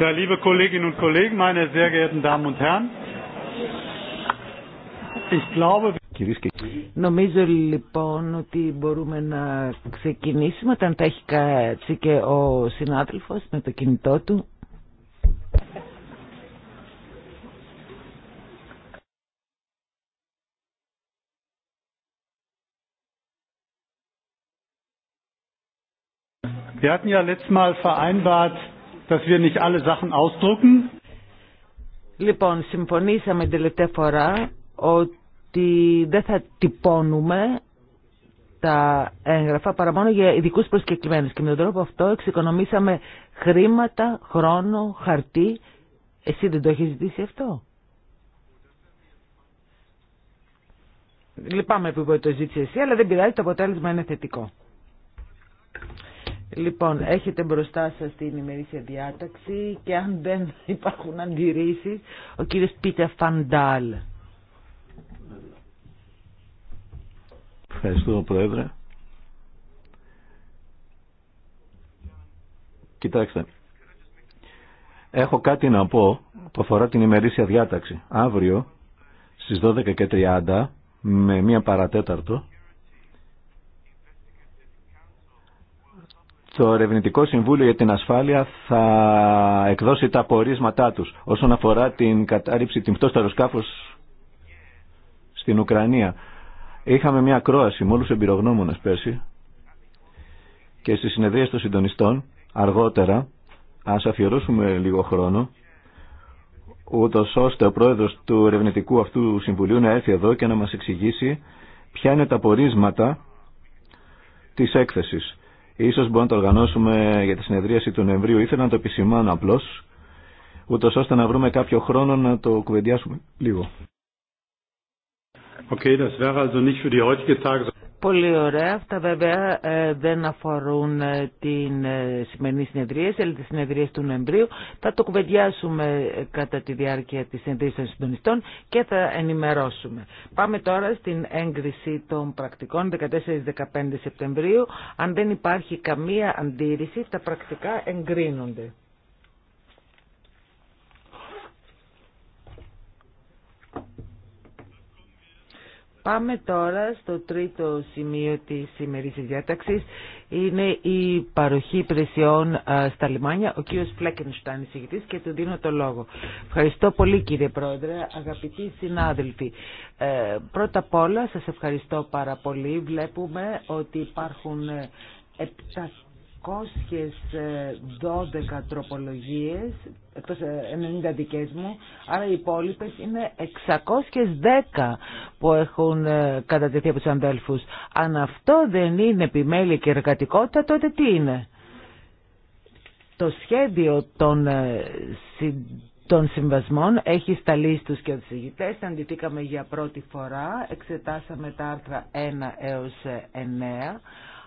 Ja, liebe Kolleginnen und Kollegen, meine sehr geehrten Damen und Herren, ich glaube, Νομίζω λοιπόν ότι μπορούμε να ξεκινήσουμε όταν τα έχει κάτσει και ο συνάδελφος με το κινητό του. Λοιπόν, συμφωνήσαμε την τελευταία φορά ότι δεν θα τυπώνουμε τα έγγραφα παρά μόνο για ειδικού προσκεκλημένους και με τον τρόπο αυτό εξοικονομήσαμε χρήματα, χρόνο, χαρτί. Εσύ δεν το έχει ζητήσει αυτό. Λυπάμαι που το ζήτησε εσύ, αλλά δεν πειράζει, το αποτέλεσμα είναι θετικό. Λοιπόν, έχετε μπροστά σας την ημερήσια διάταξη και αν δεν υπάρχουν αντιρρήσεις, ο κύριος Πίτερ Φαντάλ. Ευχαριστώ, Πρόεδρε. Κοιτάξτε, έχω κάτι να πω που αφορά την ημερήσια διάταξη. Αύριο στις 12.30 με μία παρατέταρτο το Ερευνητικό Συμβούλιο για την Ασφάλεια θα εκδώσει τα απορίσματά τους όσον αφορά την κατάρριψη, την πτώση του στην Ουκρανία. Είχαμε μια ακρόαση με όλους τους εμπειρογνώμονες πέρσι και στις συνεδρίες των συντονιστών αργότερα ας αφιερώσουμε λίγο χρόνο ούτω ώστε ο πρόεδρος του ερευνητικού αυτού συμβουλίου να έρθει εδώ και να μας εξηγήσει ποια είναι τα πορίσματα της έκθεσης Ίσως μπορούμε να το οργανώσουμε για τη συνεδρίαση του Νοεμβρίου. Ήθελα να το επισημάνω απλώ, ούτω ώστε να βρούμε κάποιο χρόνο να το κουβεντιάσουμε λίγο. Okay, das wäre also nicht für Πολύ ωραία. Αυτά βέβαια ε, δεν αφορούν ε, την ε, σημερινή συνεδρία, αλλά τι συνεδρία του Νοεμβρίου. Θα το κουβεντιάσουμε κατά τη διάρκεια της συνεδρίας των συντονιστών και θα ενημερώσουμε. Πάμε τώρα στην έγκριση των πρακτικών 14-15 Σεπτεμβρίου. Αν δεν υπάρχει καμία αντίρρηση, τα πρακτικά εγκρίνονται. Πάμε τώρα στο τρίτο σημείο της σημερινής διάταξης. Είναι η παροχή υπηρεσιών στα λιμάνια. Ο κύριος Φλέκενστάν, εισηγητής, και του δίνω το λόγο. Ευχαριστώ πολύ κύριε Πρόεδρε, αγαπητοί συνάδελφοι. Ε, πρώτα απ' όλα σας ευχαριστώ πάρα πολύ. Βλέπουμε ότι υπάρχουν ε, 212 ε, τροπολογίες, εκτός 90 ε, δικές μου, άρα οι υπόλοιπε είναι 610 που έχουν ε, κατατεθεί από τους αδέλφους. Αν αυτό δεν είναι επιμέλεια και εργατικότητα, τότε τι είναι. Το σχέδιο των, συμβασμών έχει σταλεί στους και τους για πρώτη φορά, εξετάσαμε τα άρθρα 1 έως 9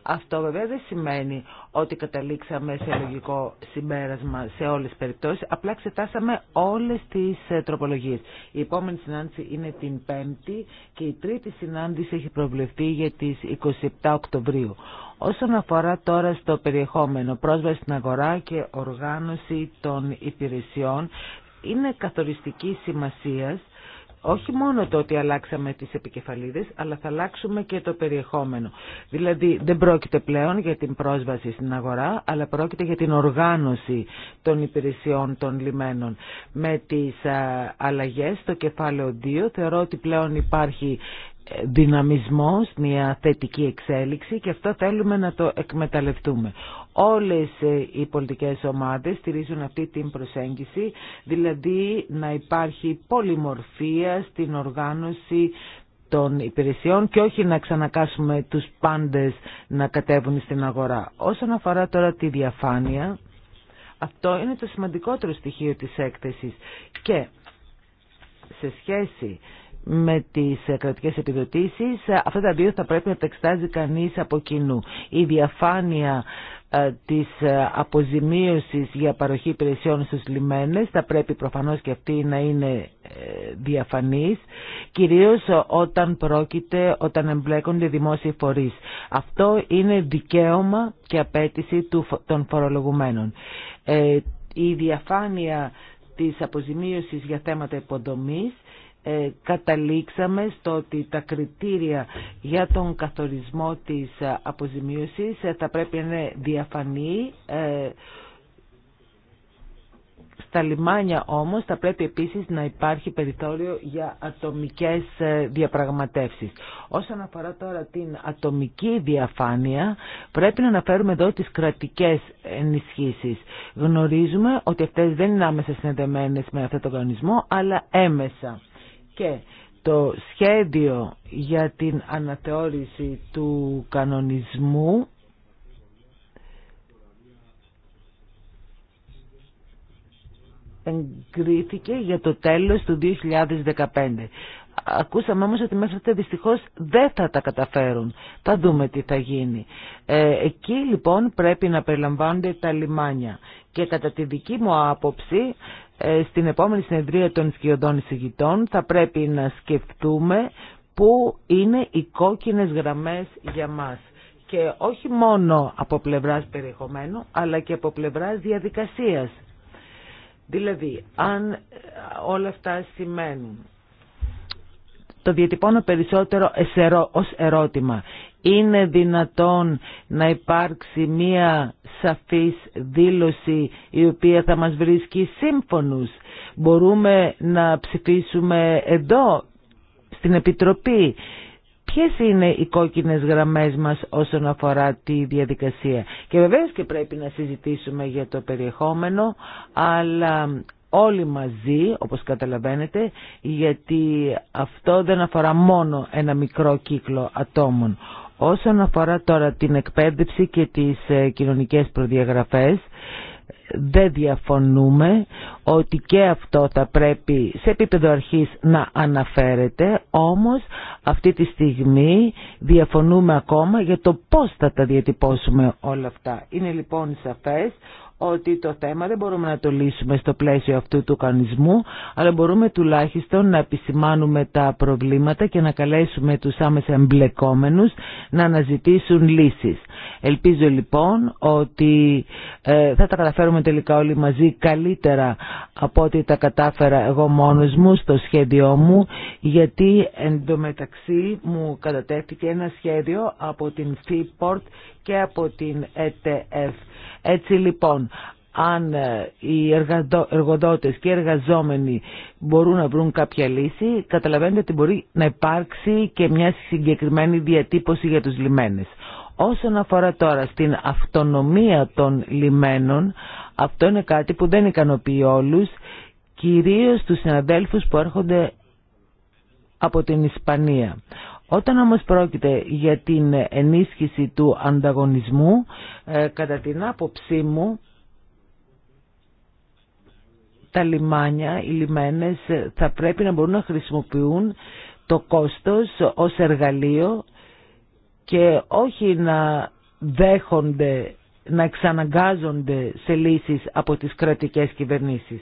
αυτό βέβαια δεν σημαίνει ότι καταλήξαμε σε λογικό συμπέρασμα σε όλες τις περιπτώσεις, απλά εξετάσαμε όλες τις ε, τροπολογίες. Η επόμενη συνάντηση είναι την 5η και η τρίτη συνάντηση έχει προβλεφθεί για τις 27 Οκτωβρίου. Όσον αφορά τώρα στο περιεχόμενο, πρόσβαση στην αγορά και οργάνωση των υπηρεσιών, είναι καθοριστική σημασίας όχι μόνο το ότι αλλάξαμε τις επικεφαλίδες, αλλά θα αλλάξουμε και το περιεχόμενο. Δηλαδή δεν πρόκειται πλέον για την πρόσβαση στην αγορά, αλλά πρόκειται για την οργάνωση των υπηρεσιών των λιμένων. Με τις αλλαγές στο κεφάλαιο 2 θεωρώ ότι πλέον υπάρχει δυναμισμός, μια θετική εξέλιξη και αυτό θέλουμε να το εκμεταλλευτούμε. Όλες ε, οι πολιτικές ομάδες στηρίζουν αυτή την προσέγγιση, δηλαδή να υπάρχει πολυμορφία στην οργάνωση των υπηρεσιών και όχι να ξανακάσουμε τους πάντες να κατέβουν στην αγορά. Όσον αφορά τώρα τη διαφάνεια, αυτό είναι το σημαντικότερο στοιχείο της έκθεσης και σε σχέση με τις κρατικές επιδοτήσεις. Αυτά τα δύο θα πρέπει να τα εξετάζει κανείς από κοινού. Η διαφάνεια ε, της ε, αποζημίωσης για παροχή υπηρεσιών στους λιμένες θα πρέπει προφανώς και αυτή να είναι ε, διαφανής κυρίως όταν πρόκειται όταν εμπλέκονται δημόσιοι φορείς αυτό είναι δικαίωμα και απέτηση των φορολογουμένων η διαφάνεια της αποζημίωσης για θέματα υποδομής ε, καταλήξαμε στο ότι τα κριτήρια για τον καθορισμό της ε, αποζημίωσης ε, θα πρέπει να είναι διαφανή. Στα λιμάνια όμως θα πρέπει επίσης να υπάρχει περιθώριο για ατομικές διαπραγματεύσεις. Όσον αφορά τώρα την ατομική διαφάνεια, πρέπει να αναφέρουμε εδώ τις κρατικές ενισχύσεις. Γνωρίζουμε ότι αυτές δεν είναι άμεσα με αυτό το κανονισμό, αλλά έμεσα. Και το σχέδιο για την αναθεώρηση του κανονισμού εγκρίθηκε για το τέλος του 2015. Ακούσαμε όμως ότι μέχρι τότε δυστυχώς δεν θα τα καταφέρουν. Θα δούμε τι θα γίνει. Ε, εκεί λοιπόν πρέπει να περιλαμβάνονται τα λιμάνια. Και κατά τη δική μου άποψη ε, στην επόμενη συνεδρία των σκιωδών εισηγητών θα πρέπει να σκεφτούμε πού είναι οι κόκκινες γραμμές για μας. Και όχι μόνο από πλευράς περιεχομένου, αλλά και από πλευράς διαδικασίας. Δηλαδή, αν ε, όλα αυτά σημαίνουν το διατυπώνω περισσότερο ως ερώτημα. Είναι δυνατόν να υπάρξει μία σαφής δήλωση η οποία θα μας βρίσκει σύμφωνους. Μπορούμε να ψηφίσουμε εδώ, στην Επιτροπή. Ποιες είναι οι κόκκινες γραμμές μας όσον αφορά τη διαδικασία. Και βεβαίως και πρέπει να συζητήσουμε για το περιεχόμενο, αλλά όλοι μαζί, όπως καταλαβαίνετε, γιατί αυτό δεν αφορά μόνο ένα μικρό κύκλο ατόμων. Όσον αφορά τώρα την εκπαίδευση και τις ε, κοινωνικές προδιαγραφές, δεν διαφωνούμε ότι και αυτό θα πρέπει σε επίπεδο αρχής να αναφέρεται, όμως αυτή τη στιγμή διαφωνούμε ακόμα για το πώς θα τα διατυπώσουμε όλα αυτά. Είναι λοιπόν σαφές ότι το θέμα δεν μπορούμε να το λύσουμε στο πλαίσιο αυτού του κανονισμού, αλλά μπορούμε τουλάχιστον να επισημάνουμε τα προβλήματα και να καλέσουμε τους άμεσα εμπλεκόμενους να αναζητήσουν λύσεις. Ελπίζω λοιπόν ότι ε, θα τα καταφέρουμε τελικά όλοι μαζί καλύτερα από ό,τι τα κατάφερα εγώ μόνος μου στο σχέδιό μου γιατί εντωμεταξύ μου κατατέθηκε ένα σχέδιο από την Freeport και από την ETF. Ε Έτσι λοιπόν, αν ε, οι εργοδότες και οι εργαζόμενοι μπορούν να βρουν κάποια λύση, καταλαβαίνετε ότι μπορεί να υπάρξει και μια συγκεκριμένη διατύπωση για τους λιμένες. Όσον αφορά τώρα στην αυτονομία των λιμένων, αυτό είναι κάτι που δεν ικανοποιεί όλους, κυρίως τους συναδέλφους που έρχονται από την Ισπανία. Όταν όμως πρόκειται για την ενίσχυση του ανταγωνισμού, ε, κατά την άποψή μου, τα λιμάνια, οι λιμένες ε, θα πρέπει να μπορούν να χρησιμοποιούν το κόστος ως εργαλείο και όχι να δέχονται, να εξαναγκάζονται σε λύσεις από τις κρατικές κυβερνήσεις.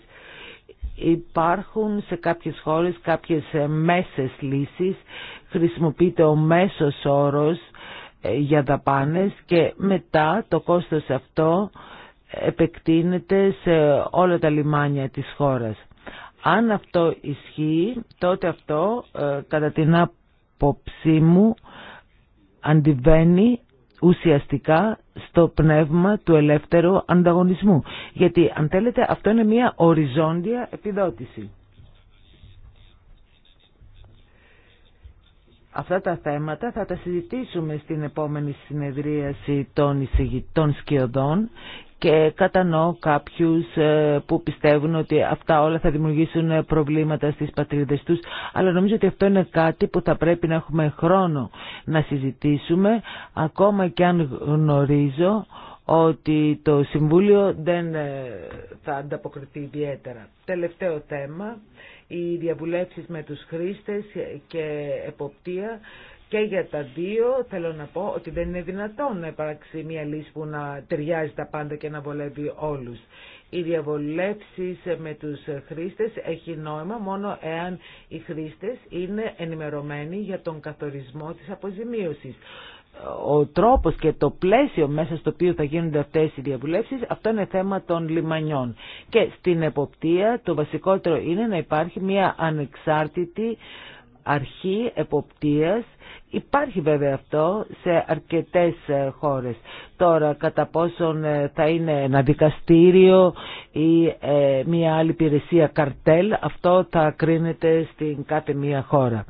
Υπάρχουν σε κάποιες χώρες κάποιες ε, μέσες λύσεις, χρησιμοποιείται ο μέσος όρος ε, για δαπάνες και μετά το κόστος αυτό επεκτείνεται σε όλα τα λιμάνια της χώρας. Αν αυτό ισχύει, τότε αυτό ε, κατά την άποψή μου αντιβαίνει ουσιαστικά στο πνεύμα του ελεύθερου ανταγωνισμού. Γιατί αν θέλετε αυτό είναι μια οριζόντια επιδότηση. Αυτά τα θέματα θα τα συζητήσουμε στην επόμενη συνεδρίαση των, των σκιωδών και κατανοώ κάποιους ε, που πιστεύουν ότι αυτά όλα θα δημιουργήσουν ε, προβλήματα στις πατρίδες τους αλλά νομίζω ότι αυτό είναι κάτι που θα πρέπει να έχουμε χρόνο να συζητήσουμε ακόμα και αν γνωρίζω ότι το Συμβούλιο δεν ε, θα ανταποκριθεί ιδιαίτερα. Τελευταίο θέμα, οι διαβουλεύσεις με τους χρήστες και εποπτεία και για τα δύο θέλω να πω ότι δεν είναι δυνατόν να υπάρξει μια λύση που να ταιριάζει τα πάντα και να βολεύει όλους. Οι διαβολεύσεις με τους χρήστες έχει νόημα μόνο εάν οι χρήστες είναι ενημερωμένοι για τον καθορισμό της αποζημίωσης ο τρόπος και το πλαίσιο μέσα στο οποίο θα γίνονται αυτές οι διαβουλεύσεις, αυτό είναι θέμα των λιμανιών. Και στην εποπτεία το βασικότερο είναι να υπάρχει μια ανεξάρτητη αρχή εποπτείας Υπάρχει βέβαια αυτό σε αρκετές ε, χώρες. Τώρα κατά πόσον ε, θα είναι ένα δικαστήριο ή ε, μια άλλη υπηρεσία καρτέλ, αυτό θα κρίνεται στην κάθε μία χώρα.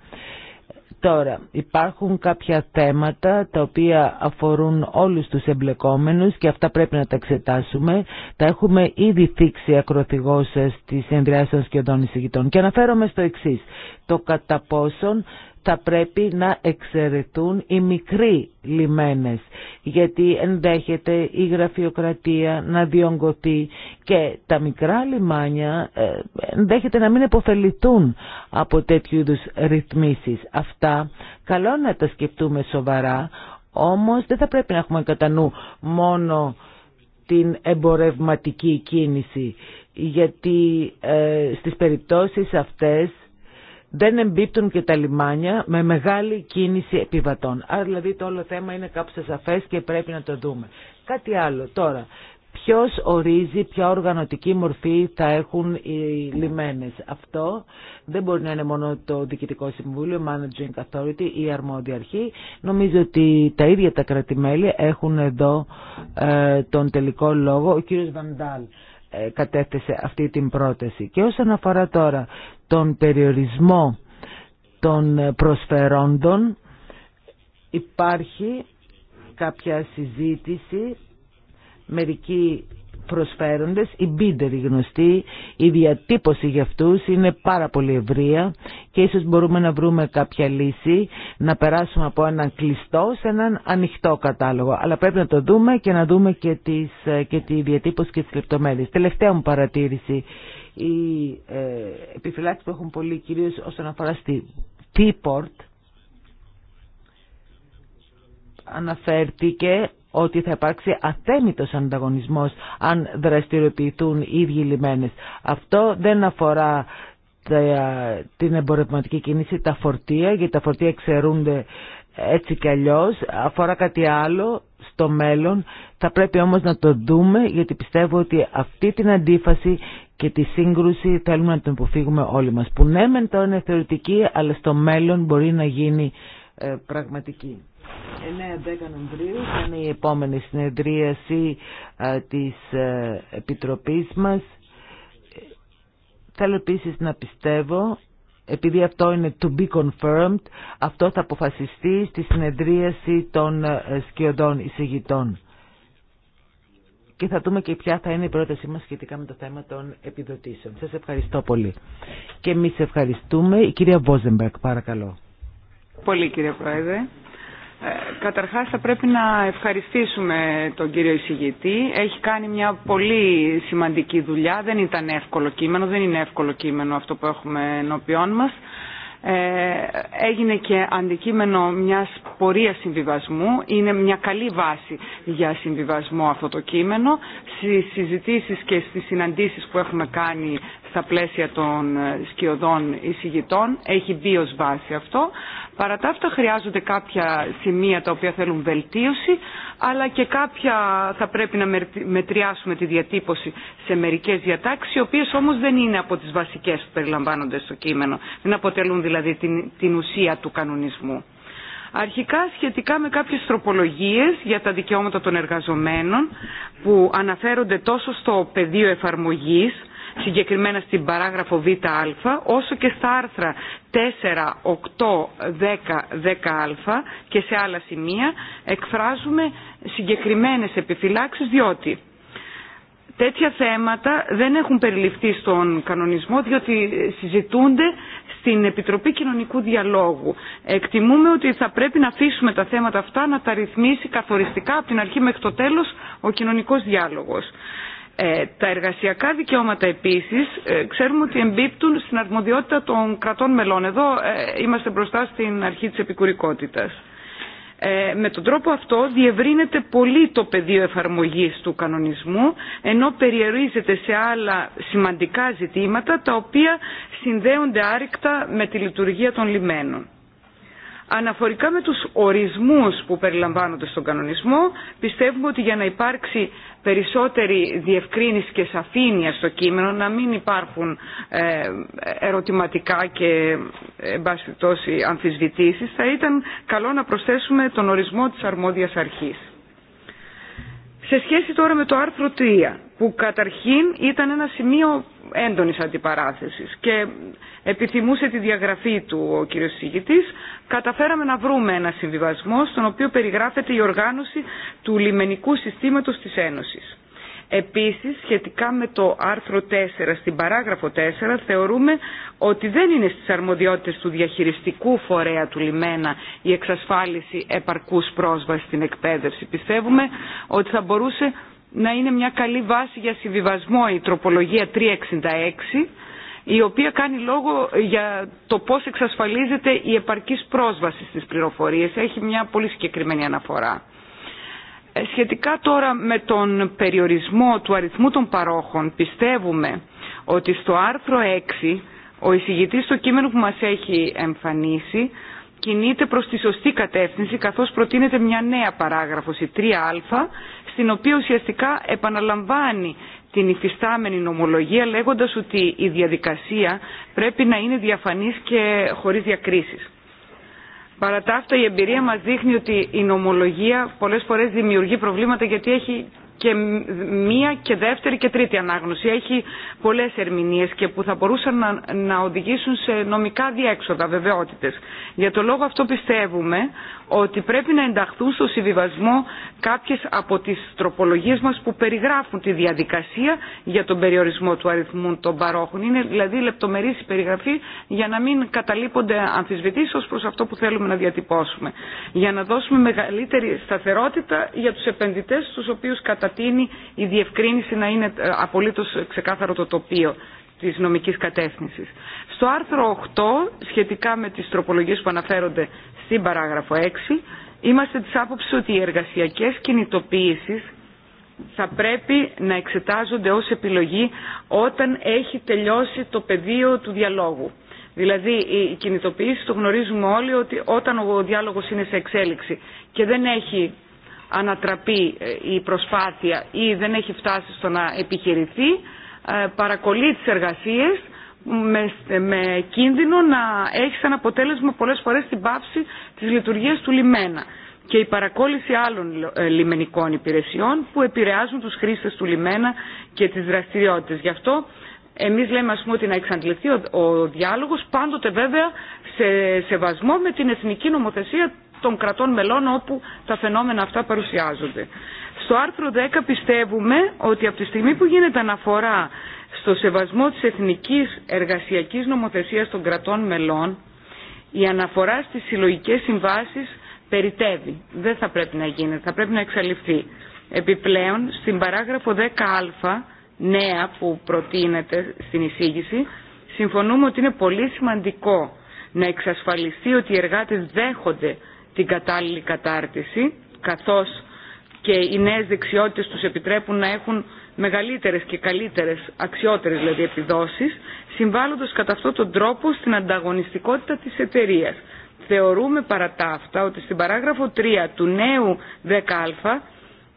Τώρα, υπάρχουν κάποια θέματα τα οποία αφορούν όλους τους εμπλεκόμενους και αυτά πρέπει να τα εξετάσουμε. Τα έχουμε ήδη θίξει ακροθυγώς της Ενδριάσεως των σχεδόν Και αναφέρομαι στο εξής, το κατά πόσον θα πρέπει να εξαιρετούν οι μικροί λιμένες γιατί ενδέχεται η γραφειοκρατία να διονγκωθεί και τα μικρά λιμάνια ε, ενδέχεται να μην επωφεληθούν από τέτοιου είδους ρυθμίσεις. Αυτά καλό να τα σκεφτούμε σοβαρά όμως δεν θα πρέπει να έχουμε κατά νου μόνο την εμπορευματική κίνηση γιατί ε, στις περιπτώσεις αυτές δεν εμπίπτουν και τα λιμάνια με μεγάλη κίνηση επιβατών. Άρα δηλαδή το όλο θέμα είναι κάπως σαφές και πρέπει να το δούμε. Κάτι άλλο τώρα. Ποιος ορίζει ποια οργανωτική μορφή θα έχουν οι λιμένες. Αυτό δεν μπορεί να είναι μόνο το Διοικητικό Συμβούλιο, Managing Authority ή αρμόδια αρχή. Νομίζω ότι τα ίδια τα κρατημέλη έχουν εδώ ε, τον τελικό λόγο, ο κύριος Βαντάλ κατέθεσε αυτή την πρόταση. Και όσον αφορά τώρα τον περιορισμό των προσφερόντων υπάρχει κάποια συζήτηση. Μερικοί προσφέροντες, οι μπίντεροι γνωστοί, η διατύπωση για αυτούς είναι πάρα πολύ ευρεία και ίσως μπορούμε να βρούμε κάποια λύση να περάσουμε από έναν κλειστό σε έναν ανοιχτό κατάλογο. Αλλά πρέπει να το δούμε και να δούμε και, τις, ε, και τη διατύπωση και τις λεπτομέρειες. Τελευταία μου παρατήρηση, οι ε, που έχουν πολύ κυρίως όσον αφορά στη T-Port αναφέρθηκε ότι θα υπάρξει αθέμητος ανταγωνισμός αν δραστηριοποιηθούν οι ίδιοι λιμένες. Αυτό δεν αφορά την εμπορευματική κίνηση, τα φορτία, γιατί τα φορτία εξαιρούνται έτσι κι αλλιώς, αφορά κάτι άλλο στο μέλλον, θα πρέπει όμως να το δούμε γιατί πιστεύω ότι αυτή την αντίφαση και τη σύγκρουση θέλουμε να την αποφύγουμε όλοι μας, που ναι μεν τώρα είναι θεωρητική αλλά στο μέλλον μπορεί να γίνει ε, πραγματική. 9-10 Νοεμβρίου είναι η επόμενη συνεδρίαση της ε, Επιτροπής μας. Θέλω επίσης να πιστεύω, επειδή αυτό είναι to be confirmed, αυτό θα αποφασιστεί στη συνεδρίαση των ε, σκιωδών εισηγητών. Και θα δούμε και ποια θα είναι η πρότασή μας σχετικά με το θέμα των επιδοτήσεων. Σας ευχαριστώ πολύ. Και εμείς ευχαριστούμε. Η κυρία Βόζεμπερκ, παρακαλώ. Πολύ κύριε Πρόεδρε. Ε, καταρχάς θα πρέπει να ευχαριστήσουμε τον κύριο εισηγητή. Έχει κάνει μια πολύ σημαντική δουλειά. Δεν ήταν εύκολο κείμενο, δεν είναι εύκολο κείμενο αυτό που έχουμε ενώπιόν μας. Ε, έγινε και αντικείμενο μιας πορείας συμβιβασμού. Είναι μια καλή βάση για συμβιβασμό αυτό το κείμενο. Στις συζητήσεις και στις συναντήσεις που έχουμε κάνει στα πλαίσια των ε, σκιωδών εισηγητών. Έχει μπει ως βάση αυτό. Παρά τα αυτά χρειάζονται κάποια σημεία τα οποία θέλουν βελτίωση, αλλά και κάποια θα πρέπει να μετριάσουμε τη διατύπωση σε μερικές διατάξεις, οι οποίες όμως δεν είναι από τις βασικές που περιλαμβάνονται στο κείμενο. Δεν αποτελούν δηλαδή την, την ουσία του κανονισμού. Αρχικά σχετικά με κάποιες τροπολογίες για τα δικαιώματα των εργαζομένων που αναφέρονται τόσο στο πεδίο εφαρμογής συγκεκριμένα στην παράγραφο βα, όσο και στα άρθρα 4, 8, 10, 10α και σε άλλα σημεία εκφράζουμε συγκεκριμένες επιφυλάξεις διότι τέτοια θέματα δεν έχουν περιληφθεί στον κανονισμό διότι συζητούνται στην Επιτροπή Κοινωνικού Διαλόγου. Εκτιμούμε ότι θα πρέπει να αφήσουμε τα θέματα αυτά να τα ρυθμίσει καθοριστικά από την αρχή μέχρι το τέλος ο κοινωνικός διάλογος. Ε, τα εργασιακά δικαιώματα επίσης ε, ξέρουμε ότι εμπίπτουν στην αρμοδιότητα των κρατών μελών. Εδώ ε, είμαστε μπροστά στην αρχή της επικουρικότητας. Με τον τρόπο αυτό διευρύνεται πολύ το πεδίο εφαρμογής του κανονισμού ενώ περιερίζεται σε άλλα σημαντικά ζητήματα τα οποία συνδέονται άρρηκτα με τη λειτουργία των λιμένων. Αναφορικά με τους ορισμούς που περιλαμβάνονται στον κανονισμό, πιστεύουμε ότι για να υπάρξει περισσότερη διευκρίνηση και σαφήνεια στο κείμενο, να μην υπάρχουν ε, ερωτηματικά και τόση αμφισβητήσεις, θα ήταν καλό να προσθέσουμε τον ορισμό της αρμόδιας αρχής. Σε σχέση τώρα με το άρθρο 3, που καταρχήν ήταν ένα σημείο έντονης αντιπαράθεσης και επιθυμούσε τη διαγραφή του ο κύριος Συγητής, καταφέραμε να βρούμε ένα συμβιβασμό στον οποίο περιγράφεται η οργάνωση του λιμενικού συστήματος της Ένωσης. Επίσης, σχετικά με το άρθρο 4, στην παράγραφο 4, θεωρούμε ότι δεν είναι στις αρμοδιότητες του διαχειριστικού φορέα του Λιμένα η εξασφάλιση επαρκούς πρόσβασης στην εκπαίδευση. Πιστεύουμε ότι θα μπορούσε να είναι μια καλή βάση για συμβιβασμό η τροπολογία 366 η οποία κάνει λόγο για το πώς εξασφαλίζεται η επαρκής πρόσβαση στις πληροφορίες. Έχει μια πολύ συγκεκριμένη αναφορά. Ε, σχετικά τώρα με τον περιορισμό του αριθμού των παρόχων, πιστεύουμε ότι στο άρθρο 6 ο εισηγητής στο κείμενο που μας έχει εμφανίσει κινείται προς τη σωστή κατεύθυνση καθώς προτείνεται μια νέα παράγραφος, η 3α, στην οποία ουσιαστικά επαναλαμβάνει την υφιστάμενη νομολογία λέγοντας ότι η διαδικασία πρέπει να είναι διαφανής και χωρίς διακρίσεις. Παρά τα αυτά η εμπειρία μας δείχνει ότι η νομολογία πολλές φορές δημιουργεί προβλήματα γιατί έχει και μία και δεύτερη και τρίτη ανάγνωση. Έχει πολλές ερμηνείες και που θα μπορούσαν να, να οδηγήσουν σε νομικά διέξοδα, βεβαιότητες. Για το λόγο αυτό πιστεύουμε ότι πρέπει να ενταχθούν στο συμβιβασμό κάποιες από τις τροπολογίες μας που περιγράφουν τη διαδικασία για τον περιορισμό του αριθμού των παρόχων. Είναι δηλαδή λεπτομερής η περιγραφή για να μην καταλείπονται αμφισβητήσεις ως προς αυτό που θέλουμε να διατυπώσουμε. Για να δώσουμε μεγαλύτερη σταθερότητα για τους επενδυτές στους οποίους κατατείνει η διευκρίνηση να είναι ε, απολύτως ξεκάθαρο το τοπίο της νομικής κατεύθυνσης. Στο άρθρο 8, σχετικά με τις τροπολογίες που αναφέρονται στην παράγραφο 6, είμαστε της άποψη ότι οι εργασιακές κινητοποίησεις θα πρέπει να εξετάζονται ως επιλογή όταν έχει τελειώσει το πεδίο του διαλόγου. Δηλαδή οι κινητοποιήσεις το γνωρίζουμε όλοι ότι όταν ο διάλογος είναι σε εξέλιξη και δεν έχει ανατραπεί ε, η προσπάθεια ή δεν έχει φτάσει στο να επιχειρηθεί, ε, παρακολεί τις εργασίες με, με κίνδυνο να έχει σαν αποτέλεσμα πολλές φορές την πάυση της λειτουργίας του λιμένα και η παρακόλληση άλλων ε, λιμενικών υπηρεσιών που επηρεάζουν τους χρήστες του λιμένα και τις δραστηριότητες. Γι' αυτό εμείς λέμε ας πούμε ότι να εξαντληθεί ο, ο διάλογος πάντοτε βέβαια σε σεβασμό με την εθνική νομοθεσία των κρατών μελών όπου τα φαινόμενα αυτά παρουσιάζονται. Στο άρθρο 10 πιστεύουμε ότι από τη στιγμή που γίνεται αναφορά στο σεβασμό της εθνικής εργασιακής νομοθεσίας των κρατών μελών η αναφορά στις συλλογικές συμβάσεις περιτεύει. Δεν θα πρέπει να γίνεται, θα πρέπει να εξαλειφθεί. Επιπλέον, στην παράγραφο 10α, νέα που προτείνεται στην εισήγηση, συμφωνούμε ότι είναι πολύ σημαντικό να εξασφαλιστεί ότι οι εργάτες δέχονται την κατάλληλη κατάρτιση, καθώς και οι νέες δεξιότητες τους επιτρέπουν να έχουν μεγαλύτερες και καλύτερες, αξιότερες δηλαδή επιδόσεις, συμβάλλοντας κατά αυτόν τον τρόπο στην ανταγωνιστικότητα της εταιρεία. Θεωρούμε παρά τα αυτά ότι στην παράγραφο 3 του νέου 10α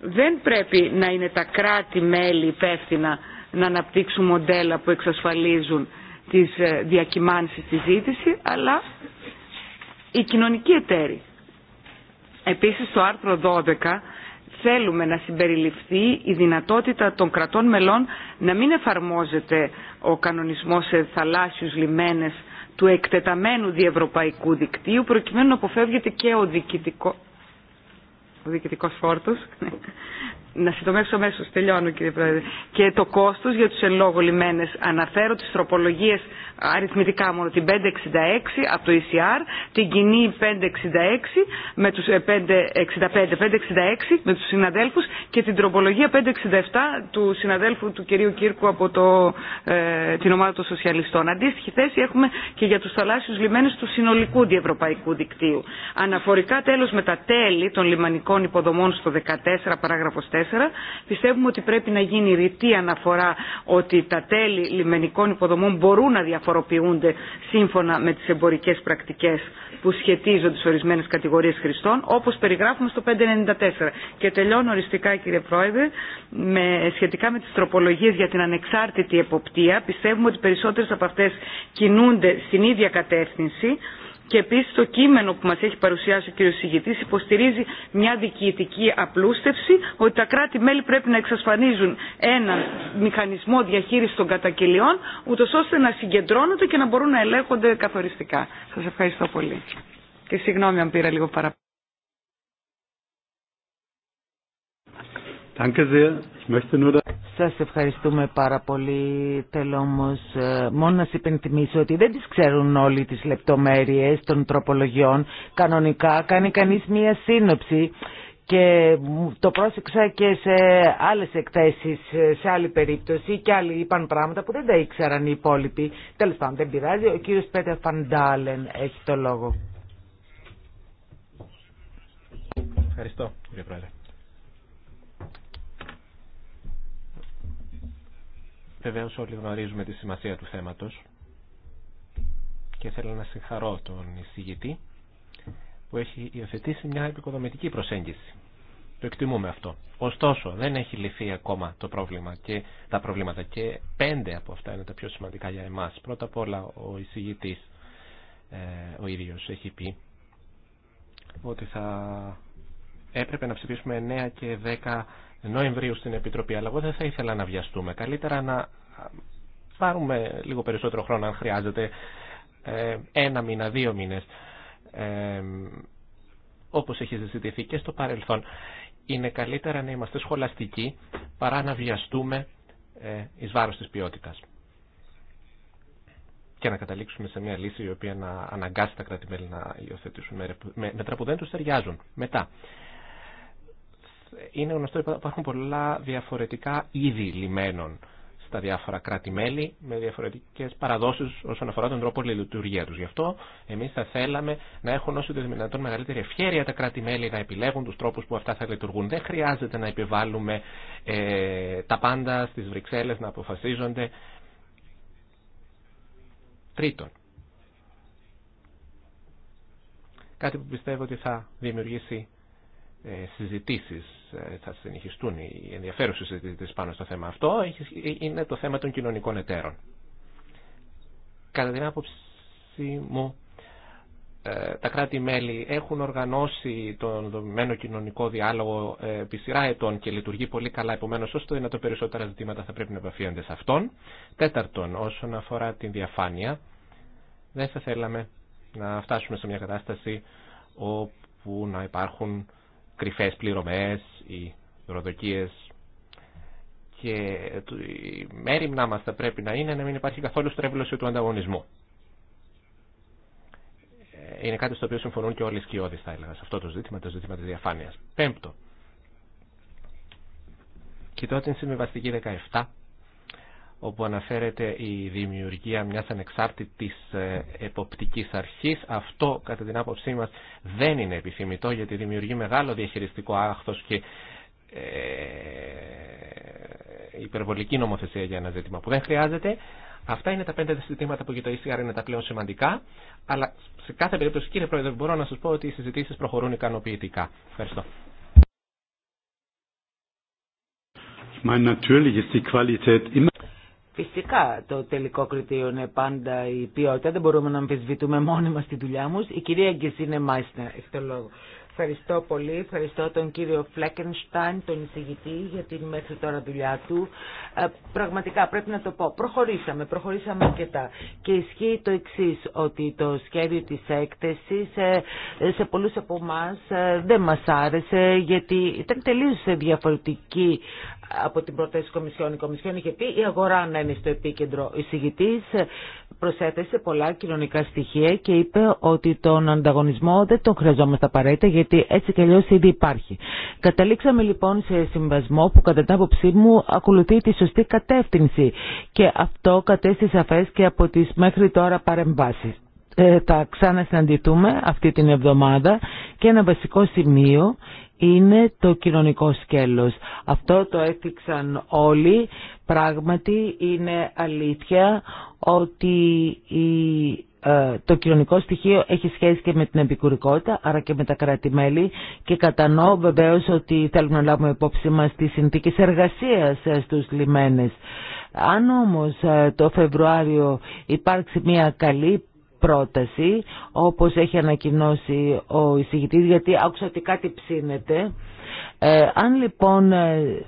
δεν πρέπει να είναι τα κράτη-μέλη υπεύθυνα να αναπτύξουν μοντέλα που εξασφαλίζουν τις ε, διακυμάνσεις στη ζήτηση, αλλά η κοινωνική εταίρη. Επίσης, στο άρθρο 12 θέλουμε να συμπεριληφθεί η δυνατότητα των κρατών μελών να μην εφαρμόζεται ο κανονισμός σε θαλάσσιους λιμένες του εκτεταμένου διευρωπαϊκού δικτύου προκειμένου να αποφεύγεται και ο διοικητικό ο διοικητικός φόρτος ναι, να συντομεύσω μέσω τελειώνω κύριε Πρόεδρε. Και το κόστο για του λόγω λιμένε. Αναφέρω τι τροπολογίε αριθμητικά μόνο, την 566 από το ECR, την κοινή 566 με τους, 565, ε, 566 με του συναδέλφου και την τροπολογία 567 του συναδέλφου του κυρίου Κύρκου από το, ε, την ομάδα των Σοσιαλιστών. Αντίστοιχη θέση έχουμε και για του θαλάσσιου λιμένε του συνολικού διευρωπαϊκού δικτύου. Αναφορικά τέλο με τα τέλη των λιμανικών υποδομών στο 14 παράγραφο 4 Πιστεύουμε ότι πρέπει να γίνει ρητή αναφορά ότι τα τέλη λιμενικών υποδομών μπορούν να διαφοροποιούνται σύμφωνα με τις εμπορικές πρακτικές που σχετίζονται σε ορισμένες κατηγορίες χρηστών, όπως περιγράφουμε στο 594. Και τελειώνω οριστικά, κύριε Πρόεδρε, με, σχετικά με τις τροπολογίες για την ανεξάρτητη εποπτεία. Πιστεύουμε ότι περισσότερες από αυτές κινούνται στην ίδια κατεύθυνση και επίση το κείμενο που μας έχει παρουσιάσει ο κ. Συγητή, υποστηρίζει μια διοικητική απλούστευση ότι τα κράτη-μέλη πρέπει να εξασφανίζουν ένα μηχανισμό διαχείρισης των καταγγελιών ούτω ώστε να συγκεντρώνονται και να μπορούν να ελέγχονται καθοριστικά. Σα ευχαριστώ πολύ. Και συγγνώμη αν πήρα λίγο παραπάνω. Σας ευχαριστούμε πάρα πολύ. Θέλω όμω, ε, μόνο να σα υπενθυμίσω ότι δεν τις ξέρουν όλοι τις λεπτομέρειες των τροπολογιών. Κανονικά κάνει κανείς μία σύνοψη και το πρόσεξα και σε άλλες εκθέσει, ε, σε άλλη περίπτωση και άλλοι είπαν πράγματα που δεν τα ήξεραν οι υπόλοιποι. Τέλο πάντων δεν πειράζει, ο κύριο Πέτερ Φαντάλεν έχει το λόγο. Ευχαριστώ κύριε Πρόεδρε. Βεβαίως όλοι γνωρίζουμε τη σημασία του θέματος και θέλω να συγχαρώ τον εισηγητή που έχει υιοθετήσει μια επικοδομητική προσέγγιση. Το εκτιμούμε αυτό. Ωστόσο, δεν έχει λυθεί ακόμα το πρόβλημα και τα προβλήματα και πέντε από αυτά είναι τα πιο σημαντικά για εμάς. Πρώτα απ' όλα ο εισηγητής ε, ο ίδιος έχει πει ότι θα έπρεπε να ψηφίσουμε 9 και 10 Νοεμβρίου στην Επιτροπή, αλλά εγώ δεν θα ήθελα να βιαστούμε. Καλύτερα να πάρουμε λίγο περισσότερο χρόνο αν χρειάζεται, ε, ένα μήνα, δύο μήνες, ε, όπως έχει συζητηθεί και στο παρελθόν. Είναι καλύτερα να είμαστε σχολαστικοί παρά να βιαστούμε ε, ει βάρο της ποιότητα και να καταλήξουμε σε μια λύση η οποία να αναγκάσει τα κράτη-μέλη να υιοθετήσουν μέτρα που δεν του ταιριάζουν. Μετά, είναι γνωστό ότι υπάρχουν πολλά διαφορετικά είδη λιμένων στα διάφορα κράτη-μέλη με διαφορετικές παραδόσεις όσον αφορά τον τρόπο λειτουργία τους. Γι' αυτό εμείς θα θέλαμε να έχουν όσο το δυνατόν μεγαλύτερη ευχέρεια τα κράτη-μέλη να επιλέγουν τους τρόπους που αυτά θα λειτουργούν. Δεν χρειάζεται να επιβάλλουμε ε, τα πάντα στις Βρυξέλλες να αποφασίζονται. Τρίτον, κάτι που πιστεύω ότι θα δημιουργήσει ε, συζητήσεις ε, θα συνεχιστούν οι ενδιαφέρουσε συζητήσει πάνω στο θέμα αυτό είναι το θέμα των κοινωνικών εταίρων. Κατά την άποψή μου, ε, τα κράτη-μέλη έχουν οργανώσει τον δομημένο κοινωνικό διάλογο ε, επί σειρά ετών και λειτουργεί πολύ καλά, επομένω όσο το δυνατόν περισσότερα ζητήματα θα πρέπει να επαφίονται σε αυτόν. Τέταρτον, όσον αφορά την διαφάνεια, δεν θα θέλαμε να φτάσουμε σε μια κατάσταση όπου να υπάρχουν κρυφές πληρωμές, οι ροδοκίες και η μέρημνά μας θα πρέπει να είναι να μην υπάρχει καθόλου στρέβλωση του ανταγωνισμού. Ε, είναι κάτι στο οποίο συμφωνούν και όλοι οι σκιώδεις, θα έλεγα, σε αυτό το ζήτημα, το ζήτημα της διαφάνειας. Πέμπτο. Κοιτώ την συμβιβαστική 17 όπου αναφέρεται η δημιουργία μιας ανεξάρτητης ε, εποπτικής αρχής. Αυτό, κατά την άποψή μας, δεν είναι επιθυμητό, γιατί δημιουργεί μεγάλο διαχειριστικό άχθος και ε, υπερβολική νομοθεσία για ένα ζήτημα που δεν χρειάζεται. Αυτά είναι τα πέντε ζητήματα που για το ECR είναι τα πλέον σημαντικά. Αλλά σε κάθε περίπτωση, κύριε Πρόεδρε, μπορώ να σα πω ότι οι συζητήσει προχωρούν ικανοποιητικά. Ευχαριστώ. Φυσικά το τελικό κριτήριο είναι πάντα η ποιότητα, δεν μπορούμε να αμφισβητούμε μόνοι μα τη δουλειά μας. Η κυρία Γκεσίνε Μάισνερ, έχει το λόγο. Ευχαριστώ πολύ. Ευχαριστώ τον κύριο Φλέκενστάιν, τον εισηγητή, για την μέχρι τώρα δουλειά του. Ε, πραγματικά πρέπει να το πω. Προχωρήσαμε, προχωρήσαμε αρκετά. Και ισχύει το εξή, ότι το σχέδιο τη έκθεση ε, σε, σε πολλού από εμά ε, δεν μα άρεσε, γιατί ήταν τελείω διαφορετική από την πρόταση Κομισιόν. Η Κομισιόν είχε πει η αγορά να είναι στο επίκεντρο. Ο εισηγητή ε, προσέθεσε πολλά κοινωνικά στοιχεία και είπε ότι τον ανταγωνισμό δεν τον χρειαζόμαστε απαραίτητα γιατί έτσι κι αλλιώ ήδη υπάρχει. Καταλήξαμε λοιπόν σε συμβασμό που κατά την άποψή μου ακολουθεί τη σωστή κατεύθυνση και αυτό κατέστη σαφέ και από τι μέχρι τώρα παρεμβάσει. Ε, θα ξανασυναντηθούμε αυτή την εβδομάδα και ένα βασικό σημείο είναι το κοινωνικό σκέλος. Αυτό το έφτιαξαν όλοι. Πράγματι είναι αλήθεια ότι η ε, το κοινωνικό στοιχείο έχει σχέση και με την επικουρικότητα, άρα και με τα κράτη-μέλη και κατανοώ βεβαίως ότι θέλουμε να λάβουμε υπόψη μας τις συνθήκες εργασίας ε, στους λιμένες. Αν όμως ε, το Φεβρουάριο υπάρξει μια καλή πρόταση όπως έχει ανακοινώσει ο εισηγητής γιατί άκουσα ότι κάτι ψήνεται. Ε, αν λοιπόν ε,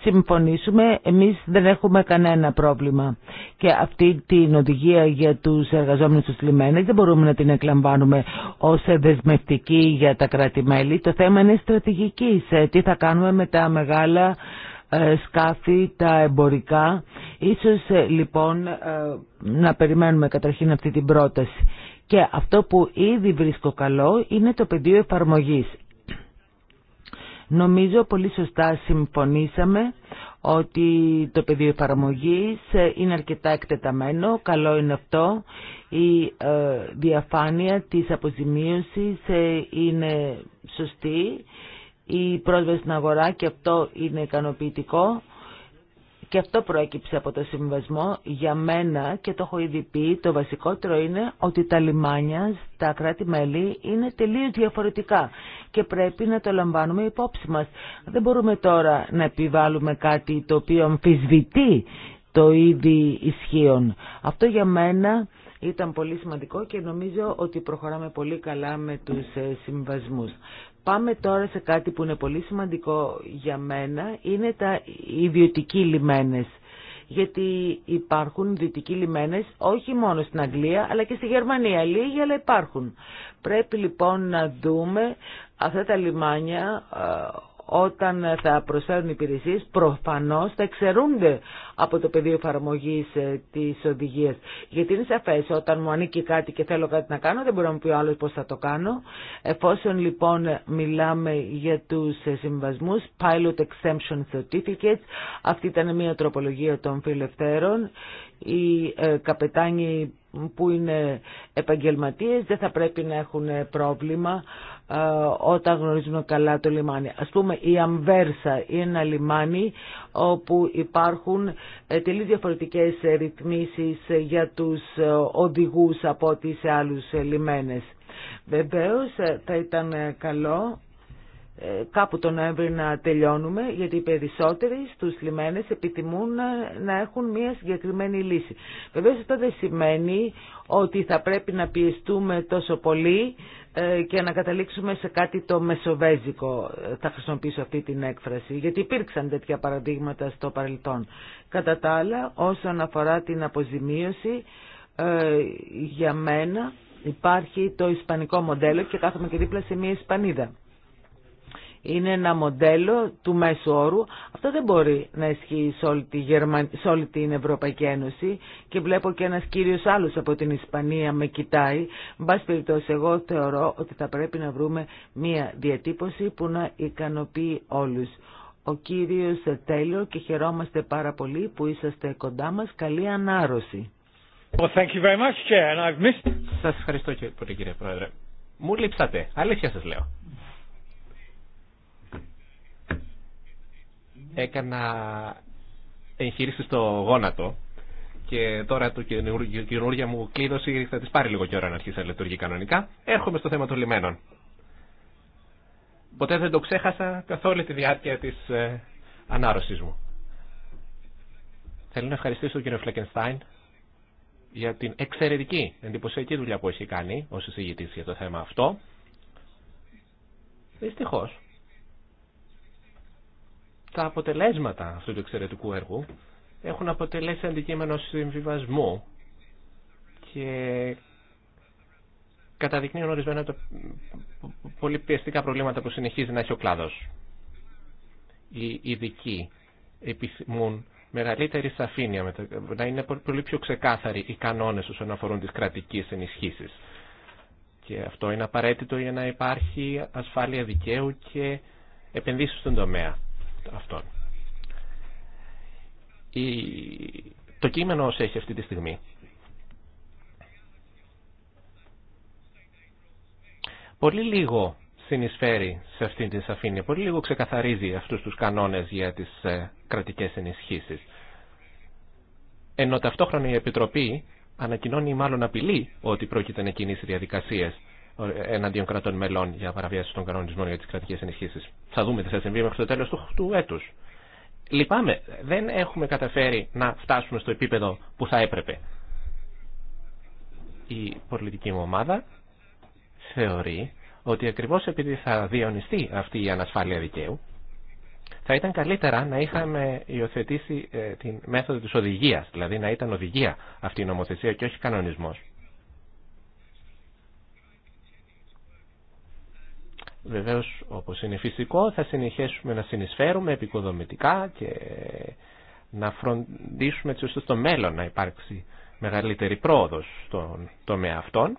συμφωνήσουμε, εμείς δεν έχουμε κανένα πρόβλημα. Και αυτή την οδηγία για τους εργαζόμενους τους λιμένες δεν μπορούμε να την εκλαμβάνουμε ως δεσμευτική για τα κράτη-μέλη. Το θέμα είναι στρατηγική. Ε, τι θα κάνουμε με τα μεγάλα ε, σκάφη, τα εμπορικά. Ίσως ε, λοιπόν ε, να περιμένουμε καταρχήν αυτή την πρόταση. Και αυτό που ήδη βρίσκω καλό είναι το πεδίο εφαρμογής. Νομίζω πολύ σωστά συμφωνήσαμε ότι το πεδίο εφαρμογής είναι αρκετά εκτεταμένο, καλό είναι αυτό. Η διαφάνεια της αποζημίωσης είναι σωστή η πρόσβαση στην αγορά και αυτό είναι ικανοποιητικό και αυτό προέκυψε από το συμβασμό για μένα και το έχω ήδη πει το βασικότερο είναι ότι τα λιμάνια στα κράτη-μέλη είναι τελείως διαφορετικά και πρέπει να το λαμβάνουμε υπόψη μας. Δεν μπορούμε τώρα να επιβάλλουμε κάτι το οποίο αμφισβητεί το ήδη ισχύον. Αυτό για μένα ήταν πολύ σημαντικό και νομίζω ότι προχωράμε πολύ καλά με τους ε, συμβασμούς. Πάμε τώρα σε κάτι που είναι πολύ σημαντικό για μένα, είναι τα ιδιωτικοί λιμένες. Γιατί υπάρχουν ιδιωτικοί λιμένες όχι μόνο στην Αγγλία αλλά και στη Γερμανία. Λίγοι αλλά υπάρχουν. Πρέπει λοιπόν να δούμε αυτά τα λιμάνια ε, όταν θα προσφέρουν υπηρεσίες προφανώς θα εξαιρούνται από το πεδίο εφαρμογή ε, της οδηγίας. Γιατί είναι σαφές όταν μου ανήκει κάτι και θέλω κάτι να κάνω δεν μπορώ να μου πει ο άλλος πώς θα το κάνω. Εφόσον λοιπόν μιλάμε για τους ε, συμβασμούς Pilot Exemption Certificates αυτή ήταν μια τροπολογία των φιλελευθέρων οι ε, καπετάνοι που είναι επαγγελματίες δεν θα πρέπει να έχουν πρόβλημα ε, όταν γνωρίζουμε καλά το λιμάνι. Ας πούμε η Αμβέρσα είναι ένα λιμάνι όπου υπάρχουν ε, τελείως διαφορετικές ε, ρυθμίσεις για τους οδηγούς από ό,τι σε άλλους λιμένες. Βεβαίως θα ήταν καλό κάπου τον Νοέμβρη να τελειώνουμε, γιατί οι περισσότεροι στους λιμένες επιθυμούν να, έχουν μια συγκεκριμένη λύση. Βεβαίως αυτό δεν σημαίνει ότι θα πρέπει να πιεστούμε τόσο πολύ ε, και να καταλήξουμε σε κάτι το μεσοβέζικο, ε, θα χρησιμοποιήσω αυτή την έκφραση, γιατί υπήρξαν τέτοια παραδείγματα στο παρελθόν. Κατά τα άλλα, όσον αφορά την αποζημίωση, ε, για μένα υπάρχει το ισπανικό μοντέλο και κάθομαι και δίπλα σε μια Ισπανίδα είναι ένα μοντέλο του μέσου όρου. Αυτό δεν μπορεί να ισχύει σε όλη, την Ευρωπαϊκή Ένωση και βλέπω και ένας κύριος άλλος από την Ισπανία με κοιτάει. Μπας περιπτώσει εγώ θεωρώ ότι θα πρέπει να βρούμε μία διατύπωση που να ικανοποιεί όλους. Ο κύριος Τέλιο και χαιρόμαστε πάρα πολύ που είσαστε κοντά μας. Καλή ανάρρωση. Well, thank you very much, Chair, and I've missed... Σας ευχαριστώ πολύ κύριε Πρόεδρε. Μου λείψατε. Αλήθεια σας λέω. έκανα εγχείρηση στο γόνατο και τώρα το καινούργια μου κλείδωση θα τη πάρει λίγο καιρό να αρχίσει να λειτουργεί κανονικά. Έρχομαι στο θέμα των λιμένων. Ποτέ δεν το ξέχασα καθόλου τη διάρκεια της ε, ανάρρωσης μου. Θέλω να ευχαριστήσω τον κύριο Φλεκενστάιν για την εξαιρετική εντυπωσιακή δουλειά που έχει κάνει ως εισηγητή για το θέμα αυτό. Δυστυχώ τα αποτελέσματα αυτού του εξαιρετικού έργου έχουν αποτελέσει αντικείμενο συμβιβασμού και καταδεικνύουν ορισμένα τα πολύ πιεστικά προβλήματα που συνεχίζει να έχει ο κλάδος. Οι ειδικοί επιθυμούν μεγαλύτερη σαφήνεια, να είναι πολύ πιο ξεκάθαροι οι κανόνες όσον αφορούν τις κρατικές ενισχύσεις. Και αυτό είναι απαραίτητο για να υπάρχει ασφάλεια δικαίου και επενδύσεις στον τομέα αυτών. Το κείμενο όσο έχει αυτή τη στιγμή πολύ λίγο συνεισφέρει σε αυτήν την σαφήνεια, πολύ λίγο ξεκαθαρίζει αυτούς τους κανόνες για τις ε, κρατικές ενισχύσεις. Ενώ ταυτόχρονα η Επιτροπή ανακοινώνει μάλλον απειλή ότι πρόκειται να κινήσει διαδικασίες εναντίον κρατών μελών για παραβιάσει των κανονισμών για τι κρατικέ ενισχύσει. Θα δούμε τι θα συμβεί μέχρι το τέλο του, του έτου. Λυπάμαι, δεν έχουμε καταφέρει να φτάσουμε στο επίπεδο που θα έπρεπε. Η πολιτική μου ομάδα θεωρεί ότι ακριβώς επειδή θα διονυστεί αυτή η ανασφάλεια δικαίου, θα ήταν καλύτερα να είχαμε υιοθετήσει ε, την μέθοδο της οδηγίας, δηλαδή να ήταν οδηγία αυτή η νομοθεσία και όχι κανονισμός. Βεβαίως, όπως είναι φυσικό, θα συνεχίσουμε να συνεισφέρουμε επικοδομητικά και να φροντίσουμε έτσι ώστε στο μέλλον να υπάρξει μεγαλύτερη πρόοδος στον τομέα αυτών.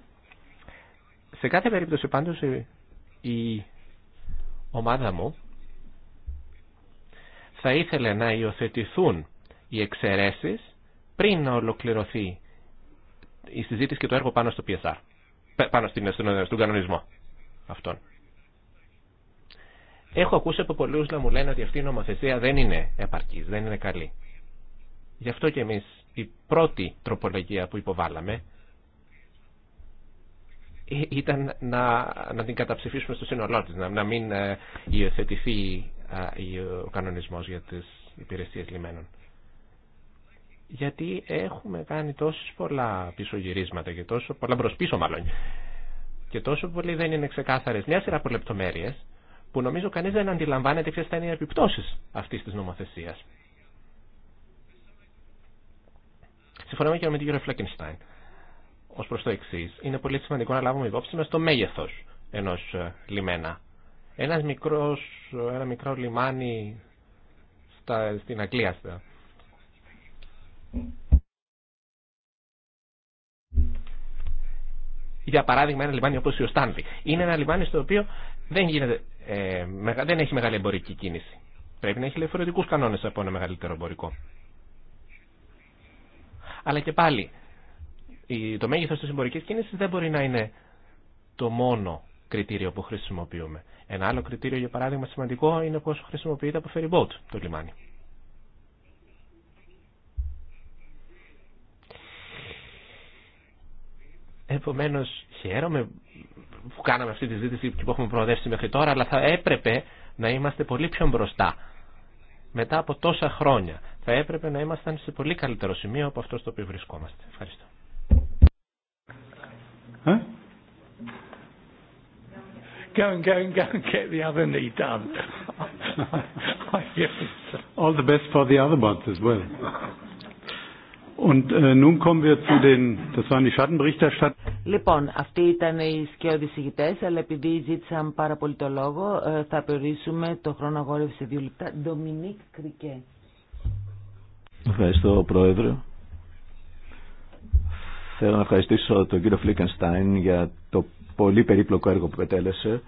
Σε κάθε περίπτωση πάντως η ομάδα μου θα ήθελε να υιοθετηθούν οι εξαιρεσει πριν να ολοκληρωθεί η συζήτηση και το έργο πάνω στο PSR, πάνω στην, στον κανονισμό αυτόν. Έχω ακούσει από πολλού να μου λένε ότι αυτή η νομοθεσία δεν είναι επαρκής, δεν είναι καλή. Γι' αυτό και εμείς η πρώτη τροπολογία που υποβάλαμε ε, ήταν να, να την καταψηφίσουμε στο σύνολό τη, να, μην ε, υιοθετηθεί ε, ο κανονισμός για τις υπηρεσίες λιμένων. Γιατί έχουμε κάνει τόσες πολλά πισωγυρίσματα και τόσο πολλά μπροσπίσω μάλλον και τόσο πολύ δεν είναι ξεκάθαρες μια σειρά από λεπτομέρειες που νομίζω κανείς δεν αντιλαμβάνεται ποιες θα είναι οι επιπτώσεις αυτής της νομοθεσίας. Συμφωνώ και με την κύριο Φλέκενστάιν. Ως προς το εξή, είναι πολύ σημαντικό να λάβουμε υπόψη μας το μέγεθος ενός ε, λιμένα. Ένας μικρός, ένα μικρό λιμάνι στα, στην Αγγλία. Για παράδειγμα ένα λιμάνι όπως η Οστάνδη. Είναι ένα λιμάνι στο οποίο δεν γίνεται ε, δεν έχει μεγάλη εμπορική κίνηση. Πρέπει να έχει διαφορετικού κανόνες από ένα μεγαλύτερο εμπορικό. Αλλά και πάλι, το μέγεθος της εμπορική κίνησης δεν μπορεί να είναι το μόνο κριτήριο που χρησιμοποιούμε. Ένα άλλο κριτήριο, για παράδειγμα, σημαντικό είναι πόσο χρησιμοποιείται από ferry boat το λιμάνι. Επομένως, χαίρομαι που κάναμε αυτή τη ζήτηση και που έχουμε προοδεύσει μέχρι τώρα, αλλά θα έπρεπε να είμαστε πολύ πιο μπροστά. Μετά από τόσα χρόνια θα έπρεπε να ήμασταν σε πολύ καλύτερο σημείο από αυτό στο οποίο βρισκόμαστε. Ευχαριστώ. Λοιπόν, αυτοί ήταν οι σκιώδη ηγητέ, αλλά επειδή ζήτησαν πάρα πολύ το λόγο, ε, θα περιορίσουμε το χρόνο αγόρευση σε δύο λεπτά. Ντομινίκ Κρικέ. Ευχαριστώ, Πρόεδρε. Θέλω να ευχαριστήσω τον κύριο Φλίκενστάιν για το πολύ περίπλοκο έργο που πετέλεσε.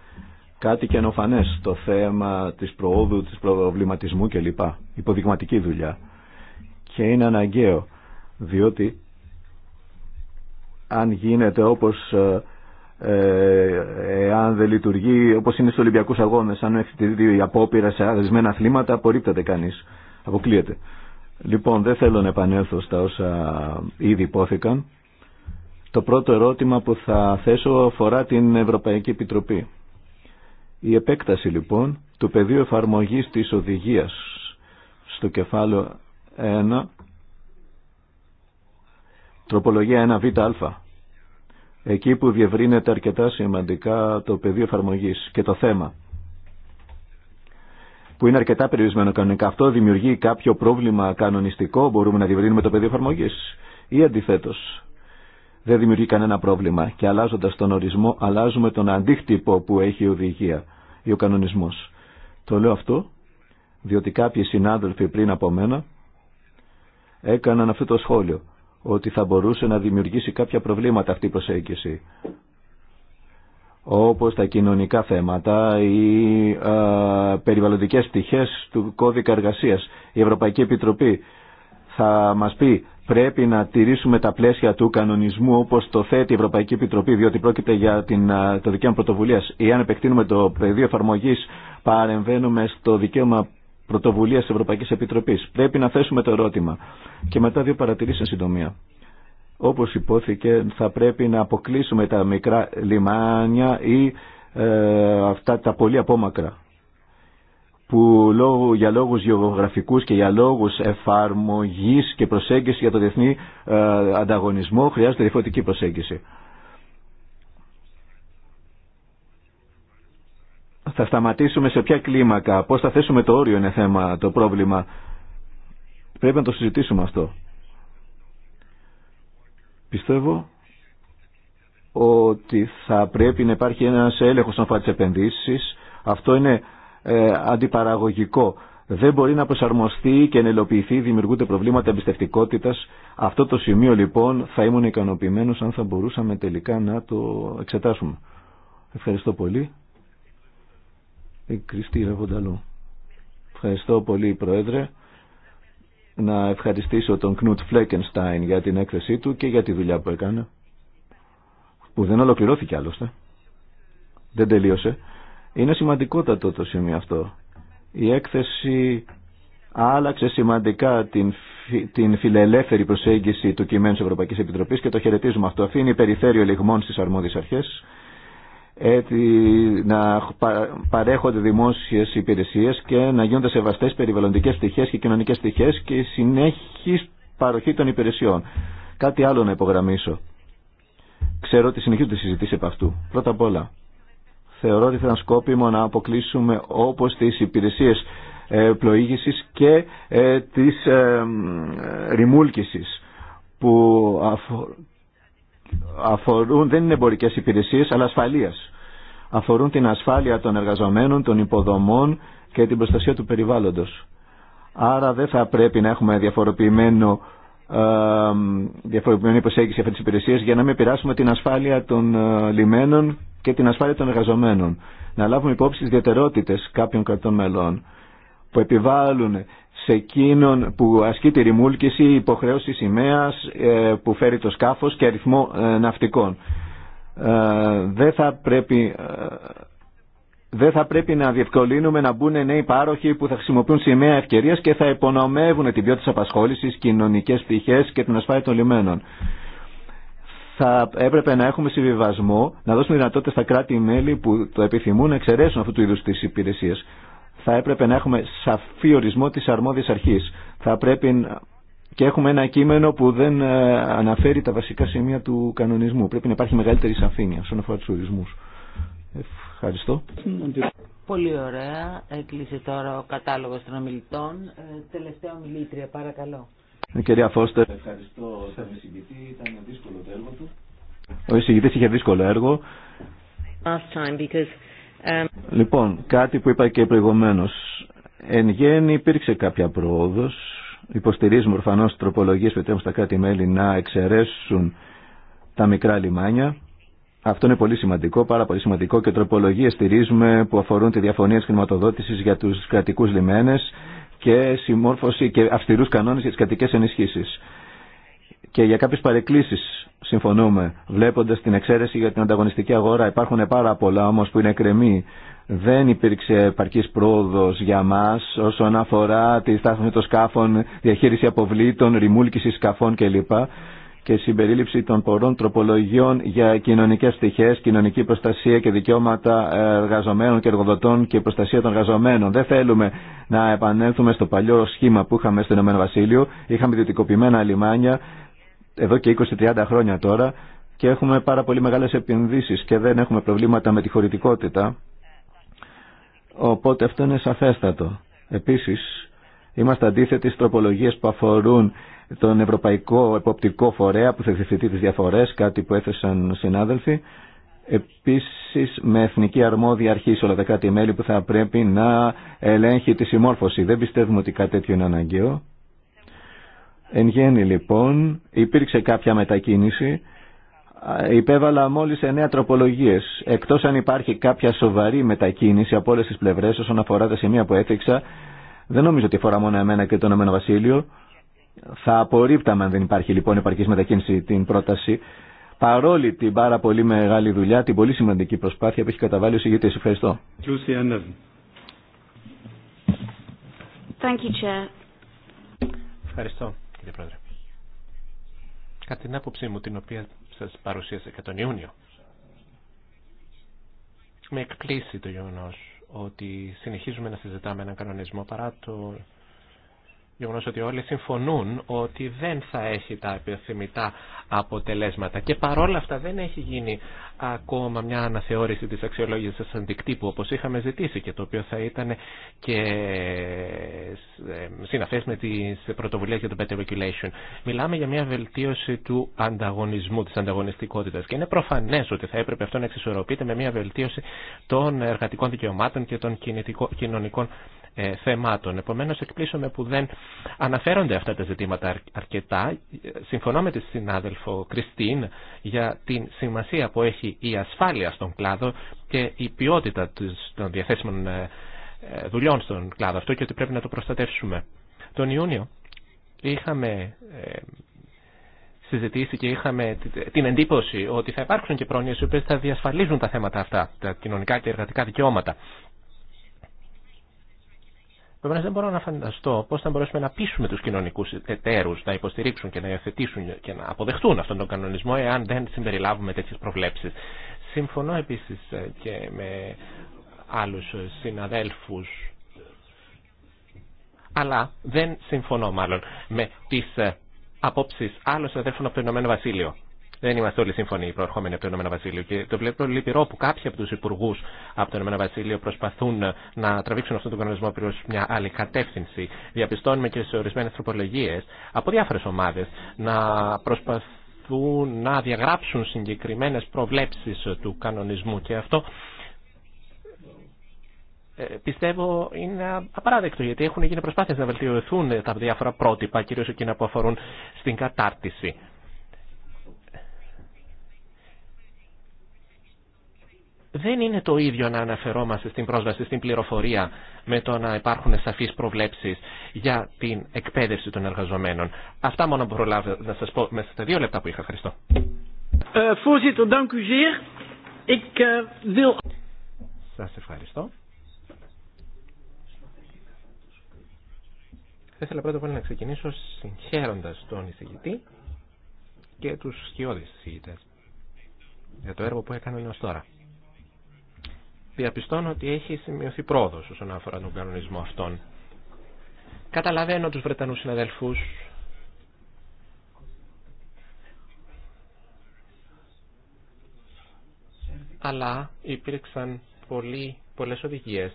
Κάτι καινοφανέ το θέμα τη προόδου, τη προβληματισμού κλπ. Υποδειγματική δουλειά. Και είναι αναγκαίο διότι αν γίνεται όπως εάν ε, ε, δεν λειτουργεί όπως είναι στους Ολυμπιακούς Αγώνες αν έχει η απόπειρα σε αρισμένα αθλήματα απορρίπτεται κανείς, αποκλείεται λοιπόν δεν θέλω να επανέλθω στα όσα ήδη υπόθηκαν το πρώτο ερώτημα που θα θέσω αφορά την Ευρωπαϊκή Επιτροπή η επέκταση λοιπόν του πεδίου εφαρμογής της οδηγίας στο κεφάλαιο 1 Τροπολογία 1βα. Εκεί που διευρύνεται αρκετά σημαντικά το πεδίο εφαρμογή και το θέμα. Που είναι αρκετά περιορισμένο κανονικά. Αυτό δημιουργεί κάποιο πρόβλημα κανονιστικό. Μπορούμε να διευρύνουμε το πεδίο εφαρμογή. Ή αντιθέτω. Δεν δημιουργεί κανένα πρόβλημα. Και αλλάζοντα τον ορισμό, αλλάζουμε τον αντίκτυπο που έχει η οδηγία ή ο κανονισμό. Το λέω αυτό διότι κάποιοι συνάδελφοι πριν από μένα έκαναν αυτό το σχόλιο ότι θα μπορούσε να δημιουργήσει κάποια προβλήματα αυτή η προσέγγιση όπως τα κοινωνικά θέματα ή ε, περιβαλλοντικές πτυχές του κώδικα εργασίας. Η περιβαλλοντικες πτυχες του κωδικα Επιτροπή θα μας πει πρέπει να τηρήσουμε τα πλαίσια του κανονισμού όπως το θέτει η Ευρωπαϊκή Επιτροπή διότι πρόκειται για την, το δικαίωμα πρωτοβουλίας. αν επεκτείνουμε το πεδίο εφαρμογής παρεμβαίνουμε στο δικαίωμα πρωτοβουλία τη Ευρωπαϊκή Επιτροπή. Πρέπει να θέσουμε το ερώτημα. Και μετά δύο παρατηρήσει συντομία. Όπω υπόθηκε, θα πρέπει να αποκλείσουμε τα μικρά λιμάνια ή ε, αυτά τα πολύ απόμακρα που λόγω, για λόγους γεωγραφικούς και για λόγους εφαρμογής και προσέγγισης για το διεθνή ε, ανταγωνισμό χρειάζεται διαφορετική προσέγγιση. θα σταματήσουμε, σε ποια κλίμακα, πώς θα θέσουμε το όριο είναι θέμα, το πρόβλημα. Πρέπει να το συζητήσουμε αυτό. Πιστεύω ότι θα πρέπει να υπάρχει ένας έλεγχος να τις επενδύσεις. Αυτό είναι ε, αντιπαραγωγικό. Δεν μπορεί να προσαρμοστεί και να ελοποιηθεί, δημιουργούνται προβλήματα εμπιστευτικότητα. Αυτό το σημείο λοιπόν θα ήμουν ικανοποιημένο αν θα μπορούσαμε τελικά να το εξετάσουμε. Ευχαριστώ πολύ. Βονταλού. Ευχαριστώ πολύ, Πρόεδρε. Να ευχαριστήσω τον Κνούτ Φλέκενστάιν για την έκθεσή του και για τη δουλειά που έκανε. Που δεν ολοκληρώθηκε άλλωστε. Δεν τελείωσε. Είναι σημαντικότατο το σημείο αυτό. Η έκθεση άλλαξε σημαντικά την, την φιλελεύθερη προσέγγιση του κειμένου της Ευρωπαϊκής Επιτροπής και το χαιρετίζουμε αυτό. Αφήνει περιθέριο λιγμών στις αρμόδιες αρχές έτσι να παρέχονται δημόσιες υπηρεσίες και να γίνονται σεβαστές περιβαλλοντικές πτυχές και κοινωνικές πτυχές και συνέχιση παροχή των υπηρεσιών. Κάτι άλλο να υπογραμμίσω. Ξέρω ότι συνεχίζονται συζητήσει επ' αυτού. Πρώτα απ' όλα, θεωρώ ότι θα ήταν σκόπιμο να αποκλείσουμε όπως τις υπηρεσίες ε, πλοήγησης και ε, της ε, ρημούλκησης που αφορούν, δεν είναι εμπορικέ υπηρεσίες, αλλά ασφαλείας. Αφορούν την ασφάλεια των εργαζομένων, των υποδομών και την προστασία του περιβάλλοντος. Άρα δεν θα πρέπει να έχουμε διαφοροποιημένο διαφοροποιημένη προσέγγιση αυτή τη υπηρεσία για να μην πειράσουμε την ασφάλεια των ε, λιμένων και την ασφάλεια των εργαζομένων. Να λάβουμε υπόψη τι ιδιαιτερότητε κάποιων κρατών μελών που επιβάλλουν σε εκείνον που ασκεί τη ρημούλκηση υποχρέωση σημαία ε, που φέρει το σκάφος και αριθμό ε, ναυτικών. Ε, δεν θα πρέπει... Δεν πρέπει να διευκολύνουμε να μπουν νέοι πάροχοι που θα χρησιμοποιούν σημαία ευκαιρία και θα υπονομεύουν την ποιότητα τη απασχόληση, κοινωνικέ πτυχέ και την ασφάλεια των λιμένων. Θα έπρεπε να έχουμε συμβιβασμό, να δώσουμε δυνατότητα στα κράτη-μέλη που το επιθυμούν να εξαιρέσουν αυτού του είδου τι υπηρεσίε θα έπρεπε να έχουμε σαφή ορισμό της αρμόδιας αρχής. Θα πρέπει και έχουμε ένα κείμενο που δεν ε, αναφέρει τα βασικά σημεία του κανονισμού. Πρέπει να υπάρχει μεγαλύτερη σαφήνεια στον αφορά τους ορισμούς. Ευχαριστώ. Πολύ ωραία. Έκλεισε τώρα ο κατάλογος των ομιλητών. Ε, τελευταία ομιλήτρια, παρακαλώ. Ε, κυρία Φώστερ. Ευχαριστώ τον εισηγητή. Ήταν δύσκολο το έργο του. Ο εισηγητής είχε δύσκολο έργο. time because Λοιπόν, κάτι που είπα και προηγουμένω. Εν γέννη υπήρξε κάποια πρόοδο. Υποστηρίζουμε ορφανώς τροπολογίε που επιτρέπουν στα κράτη-μέλη να εξαιρέσουν τα μικρά λιμάνια. Αυτό είναι πολύ σημαντικό, πάρα πολύ σημαντικό και τροπολογίε στηρίζουμε που αφορούν τη διαφωνία τη χρηματοδότηση για του κρατικού λιμένε και συμμόρφωση και αυστηρού κανόνε για τι κρατικέ ενισχύσει και για κάποιες παρεκκλήσεις συμφωνούμε βλέποντας την εξαίρεση για την ανταγωνιστική αγορά. Υπάρχουν πάρα πολλά όμως που είναι κρεμή. Δεν υπήρξε επαρκής πρόοδος για μας όσον αφορά τη στάθμη των σκάφων, διαχείριση αποβλήτων, ρημούλκηση σκαφών κλπ και συμπερίληψη των πορών τροπολογιών για κοινωνικέ πτυχέ, κοινωνική προστασία και δικαιώματα ε, εργαζομένων και εργοδοτών και προστασία των εργαζομένων. Δεν θέλουμε να επανέλθουμε στο παλιό σχήμα που είχαμε στο Ηνωμένο Βασίλειο. Είχαμε ιδιωτικοποιημένα λιμάνια, εδώ και 20-30 χρόνια τώρα και έχουμε πάρα πολύ μεγάλες επενδύσεις και δεν έχουμε προβλήματα με τη χωρητικότητα. Οπότε αυτό είναι σαφέστατο. Επίσης, είμαστε αντίθετοι στις τροπολογίες που αφορούν τον Ευρωπαϊκό Εποπτικό Φορέα που θα διευθυνθεί τις διαφορές, κάτι που έθεσαν συνάδελφοι. Επίσης, με εθνική αρμόδια αρχή σε όλα τα κάτι μέλη που θα πρέπει να ελέγχει τη συμμόρφωση. Δεν πιστεύουμε ότι κάτι τέτοιο είναι αναγκαίο. Εν γέννη λοιπόν υπήρξε κάποια μετακίνηση. Υπέβαλα μόλις εννέα τροπολογίες. Εκτός αν υπάρχει κάποια σοβαρή μετακίνηση από όλες τις πλευρές όσον αφορά τα σημεία που έθιξα, δεν νομίζω ότι φορά μόνο εμένα και τον Εμένο Βασίλειο. Θα απορρίπταμε αν δεν υπάρχει λοιπόν επαρκής μετακίνηση την πρόταση. Παρόλη την πάρα πολύ μεγάλη δουλειά, την πολύ σημαντική προσπάθεια που έχει καταβάλει ο συγγητής. Ευχαριστώ. Thank you, Chair. Ευχαριστώ κύριε Πρόεδρε. Κατά την άποψή μου, την οποία σας παρουσίασα και τον Ιούνιο, με εκπλήσει το γεγονό ότι συνεχίζουμε να συζητάμε έναν κανονισμό παρά το γνωρίζω ότι όλοι συμφωνούν ότι δεν θα έχει τα επιθυμητά αποτελέσματα και παρόλα αυτά δεν έχει γίνει ακόμα μια αναθεώρηση της αξιολόγησης αντικτύπου όπως είχαμε ζητήσει και το οποίο θα ήταν και ε, συναφές με τις πρωτοβουλίες για το Better Regulation. Μιλάμε για μια βελτίωση του ανταγωνισμού, της ανταγωνιστικότητας και είναι προφανές ότι θα έπρεπε αυτό να εξισορροπείται με μια βελτίωση των εργατικών δικαιωμάτων και των κοινωνικών ε, θεμάτων. Επομένως εκπλήσωμαι που δεν αναφέρονται αυτά τα ζητήματα αρκετά. Ε, συμφωνώ με τη συνάδελφο Κριστίν για την σημασία που έχει η ασφάλεια στον κλάδο και η ποιότητα των διαθέσιμων ε, δουλειών στον κλάδο αυτό και ότι πρέπει να το προστατεύσουμε. Τον Ιούνιο είχαμε συζητήσει και είχαμε την εντύπωση ότι θα υπάρξουν και πρόνοιες οι οποίες θα διασφαλίζουν τα θέματα αυτά, τα κοινωνικά και εργατικά δικαιώματα. Επομένω, δεν μπορώ να φανταστώ πώ θα μπορέσουμε να πείσουμε του κοινωνικού εταίρου να υποστηρίξουν και να υιοθετήσουν και να αποδεχτούν αυτόν τον κανονισμό, εάν δεν συμπεριλάβουμε τέτοιε προβλέψει. Συμφωνώ επίση ε, και με άλλου συναδέλφου αλλά δεν συμφωνώ μάλλον με τις ε, απόψεις άλλων συναδέλφων από το Ηνωμένο Βασίλειο. Δεν είμαστε όλοι σύμφωνοι οι προερχόμενοι από το Ηνωμένο Βασίλειο και το βλέπω λυπηρό που κάποιοι από του υπουργού από το Ηνωμένο Βασίλειο προσπαθούν να τραβήξουν αυτόν τον κανονισμό προ μια άλλη κατεύθυνση. Διαπιστώνουμε και σε ορισμένε τροπολογίε από διάφορε ομάδε να προσπαθούν να διαγράψουν συγκεκριμένε προβλέψει του κανονισμού και αυτό ε, πιστεύω είναι απαράδεκτο γιατί έχουν γίνει προσπάθειες να βελτιωθούν τα διάφορα πρότυπα κυρίως εκείνα που αφορούν στην κατάρτιση. δεν είναι το ίδιο να αναφερόμαστε στην πρόσβαση στην πληροφορία με το να υπάρχουν σαφείς προβλέψεις για την εκπαίδευση των εργαζομένων. Αυτά μόνο μπορώ να σας πω μέσα στα δύο λεπτά που είχα. Ευχαριστώ. Ε, ε, σας ευχαριστώ. Θα ήθελα πρώτα απ' να ξεκινήσω συγχαίροντας τον εισηγητή και τους σκιώδεις εισηγητές για το έργο που έκαναν ως τώρα διαπιστώνω ότι έχει σημειωθεί πρόοδος όσον αφορά τον κανονισμό αυτόν. Καταλαβαίνω τους Βρετανούς συναδελφούς αλλά υπήρξαν πολλοί, πολλές οδηγίες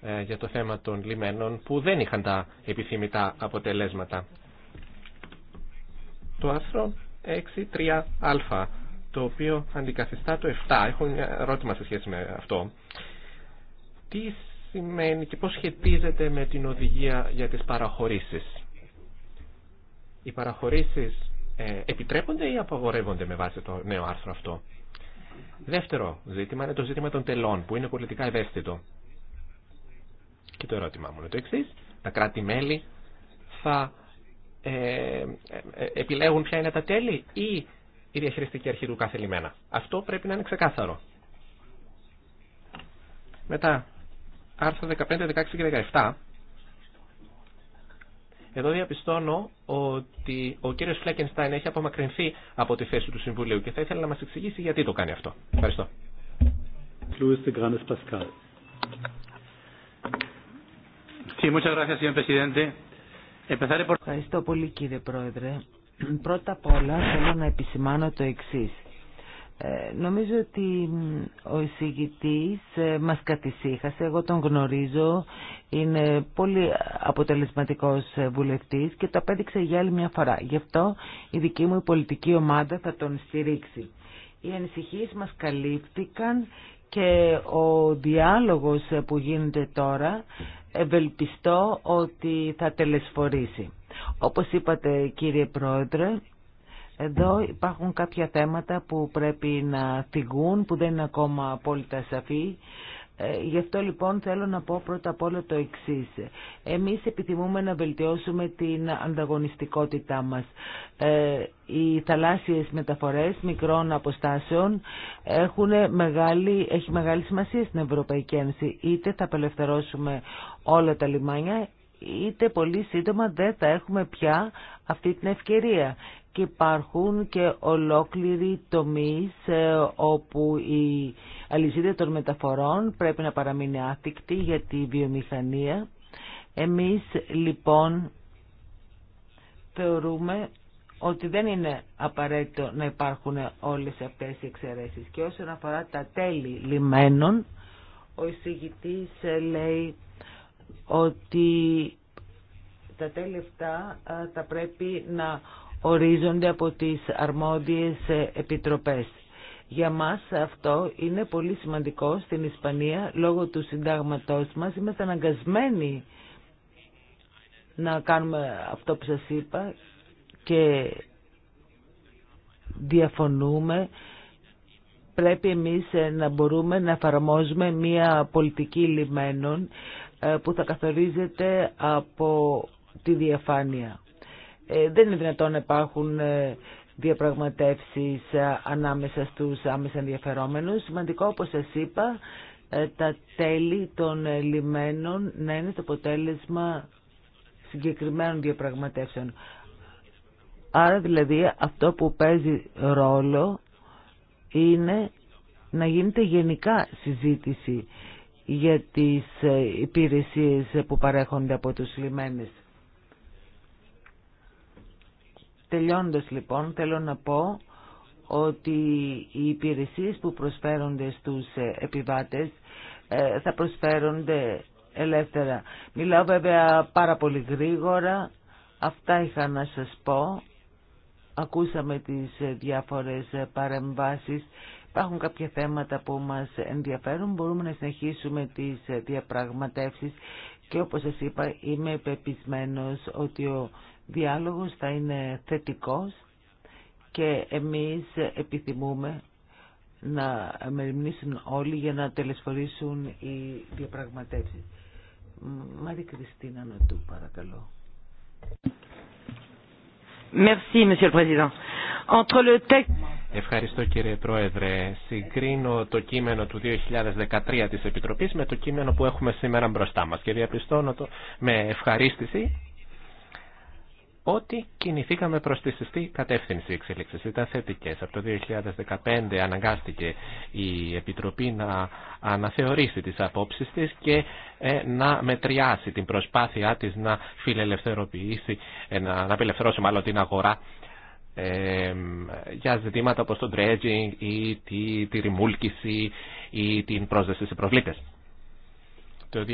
ε, για το θέμα των λιμένων που δεν είχαν τα επιθυμητά αποτελέσματα. Το άρθρο 6.3α το οποίο αντικαθιστά το 7. Έχω μια ερώτημα σε σχέση με αυτό. Τι σημαίνει και πώς σχετίζεται με την οδηγία για τις παραχωρήσεις. Οι παραχωρήσεις ε, επιτρέπονται ή απαγορεύονται με βάση το νέο άρθρο αυτό. Δεύτερο ζήτημα είναι το ζήτημα των τελών που είναι πολιτικά ευαίσθητο. Και το ερώτημά μου είναι το εξή. Τα κράτη-μέλη θα ε, ε, ε, επιλέγουν ποια είναι τα τέλη ή η διαχειριστική αρχή του κάθε λιμένα. Αυτό πρέπει να είναι ξεκάθαρο. Μετά, άρθρα 15, 16 και 17. Εδώ διαπιστώνω ότι ο κύριος Φλέκενστάιν έχει απομακρυνθεί από τη θέση του Συμβουλίου και θα ήθελα να μας εξηγήσει γιατί το κάνει αυτό. Ευχαριστώ. Ευχαριστώ πολύ κύριε Πρόεδρε. Πρώτα απ' όλα θέλω να επισημάνω το εξής. Ε, νομίζω ότι ο εισηγητής ε, μας κατησύχασε, εγώ τον γνωρίζω, είναι πολύ αποτελεσματικός ε, βουλευτής και το απέδειξε για άλλη μια φορά. Γι' αυτό η δική μου πολιτική ομάδα θα τον στηρίξει. Οι ανησυχίες μας καλύφθηκαν και ο διάλογος που γίνεται τώρα ευελπιστώ ότι θα τελεσφορήσει. Όπως είπατε κύριε Πρόεδρε, εδώ υπάρχουν κάποια θέματα που πρέπει να θυγούν, που δεν είναι ακόμα απόλυτα σαφή. Ε, γι' αυτό λοιπόν θέλω να πω πρώτα απ' όλα το εξή. Εμείς επιθυμούμε να βελτιώσουμε την ανταγωνιστικότητά μας. Ε, οι θαλάσσιες μεταφορές μικρών αποστάσεων έχουν μεγάλη, έχει μεγάλη σημασία στην Ευρωπαϊκή Ένωση. Είτε θα απελευθερώσουμε όλα τα λιμάνια είτε πολύ σύντομα δεν θα έχουμε πια αυτή την ευκαιρία. Και υπάρχουν και ολόκληροι τομείς ε, όπου η αλυσίδα των μεταφορών πρέπει να παραμείνει άθικτη για τη βιομηχανία. Εμείς λοιπόν θεωρούμε ότι δεν είναι απαραίτητο να υπάρχουν όλες αυτές οι εξαιρέσεις. Και όσον αφορά τα τέλη λιμένων, ο εισηγητής ε, λέει ότι τα τέλευτα θα πρέπει να ορίζονται από τις αρμόδιες ε, επιτροπές. Για μας αυτό είναι πολύ σημαντικό στην Ισπανία λόγω του συντάγματός μας. Είμαστε αναγκασμένοι να κάνουμε αυτό που σας είπα και διαφωνούμε. Πρέπει εμείς ε, να μπορούμε να εφαρμόζουμε μια πολιτική λιμένων ε, που θα καθορίζεται από τη διαφάνεια. Ε, δεν είναι δυνατόν να υπάρχουν ε, διαπραγματεύσεις ανάμεσα στους άμεσα ενδιαφερόμενους. Σημαντικό, όπως σας είπα, τα τέλη των λιμένων να είναι το αποτέλεσμα συγκεκριμένων διαπραγματεύσεων. Άρα δηλαδή αυτό που παίζει ρόλο είναι να γίνεται γενικά συζήτηση για τις ε, υπηρεσίες που παρέχονται από τους λιμένες. Τελειώντας λοιπόν θέλω να πω ότι οι υπηρεσίες που προσφέρονται στους ε, επιβάτες ε, θα προσφέρονται ελεύθερα. Μιλάω βέβαια πάρα πολύ γρήγορα. Αυτά είχα να σας πω. Ακούσαμε τις διάφορες παρεμβάσεις Υπάρχουν κάποια θέματα που μας ενδιαφέρουν, μπορούμε να συνεχίσουμε τις διαπραγματεύσεις και όπως σας είπα είμαι πεπισμένος ότι ο διάλογος θα είναι θετικός και εμείς επιθυμούμε να μεριμνήσουν όλοι για να τελεσφορήσουν οι διαπραγματεύσεις. Μάρη Κριστίνα Νοτού, παρακαλώ. Merci, Monsieur le Président. Ευχαριστώ κύριε Πρόεδρε. Συγκρίνω το κείμενο του 2013 της Επιτροπής με το κείμενο που έχουμε σήμερα μπροστά μας και διαπιστώνω το με ευχαρίστηση ότι κινηθήκαμε προς τη συστή κατεύθυνση εξέλιξης. Ήταν θετικές. Από το 2015 αναγκάστηκε η Επιτροπή να αναθεωρήσει τις απόψεις της και ε, να μετριάσει την προσπάθειά της να φιλελευθερωποιήσει, ε, να απελευθερώσει μάλλον την αγορά για ζητήματα όπως το dredging ή τη, τη ρημούλκηση ή την πρόσδεση σε προβλήτες. Το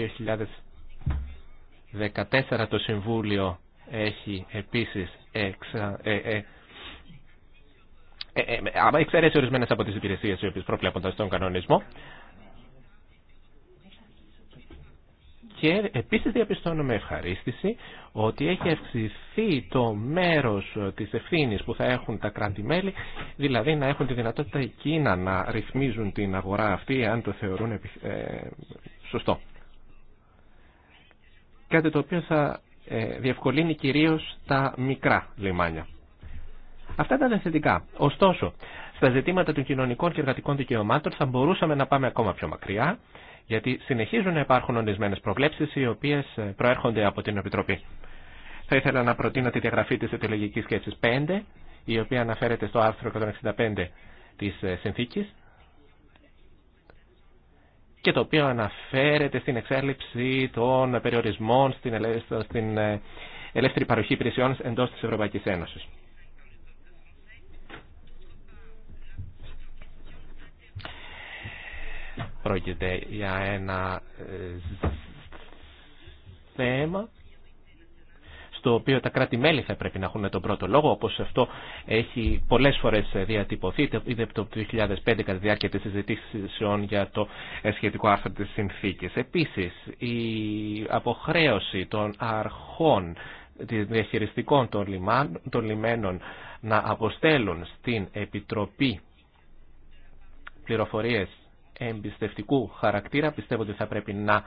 2014 το Συμβούλιο έχει επίσης εξα, ε, ε, ορισμένες από τις υπηρεσίες οι οποίες προβλέπονται στον κανονισμό Και επίσης διαπιστώνουμε ευχαρίστηση ότι έχει αυξηθεί το μέρος ε, της ευθύνης που θα έχουν τα κράτη-μέλη, δηλαδή να έχουν τη δυνατότητα εκείνα να ρυθμίζουν την αγορά αυτή αν το θεωρούν ε, σωστό. Κάτι το οποίο θα ε, διευκολύνει κυρίως τα μικρά λιμάνια. Αυτά ήταν θετικά. Ωστόσο, στα ζητήματα των κοινωνικών και εργατικών δικαιωμάτων θα μπορούσαμε να πάμε ακόμα πιο μακριά γιατί συνεχίζουν να υπάρχουν ορισμένε προβλέψεις οι οποίες ε, προέρχονται από την Επιτροπή. Θα ήθελα να προτείνω τη διαγραφή της ετελεγικής σκέψης 5, η οποία αναφέρεται στο άρθρο 165 της ε, συνθήκης και το οποίο αναφέρεται στην εξέλιξη των περιορισμών στην ε, ελεύθερη παροχή υπηρεσιών εντός της Ευρωπαϊκής Ένωσης. Πρόκειται για ένα ε, θέμα στο οποίο τα κράτη-μέλη θα πρέπει να έχουν τον πρώτο λόγο, όπως αυτό έχει πολλές φορές διατυπωθεί, από το 2005 κατά τη διάρκεια της συζητήσεων για το σχετικό άρθρο της συνθήκης. Επίσης, η αποχρέωση των αρχών διαχειριστικών των, λιμάν, των λιμένων να αποστέλουν στην Επιτροπή πληροφορίες εμπιστευτικού χαρακτήρα πιστεύω ότι θα πρέπει να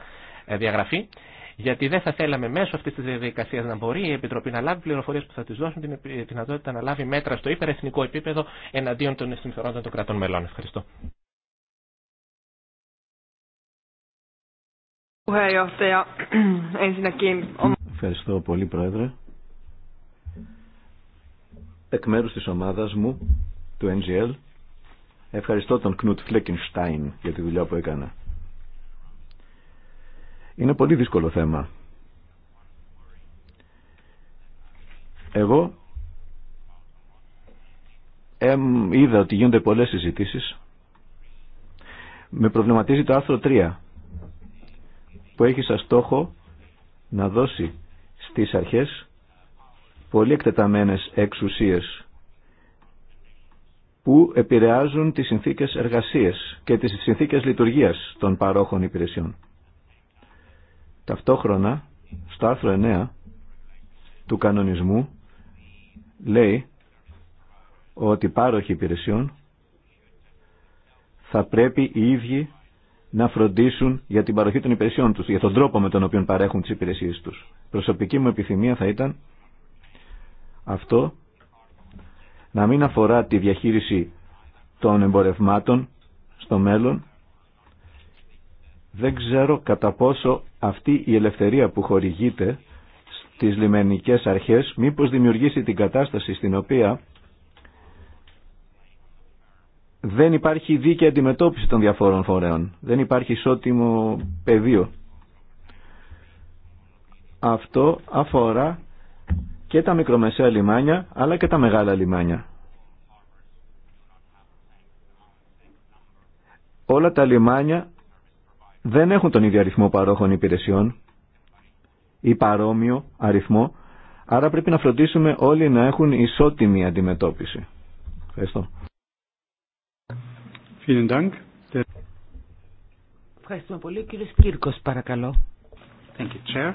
διαγραφεί γιατί δεν θα θέλαμε μέσω αυτή τη διαδικασία να μπορεί η Επιτροπή να λάβει πληροφορίε που θα τη δώσουν την δυνατότητα να λάβει μέτρα στο υπερεθνικό επίπεδο εναντίον των συμφερόντων των κρατών μελών. Ευχαριστώ. Ευχαριστώ πολύ, Πρόεδρε. Εκ μέρου τη ομάδα μου, του NGL, Ευχαριστώ τον Κνούτ Φλέκενστάιν για τη δουλειά που έκανα. Είναι πολύ δύσκολο θέμα. Εγώ είδα ότι γίνονται πολλές συζητήσεις. Με προβληματίζει το άρθρο 3 που έχει σαν στόχο να δώσει στις αρχές πολύ εκτεταμένες εξουσίες που επηρεάζουν τις συνθήκες εργασίας και τις συνθήκες λειτουργίας των παρόχων υπηρεσιών. Ταυτόχρονα, στο άρθρο 9 του κανονισμού λέει ότι πάροχοι υπηρεσιών θα πρέπει οι ίδιοι να φροντίσουν για την παροχή των υπηρεσιών τους, για τον τρόπο με τον οποίο παρέχουν τις υπηρεσίες τους. Προσωπική μου επιθυμία θα ήταν αυτό να μην αφορά τη διαχείριση των εμπορευμάτων στο μέλλον. Δεν ξέρω κατά πόσο αυτή η ελευθερία που χορηγείται στις λιμενικές αρχές μήπως δημιουργήσει την κατάσταση στην οποία δεν υπάρχει δίκαιη αντιμετώπιση των διαφόρων φορέων. Δεν υπάρχει ισότιμο πεδίο. Αυτό αφορά και τα μικρομεσαία λιμάνια αλλά και τα μεγάλα λιμάνια. Όλα τα λιμάνια δεν έχουν τον ίδιο αριθμό παρόχων υπηρεσιών ή παρόμοιο αριθμό, άρα πρέπει να φροντίσουμε όλοι να έχουν ισότιμη αντιμετώπιση. Ευχαριστώ. Ευχαριστούμε πολύ. Κύριε Σκύρκος, παρακαλώ. Thank you, Chair.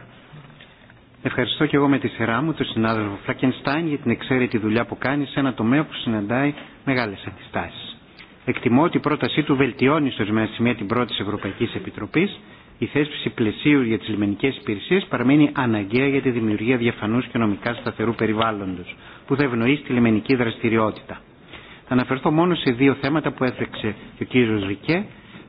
Ευχαριστώ και εγώ με τη σειρά μου τον συνάδελφο Φλακενστάιν για την εξαίρετη δουλειά που κάνει σε ένα τομέα που συναντάει μεγάλε αντιστάσει. Εκτιμώ ότι η πρότασή του βελτιώνει στο ορισμένα σημεία την πρώτη Ευρωπαϊκή Επιτροπή. Η θέσπιση πλαισίου για τι λιμενικέ υπηρεσίε παραμένει αναγκαία για τη δημιουργία διαφανού και νομικά σταθερού περιβάλλοντο, που θα ευνοήσει τη λιμενική δραστηριότητα. Θα αναφερθώ μόνο σε δύο θέματα που έφεξε ο κύριο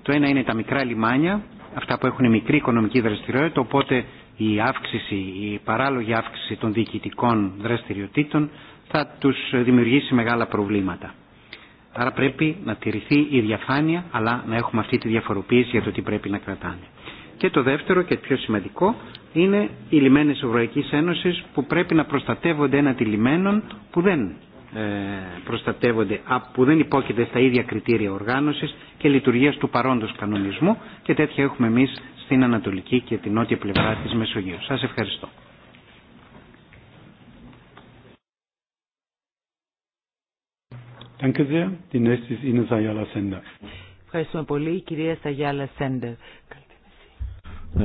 Το ένα είναι τα μικρά λιμάνια, αυτά που έχουν μικρή οικονομική δραστηριότητα, οπότε η αύξηση, η παράλογη αύξηση των διοικητικών δραστηριοτήτων θα τους δημιουργήσει μεγάλα προβλήματα. Άρα πρέπει να τηρηθεί η διαφάνεια, αλλά να έχουμε αυτή τη διαφοροποίηση για το τι πρέπει να κρατάνε. Και το δεύτερο και το πιο σημαντικό είναι οι λιμένες Ευρωπαϊκής Ένωσης που πρέπει να προστατεύονται έναντι λιμένων που δεν ε, προστατεύονται, που δεν υπόκειται στα ίδια κριτήρια οργάνωσης και λειτουργίας του παρόντος κανονισμού και τέτοια έχουμε εμείς στην ανατολική και την νότια πλευρά της Μεσογείου. Σας ευχαριστώ. Ευχαριστούμε πολύ, κυρία Σαγιάλα Σέντερ.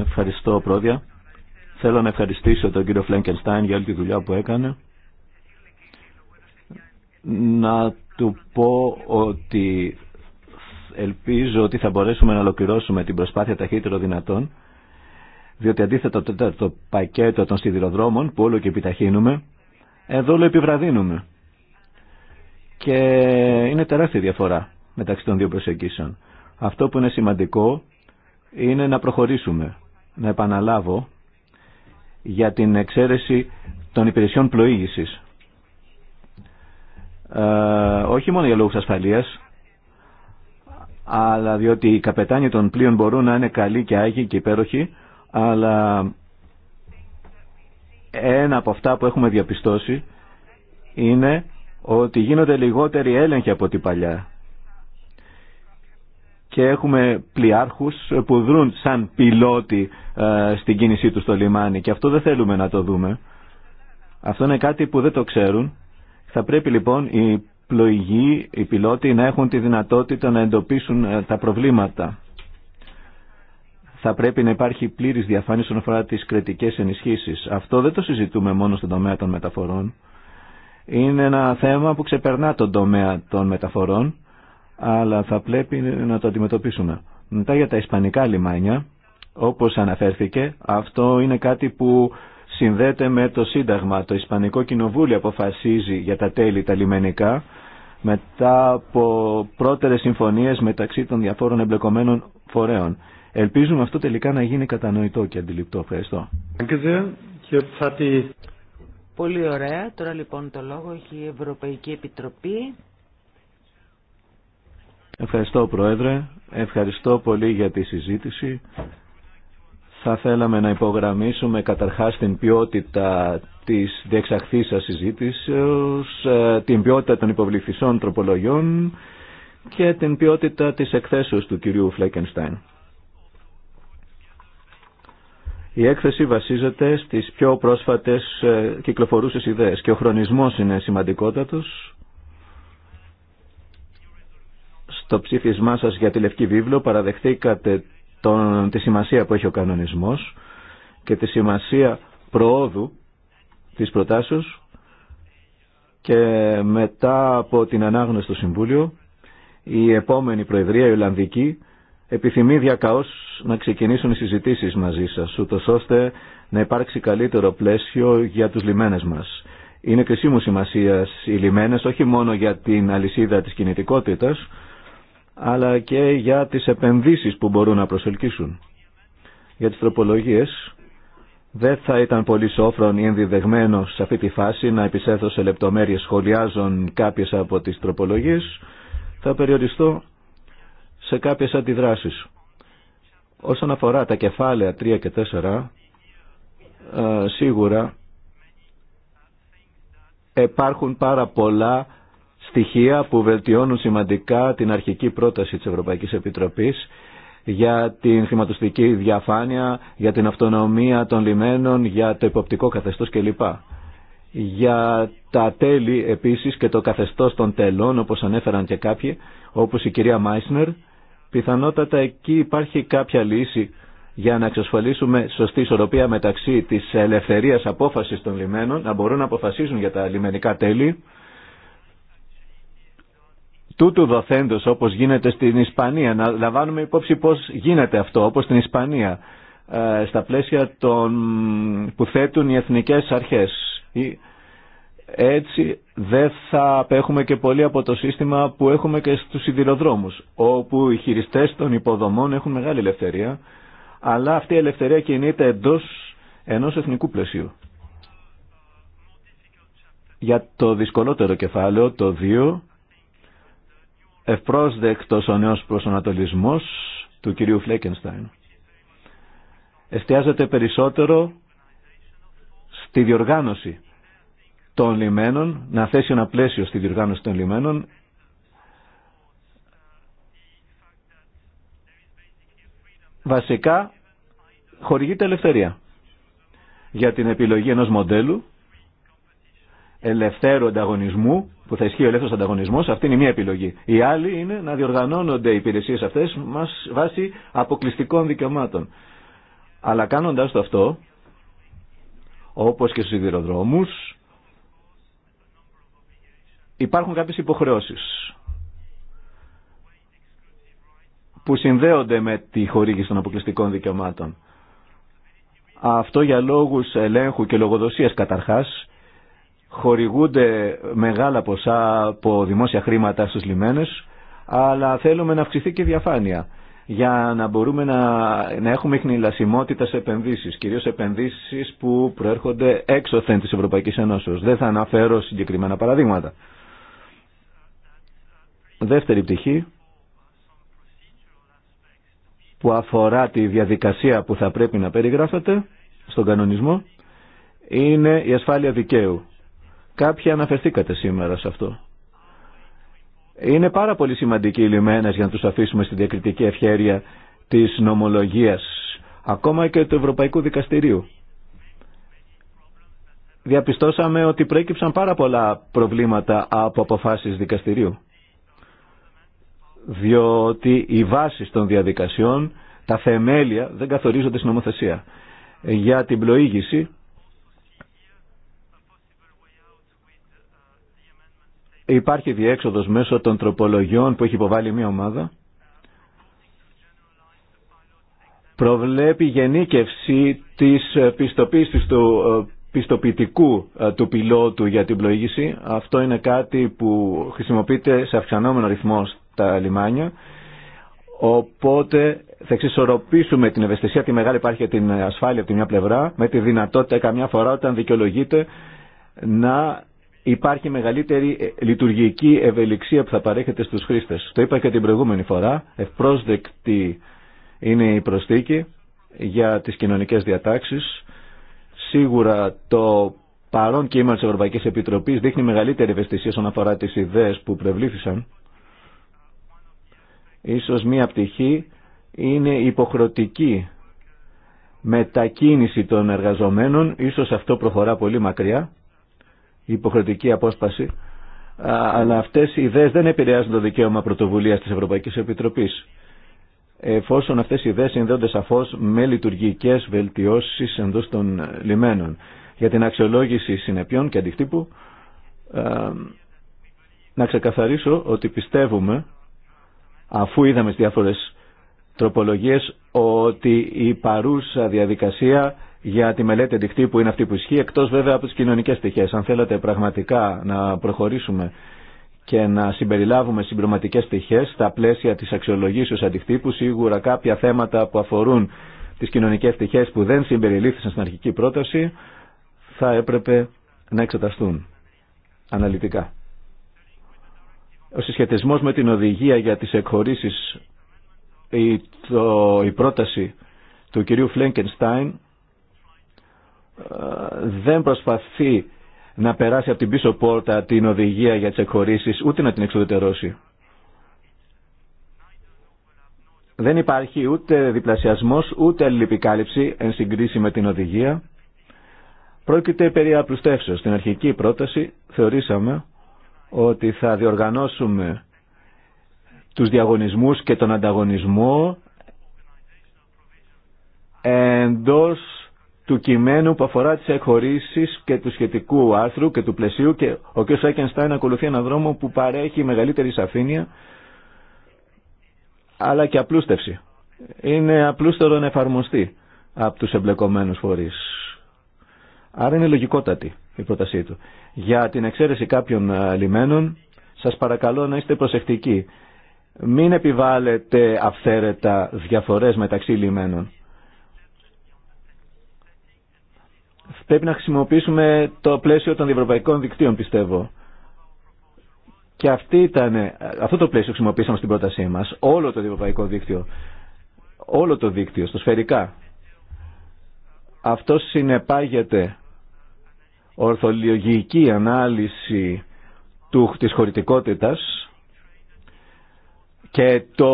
Ευχαριστώ, Πρόεδρε. Θέλω να ευχαριστήσω τον κύριο Φλέγκενστάιν για όλη τη δουλειά που έκανε. Να του πω ότι Ελπίζω ότι θα μπορέσουμε να ολοκληρώσουμε την προσπάθεια ταχύτερο δυνατόν, διότι αντίθετα το πακέτο των σιδηροδρόμων που όλο και επιταχύνουμε, εδώ όλο επιβραδύνουμε. Και είναι τεράστια διαφορά μεταξύ των δύο προσεγγίσεων. Αυτό που είναι σημαντικό είναι να προχωρήσουμε. Να επαναλάβω για την εξαίρεση των υπηρεσιών πλοήγησης. Ε, όχι μόνο για λόγους ασφαλείας, αλλά διότι οι καπετάνοι των πλοίων μπορούν να είναι καλοί και άγιοι και υπέροχοι, αλλά ένα από αυτά που έχουμε διαπιστώσει είναι ότι γίνονται λιγότεροι έλεγχοι από την παλιά. Και έχουμε πλοιάρχους που δρούν σαν πιλότοι ε, στην κίνησή τους στο λιμάνι και αυτό δεν θέλουμε να το δούμε. Αυτό είναι κάτι που δεν το ξέρουν. Θα πρέπει λοιπόν οι πλοηγοί, οι πιλότοι να έχουν τη δυνατότητα να εντοπίσουν ε, τα προβλήματα. Θα πρέπει να υπάρχει πλήρης διαφάνεια όσον αφορά τις κριτικές ενισχύσεις. Αυτό δεν το συζητούμε μόνο στον τομέα των μεταφορών. Είναι ένα θέμα που ξεπερνά τον τομέα των μεταφορών, αλλά θα πρέπει να το αντιμετωπίσουμε. Μετά για τα ισπανικά λιμάνια, όπως αναφέρθηκε, αυτό είναι κάτι που συνδέεται με το Σύνταγμα. Το Ισπανικό Κοινοβούλιο αποφασίζει για τα τέλη τα λιμενικά μετά από πρώτερες συμφωνίες μεταξύ των διαφόρων εμπλεκομένων φορέων. Ελπίζουμε αυτό τελικά να γίνει κατανοητό και αντιληπτό. Ευχαριστώ. Πολύ ωραία. Τώρα λοιπόν το λόγο έχει η Ευρωπαϊκή Επιτροπή. Ευχαριστώ Πρόεδρε. Ευχαριστώ πολύ για τη συζήτηση. Θα θέλαμε να υπογραμμίσουμε καταρχάς την ποιότητα της διεξαχθής σας συζήτησης, ε, την ποιότητα των υποβληθισών τροπολογιών και την ποιότητα της εκθέσεως του κυρίου Φλέκενστάιν. Η έκθεση βασίζεται στις πιο πρόσφατες ε, κυκλοφορούσες ιδέες και ο χρονισμός είναι σημαντικότατος. Στο ψήφισμά σας για τη Λευκή Βίβλο παραδεχθήκατε τον, τη σημασία που έχει ο κανονισμός και τη σημασία προόδου της προτάσεως και μετά από την ανάγνωση του Συμβούλιο η επόμενη Προεδρία, η Ολλανδική, επιθυμεί διακαώς να ξεκινήσουν οι συζητήσεις μαζί σας, ούτως ώστε να υπάρξει καλύτερο πλαίσιο για τους λιμένες μας. Είναι κρισίμου σημασία οι λιμένες όχι μόνο για την αλυσίδα της κινητικότητας, αλλά και για τις επενδύσεις που μπορούν να προσελκύσουν. Για τις τροπολογίες δεν θα ήταν πολύ σόφρον ή ενδιδεγμένο σε αυτή τη φάση να επισέθω σε λεπτομέρειες σχολιάζων κάποιες από τις τροπολογίες. Θα περιοριστώ σε κάποιες αντιδράσεις. Όσον αφορά τα κεφάλαια 3 και 4, ε, σίγουρα υπάρχουν πάρα πολλά στοιχεία που βελτιώνουν σημαντικά την αρχική πρόταση της Ευρωπαϊκής Επιτροπής για την χρηματοστική διαφάνεια, για την αυτονομία των λιμένων, για το υποπτικό καθεστώς κλπ. Για τα τέλη επίσης και το καθεστώς των τελών, όπως ανέφεραν και κάποιοι, όπως η κυρία Μάισνερ, πιθανότατα εκεί υπάρχει κάποια λύση για να εξασφαλίσουμε σωστή ισορροπία μεταξύ της ελευθερίας απόφασης των λιμένων, να μπορούν να αποφασίζουν για τα λιμενικά τέλη, τούτου δοθέντος όπως γίνεται στην Ισπανία, να λαμβάνουμε υπόψη πώς γίνεται αυτό, όπως στην Ισπανία, ε, στα πλαίσια των, που θέτουν οι εθνικές αρχές. Έτσι δεν θα απέχουμε και πολύ από το σύστημα που έχουμε και στους σιδηροδρόμους, όπου οι χειριστές των υποδομών έχουν μεγάλη ελευθερία, αλλά αυτή η ελευθερία κινείται εντός ενός εθνικού πλαισίου. Για το δυσκολότερο κεφάλαιο, το 2, ευπρόσδεκτος ο νέος προσανατολισμός του κυρίου Φλέκενστάιν. Εστιάζεται περισσότερο στη διοργάνωση των λιμένων, να θέσει ένα πλαίσιο στη διοργάνωση των λιμένων βασικά χορηγείται ελευθερία για την επιλογή ενός μοντέλου ελευθέρου ανταγωνισμού που θα ισχύει ο ελεύθερο ανταγωνισμό, αυτή είναι μία επιλογή. Η άλλη είναι να διοργανώνονται οι υπηρεσίε αυτέ βάσει αποκλειστικών δικαιωμάτων. Αλλά κάνοντα το αυτό, όπω και στου σιδηροδρόμου, υπάρχουν κάποιε υποχρεώσει που συνδέονται με τη χορήγηση των αποκλειστικών δικαιωμάτων. Αυτό για λόγους ελέγχου και λογοδοσίας καταρχάς χορηγούνται μεγάλα ποσά από δημόσια χρήματα στους λιμένες, αλλά θέλουμε να αυξηθεί και η διαφάνεια για να μπορούμε να, να έχουμε χνηλασιμότητα σε επενδύσεις, κυρίως επενδύσεις που προέρχονται έξωθεν της Ευρωπαϊκής Ενώσεως. Δεν θα αναφέρω συγκεκριμένα παραδείγματα. Δεύτερη πτυχή που αφορά τη διαδικασία που θα πρέπει να περιγράφεται στον κανονισμό είναι η ασφάλεια δικαίου. Κάποιοι αναφερθήκατε σήμερα σε αυτό. Είναι πάρα πολύ σημαντικοί οι λιμένες για να τους αφήσουμε στη διακριτική ευχέρεια της νομολογίας, ακόμα και του Ευρωπαϊκού Δικαστηρίου. Διαπιστώσαμε ότι προέκυψαν πάρα πολλά προβλήματα από αποφάσεις δικαστηρίου, διότι οι βάσεις των διαδικασιών, τα θεμέλια δεν καθορίζονται στην νομοθεσία. Για την πλοήγηση Υπάρχει διέξοδος μέσω των τροπολογιών που έχει υποβάλει μια ομάδα. Προβλέπει γενίκευση της πιστοποίησης του ε, πιστοποιητικού ε, του πιλότου για την πλοήγηση. Αυτό είναι κάτι που χρησιμοποιείται σε αυξανόμενο ρυθμό στα λιμάνια. Οπότε θα εξισορροπήσουμε την ευαισθησία, τη μεγάλη υπάρχει την ασφάλεια από τη μια πλευρά, με τη δυνατότητα καμιά φορά όταν δικαιολογείται να υπάρχει μεγαλύτερη ε, λειτουργική ευελιξία που θα παρέχεται στους χρήστες. Το είπα και την προηγούμενη φορά, ευπρόσδεκτη είναι η προσθήκη για τις κοινωνικές διατάξεις. Σίγουρα το παρόν κύμα της Ευρωπαϊκής Επιτροπής δείχνει μεγαλύτερη ευαισθησία όσον αφορά τις ιδέες που προευλήθησαν. Ίσως μία πτυχή είναι υποχρεωτική μετακίνηση των εργαζομένων, ίσως αυτό προχωρά πολύ μακριά υποχρεωτική απόσπαση, αλλά αυτέ οι ιδέες δεν επηρεάζουν το δικαίωμα πρωτοβουλία τη Ευρωπαϊκή Επιτροπή, Εφόσον αυτές οι ιδέες συνδέονται σαφώ με λειτουργικέ βελτιώσεις εντό των λιμένων για την αξιολόγηση συνεπιών και αντικτύπου, να ξεκαθαρίσω ότι πιστεύουμε, αφού είδαμε στις διάφορες τροπολογίες, ότι η παρούσα διαδικασία για τη μελέτη αντικτύπου είναι αυτή που ισχύει, εκτό βέβαια από τι κοινωνικέ πτυχές. Αν θέλετε πραγματικά να προχωρήσουμε και να συμπεριλάβουμε συμπληρωματικέ πτυχές στα πλαίσια της αξιολογήσεως αντικτύπου, σίγουρα κάποια θέματα που αφορούν τι κοινωνικέ πτυχές που δεν συμπεριλήφθησαν στην αρχική πρόταση, θα έπρεπε να εξεταστούν αναλυτικά. Ο συσχετισμό με την οδηγία για τι εκχωρήσει, η, η πρόταση του κυρίου Φλέγκενστάιν δεν προσπαθεί να περάσει από την πίσω πόρτα την οδηγία για τις εκχωρήσεις, ούτε να την εξοδετερώσει. Δεν υπάρχει ούτε διπλασιασμός, ούτε αλληλεπικάλυψη εν συγκρίση με την οδηγία. Πρόκειται περί απλουστεύσεως. Στην αρχική πρόταση θεωρήσαμε ότι θα διοργανώσουμε τους διαγωνισμούς και τον ανταγωνισμό εντός του κειμένου που αφορά τις εκχωρήσεις και του σχετικού άρθρου και του πλαισίου και ο κ. Σάκενστάιν ακολουθεί έναν δρόμο που παρέχει μεγαλύτερη σαφήνεια αλλά και απλούστευση. Είναι απλούστερο να εφαρμοστεί από τους εμπλεκομένους φορείς. Άρα είναι λογικότατη η πρότασή του. Για την εξαίρεση κάποιων ε, λιμένων σας παρακαλώ να είστε προσεκτικοί. Μην επιβάλλετε αυθαίρετα διαφορές μεταξύ λιμένων Πρέπει να χρησιμοποιήσουμε το πλαίσιο των διευρωπαϊκών δικτύων, πιστεύω. Και αυτή αυτό το πλαίσιο χρησιμοποίησαμε στην πρότασή μας. Όλο το διευρωπαϊκό δίκτυο. Όλο το δίκτυο, στο σφαιρικά. Αυτό συνεπάγεται ορθολογική ανάλυση του, της χωρητικότητας και το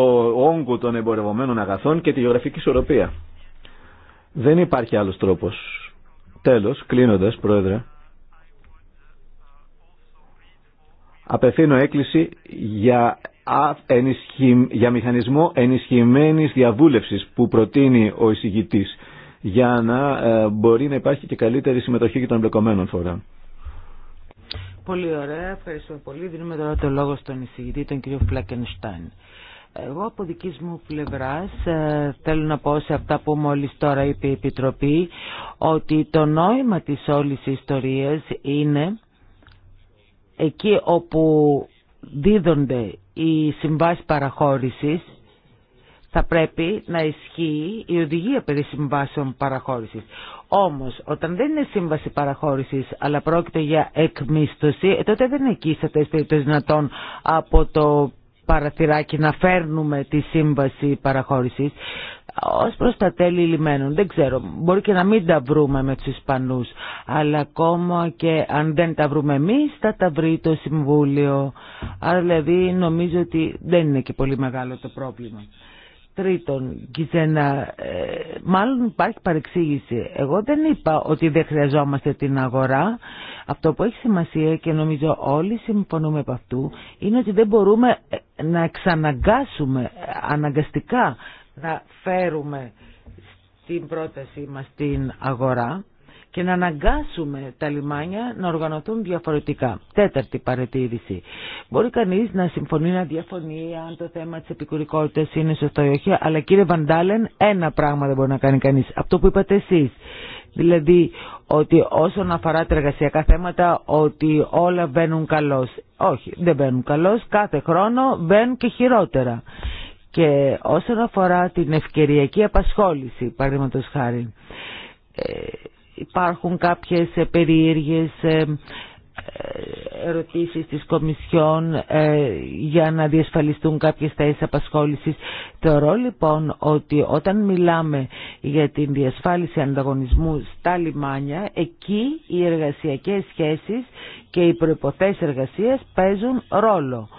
όγκο των εμπορευμένων αγαθών και τη γεωγραφική ισορροπία. Δεν υπάρχει άλλος τρόπος Τέλος, κλείνοντας, Πρόεδρε, απευθύνω έκκληση για, για μηχανισμό ενισχυμένης διαβούλευσης που προτείνει ο εισηγητής για να ε, μπορεί να υπάρχει και καλύτερη συμμετοχή και των εμπλεκομένων φορέων. Πολύ ωραία, ευχαριστούμε πολύ. Δίνουμε τώρα το λόγο στον εισηγητή, τον κύριο Φλέκενστάιν. Εγώ από δική μου πλευρά, ε, θέλω να πω σε αυτά που μόλις τώρα είπε η Επιτροπή ότι το νόημα της όλης ιστορίας είναι εκεί όπου δίδονται οι συμβάσει παραχώρησης θα πρέπει να ισχύει η οδηγία περί συμβάσεων παραχώρησης. Όμως, όταν δεν είναι σύμβαση παραχώρησης, αλλά πρόκειται για εκμίσθωση, ε, τότε δεν εκεί στα περιπτώσεις δυνατόν από το παραθυράκι να φέρνουμε τη σύμβαση παραχώρησης ως προς τα τέλη λιμένων. Δεν ξέρω, μπορεί και να μην τα βρούμε με τους Ισπανούς, αλλά ακόμα και αν δεν τα βρούμε εμείς θα τα βρει το Συμβούλιο. Άρα δηλαδή νομίζω ότι δεν είναι και πολύ μεγάλο το πρόβλημα. Τρίτον, Κιζένα, ε, μάλλον υπάρχει παρεξήγηση. Εγώ δεν είπα ότι δεν χρειαζόμαστε την αγορά. Αυτό που έχει σημασία και νομίζω όλοι συμφωνούμε από αυτού είναι ότι δεν μπορούμε ε, να εξαναγκάσουμε ε, αναγκαστικά να φέρουμε την πρότασή μας την αγορά και να αναγκάσουμε τα λιμάνια να οργανωθούν διαφορετικά. Τέταρτη παρατήρηση. Μπορεί κανείς να συμφωνεί, να διαφωνεί αν το θέμα της επικουρικότητας είναι σωστό ή όχι, αλλά κύριε Βαντάλεν ένα πράγμα δεν μπορεί να κάνει κανείς. Αυτό που είπατε εσείς. Δηλαδή ότι όσον αφορά τα εργασιακά θέματα ότι όλα μπαίνουν καλώς. Όχι, δεν μπαίνουν καλώς. Κάθε χρόνο μπαίνουν και χειρότερα. Και όσον αφορά την ευκαιριακή απασχόληση, παραδείγματος χάρη, ε, υπάρχουν κάποιες ε, περίεργες ε, ερωτήσεις της Κομισιόν ε, για να διασφαλιστούν κάποιες θέσεις απασχόλησης. Θεωρώ λοιπόν ότι όταν μιλάμε για την διασφάλιση ανταγωνισμού στα λιμάνια, εκεί οι εργασιακές σχέσεις και οι προϋποθέσεις εργασίας παίζουν ρόλο.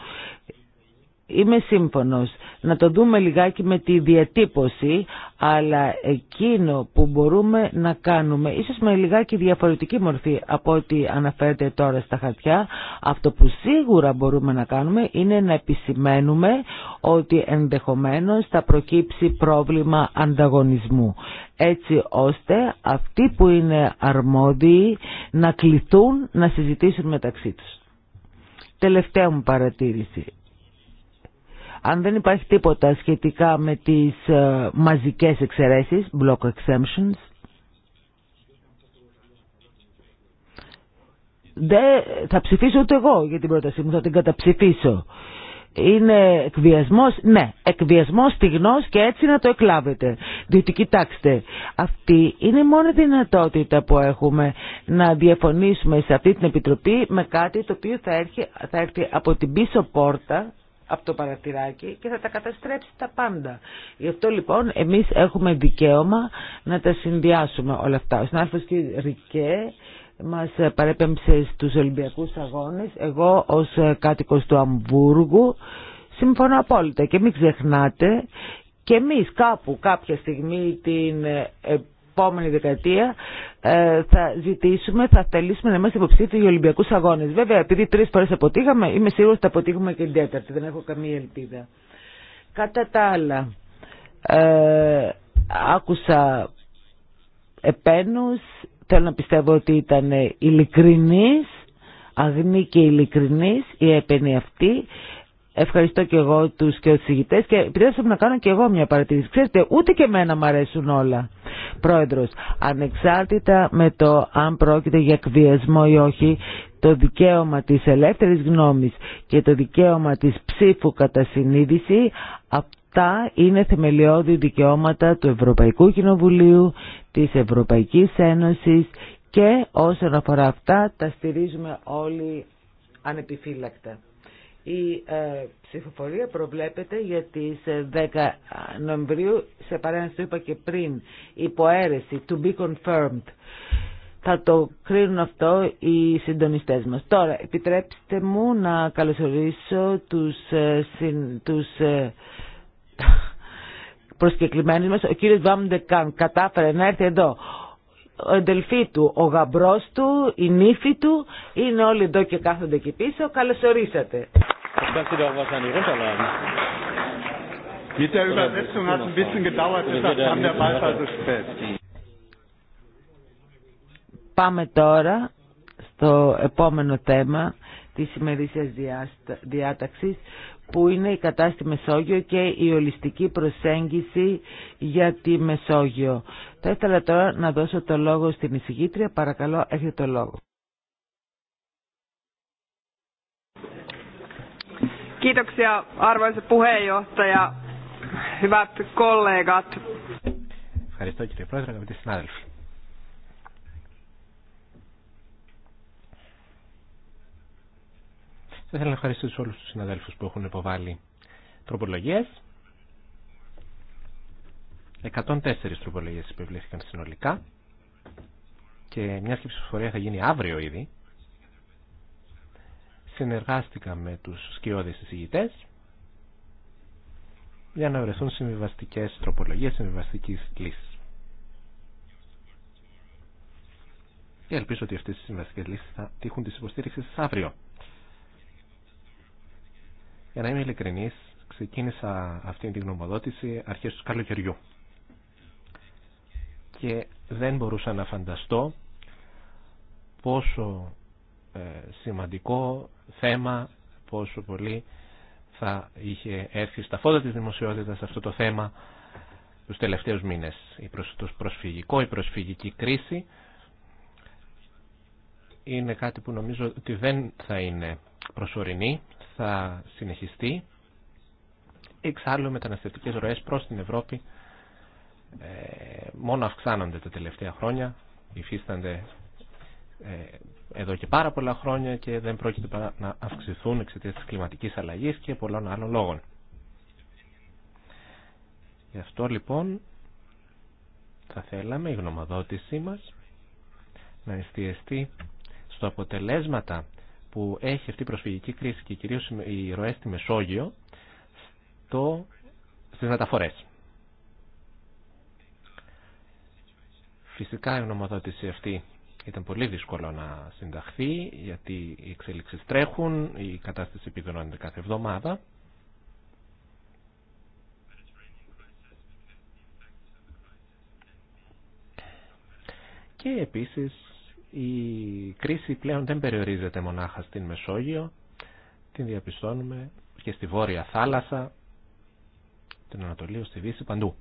Είμαι σύμφωνος να το δούμε λιγάκι με τη διατύπωση, αλλά εκείνο που μπορούμε να κάνουμε, ίσως με λιγάκι διαφορετική μορφή από ό,τι αναφέρεται τώρα στα χαρτιά, αυτό που σίγουρα μπορούμε να κάνουμε είναι να επισημαίνουμε ότι ενδεχομένως θα προκύψει πρόβλημα ανταγωνισμού έτσι ώστε αυτοί που είναι αρμόδιοι να κληθούν να συζητήσουν μεταξύ τους. Τελευταία μου παρατήρηση. Αν δεν υπάρχει τίποτα σχετικά με τις ε, μαζικές εξαιρέσεις, block exemptions, δεν θα ψηφίσω ούτε εγώ για την πρότασή μου, θα την καταψηφίσω. Είναι εκβιασμός, ναι, εκβιασμός γνώση και έτσι να το εκλάβετε. Διότι κοιτάξτε, αυτή είναι η μόνη δυνατότητα που έχουμε να διαφωνήσουμε σε αυτή την Επιτροπή με κάτι το οποίο θα έρθει, θα έρθει από την πίσω πόρτα από το παρατηράκι και θα τα καταστρέψει τα πάντα. Γι' αυτό λοιπόν εμείς έχουμε δικαίωμα να τα συνδυάσουμε όλα αυτά. Ο συνάδελφος κ. Ρικέ μας παρέπεμψε στους Ολυμπιακούς Αγώνες. Εγώ ως κάτοικος του Αμβούργου συμφωνώ απόλυτα και μην ξεχνάτε και εμείς κάπου κάποια στιγμή την επόμενη δεκαετία ε, θα ζητήσουμε, θα θελήσουμε να είμαστε υποψήφιοι για Ολυμπιακού Αγώνε. Βέβαια, επειδή τρει φορέ αποτύχαμε, είμαι σίγουρο ότι θα αποτύχουμε και την τέταρτη. Δεν έχω καμία ελπίδα. Κατά τα άλλα, ε, άκουσα επένου, θέλω να πιστεύω ότι ήταν ειλικρινή, αγνή και ειλικρινή η επένη αυτή. Ευχαριστώ και εγώ τους και ηγητέ και επιτρέψτε να κάνω και εγώ μια παρατήρηση. Ξέρετε, ούτε και εμένα μου αρέσουν όλα. Πρόεδρος, ανεξάρτητα με το αν πρόκειται για εκβιασμό ή όχι, το δικαίωμα της ελεύθερης γνώμης και το δικαίωμα της ψήφου κατά συνείδηση, αυτά είναι θεμελιώδη δικαιώματα του Ευρωπαϊκού Κοινοβουλίου, της Ευρωπαϊκής Ένωσης και όσον αφορά αυτά τα στηρίζουμε όλοι ανεπιφύλακτα. Η ε, ψηφοφορία προβλέπεται για τις 10 ε, Νοεμβρίου, σε παρένθεση το είπα και πριν, υποαίρεση, to be confirmed. Θα το κρίνουν αυτό οι συντονιστές μας. Τώρα, επιτρέψτε μου να καλωσορίσω τους, ε, τους προσκεκλημένους μας. Ο κύριος Βάμντεκαν κατάφερε να έρθει εδώ ο εντελφή του, ο γαμπρός του, η νύφη του, είναι όλοι εδώ και κάθονται εκεί πίσω. Καλωσορίσατε. Πάμε τώρα στο επόμενο θέμα της σημερινής διάταξης που είναι η κατάσταση Μεσόγειο και η ολιστική προσέγγιση για τη Μεσόγειο. Θα ήθελα τώρα να δώσω το λόγο στην εισηγήτρια. Παρακαλώ, έχετε το λόγο. Kiitoksia arvoisa puheenjohtaja, hyvät kollegat. Ευχαριστώ κύριε Πρόεδρε, αγαπητοί συνάδελφοι. Θα ήθελα να ευχαριστήσω όλους τους συναδέλφους που έχουν υποβάλει τροπολογίες. 104 τροπολογίες υπευλήθηκαν συνολικά και μια ψηφοφορία θα γίνει αύριο ήδη. Συνεργάστηκα με τους σκιώδες εισηγητές για να βρεθούν συμβιβαστικές τροπολογίες, συμβιβαστικής λύσης. Και ελπίζω ότι αυτές οι συμβιβαστικές λύσεις θα τύχουν τις υποστήριξεις αύριο. Για να είμαι ειλικρινής, ξεκίνησα αυτή την γνωμοδότηση αρχές του καλοκαιριού. Και δεν μπορούσα να φανταστώ πόσο ε, σημαντικό θέμα, πόσο πολύ θα είχε έρθει στα φώτα της δημοσιότητας αυτό το θέμα τους τελευταίους μήνες. Η το προσφυγικό, η προσφυγική κρίση είναι κάτι που νομίζω ότι δεν θα είναι προσωρινή, θα συνεχιστεί. Εξάλλου μεταναστευτικέ ροές προς την Ευρώπη ε, μόνο αυξάνονται τα τελευταία χρόνια, υφίστανται ε, εδώ και πάρα πολλά χρόνια και δεν πρόκειται παρά να αυξηθούν εξαιτία τη κλιματική αλλαγή και πολλών άλλων λόγων. Γι' αυτό λοιπόν θα θέλαμε η γνωμοδότησή μας να εστιαστεί στο αποτελέσματα που έχει αυτή η προσφυγική κρίση και κυρίως οι ροές στη Μεσόγειο στο, στις μεταφορές. Φυσικά η γνωμοδότηση αυτή ήταν πολύ δύσκολο να συνταχθεί γιατί οι εξέλιξεις τρέχουν, η κατάσταση επιδεινώνεται κάθε εβδομάδα. Και επίσης η κρίση πλέον δεν περιορίζεται μονάχα στην Μεσόγειο, την διαπιστώνουμε και στη Βόρεια Θάλασσα, την Ανατολή, στη Δύση, παντού.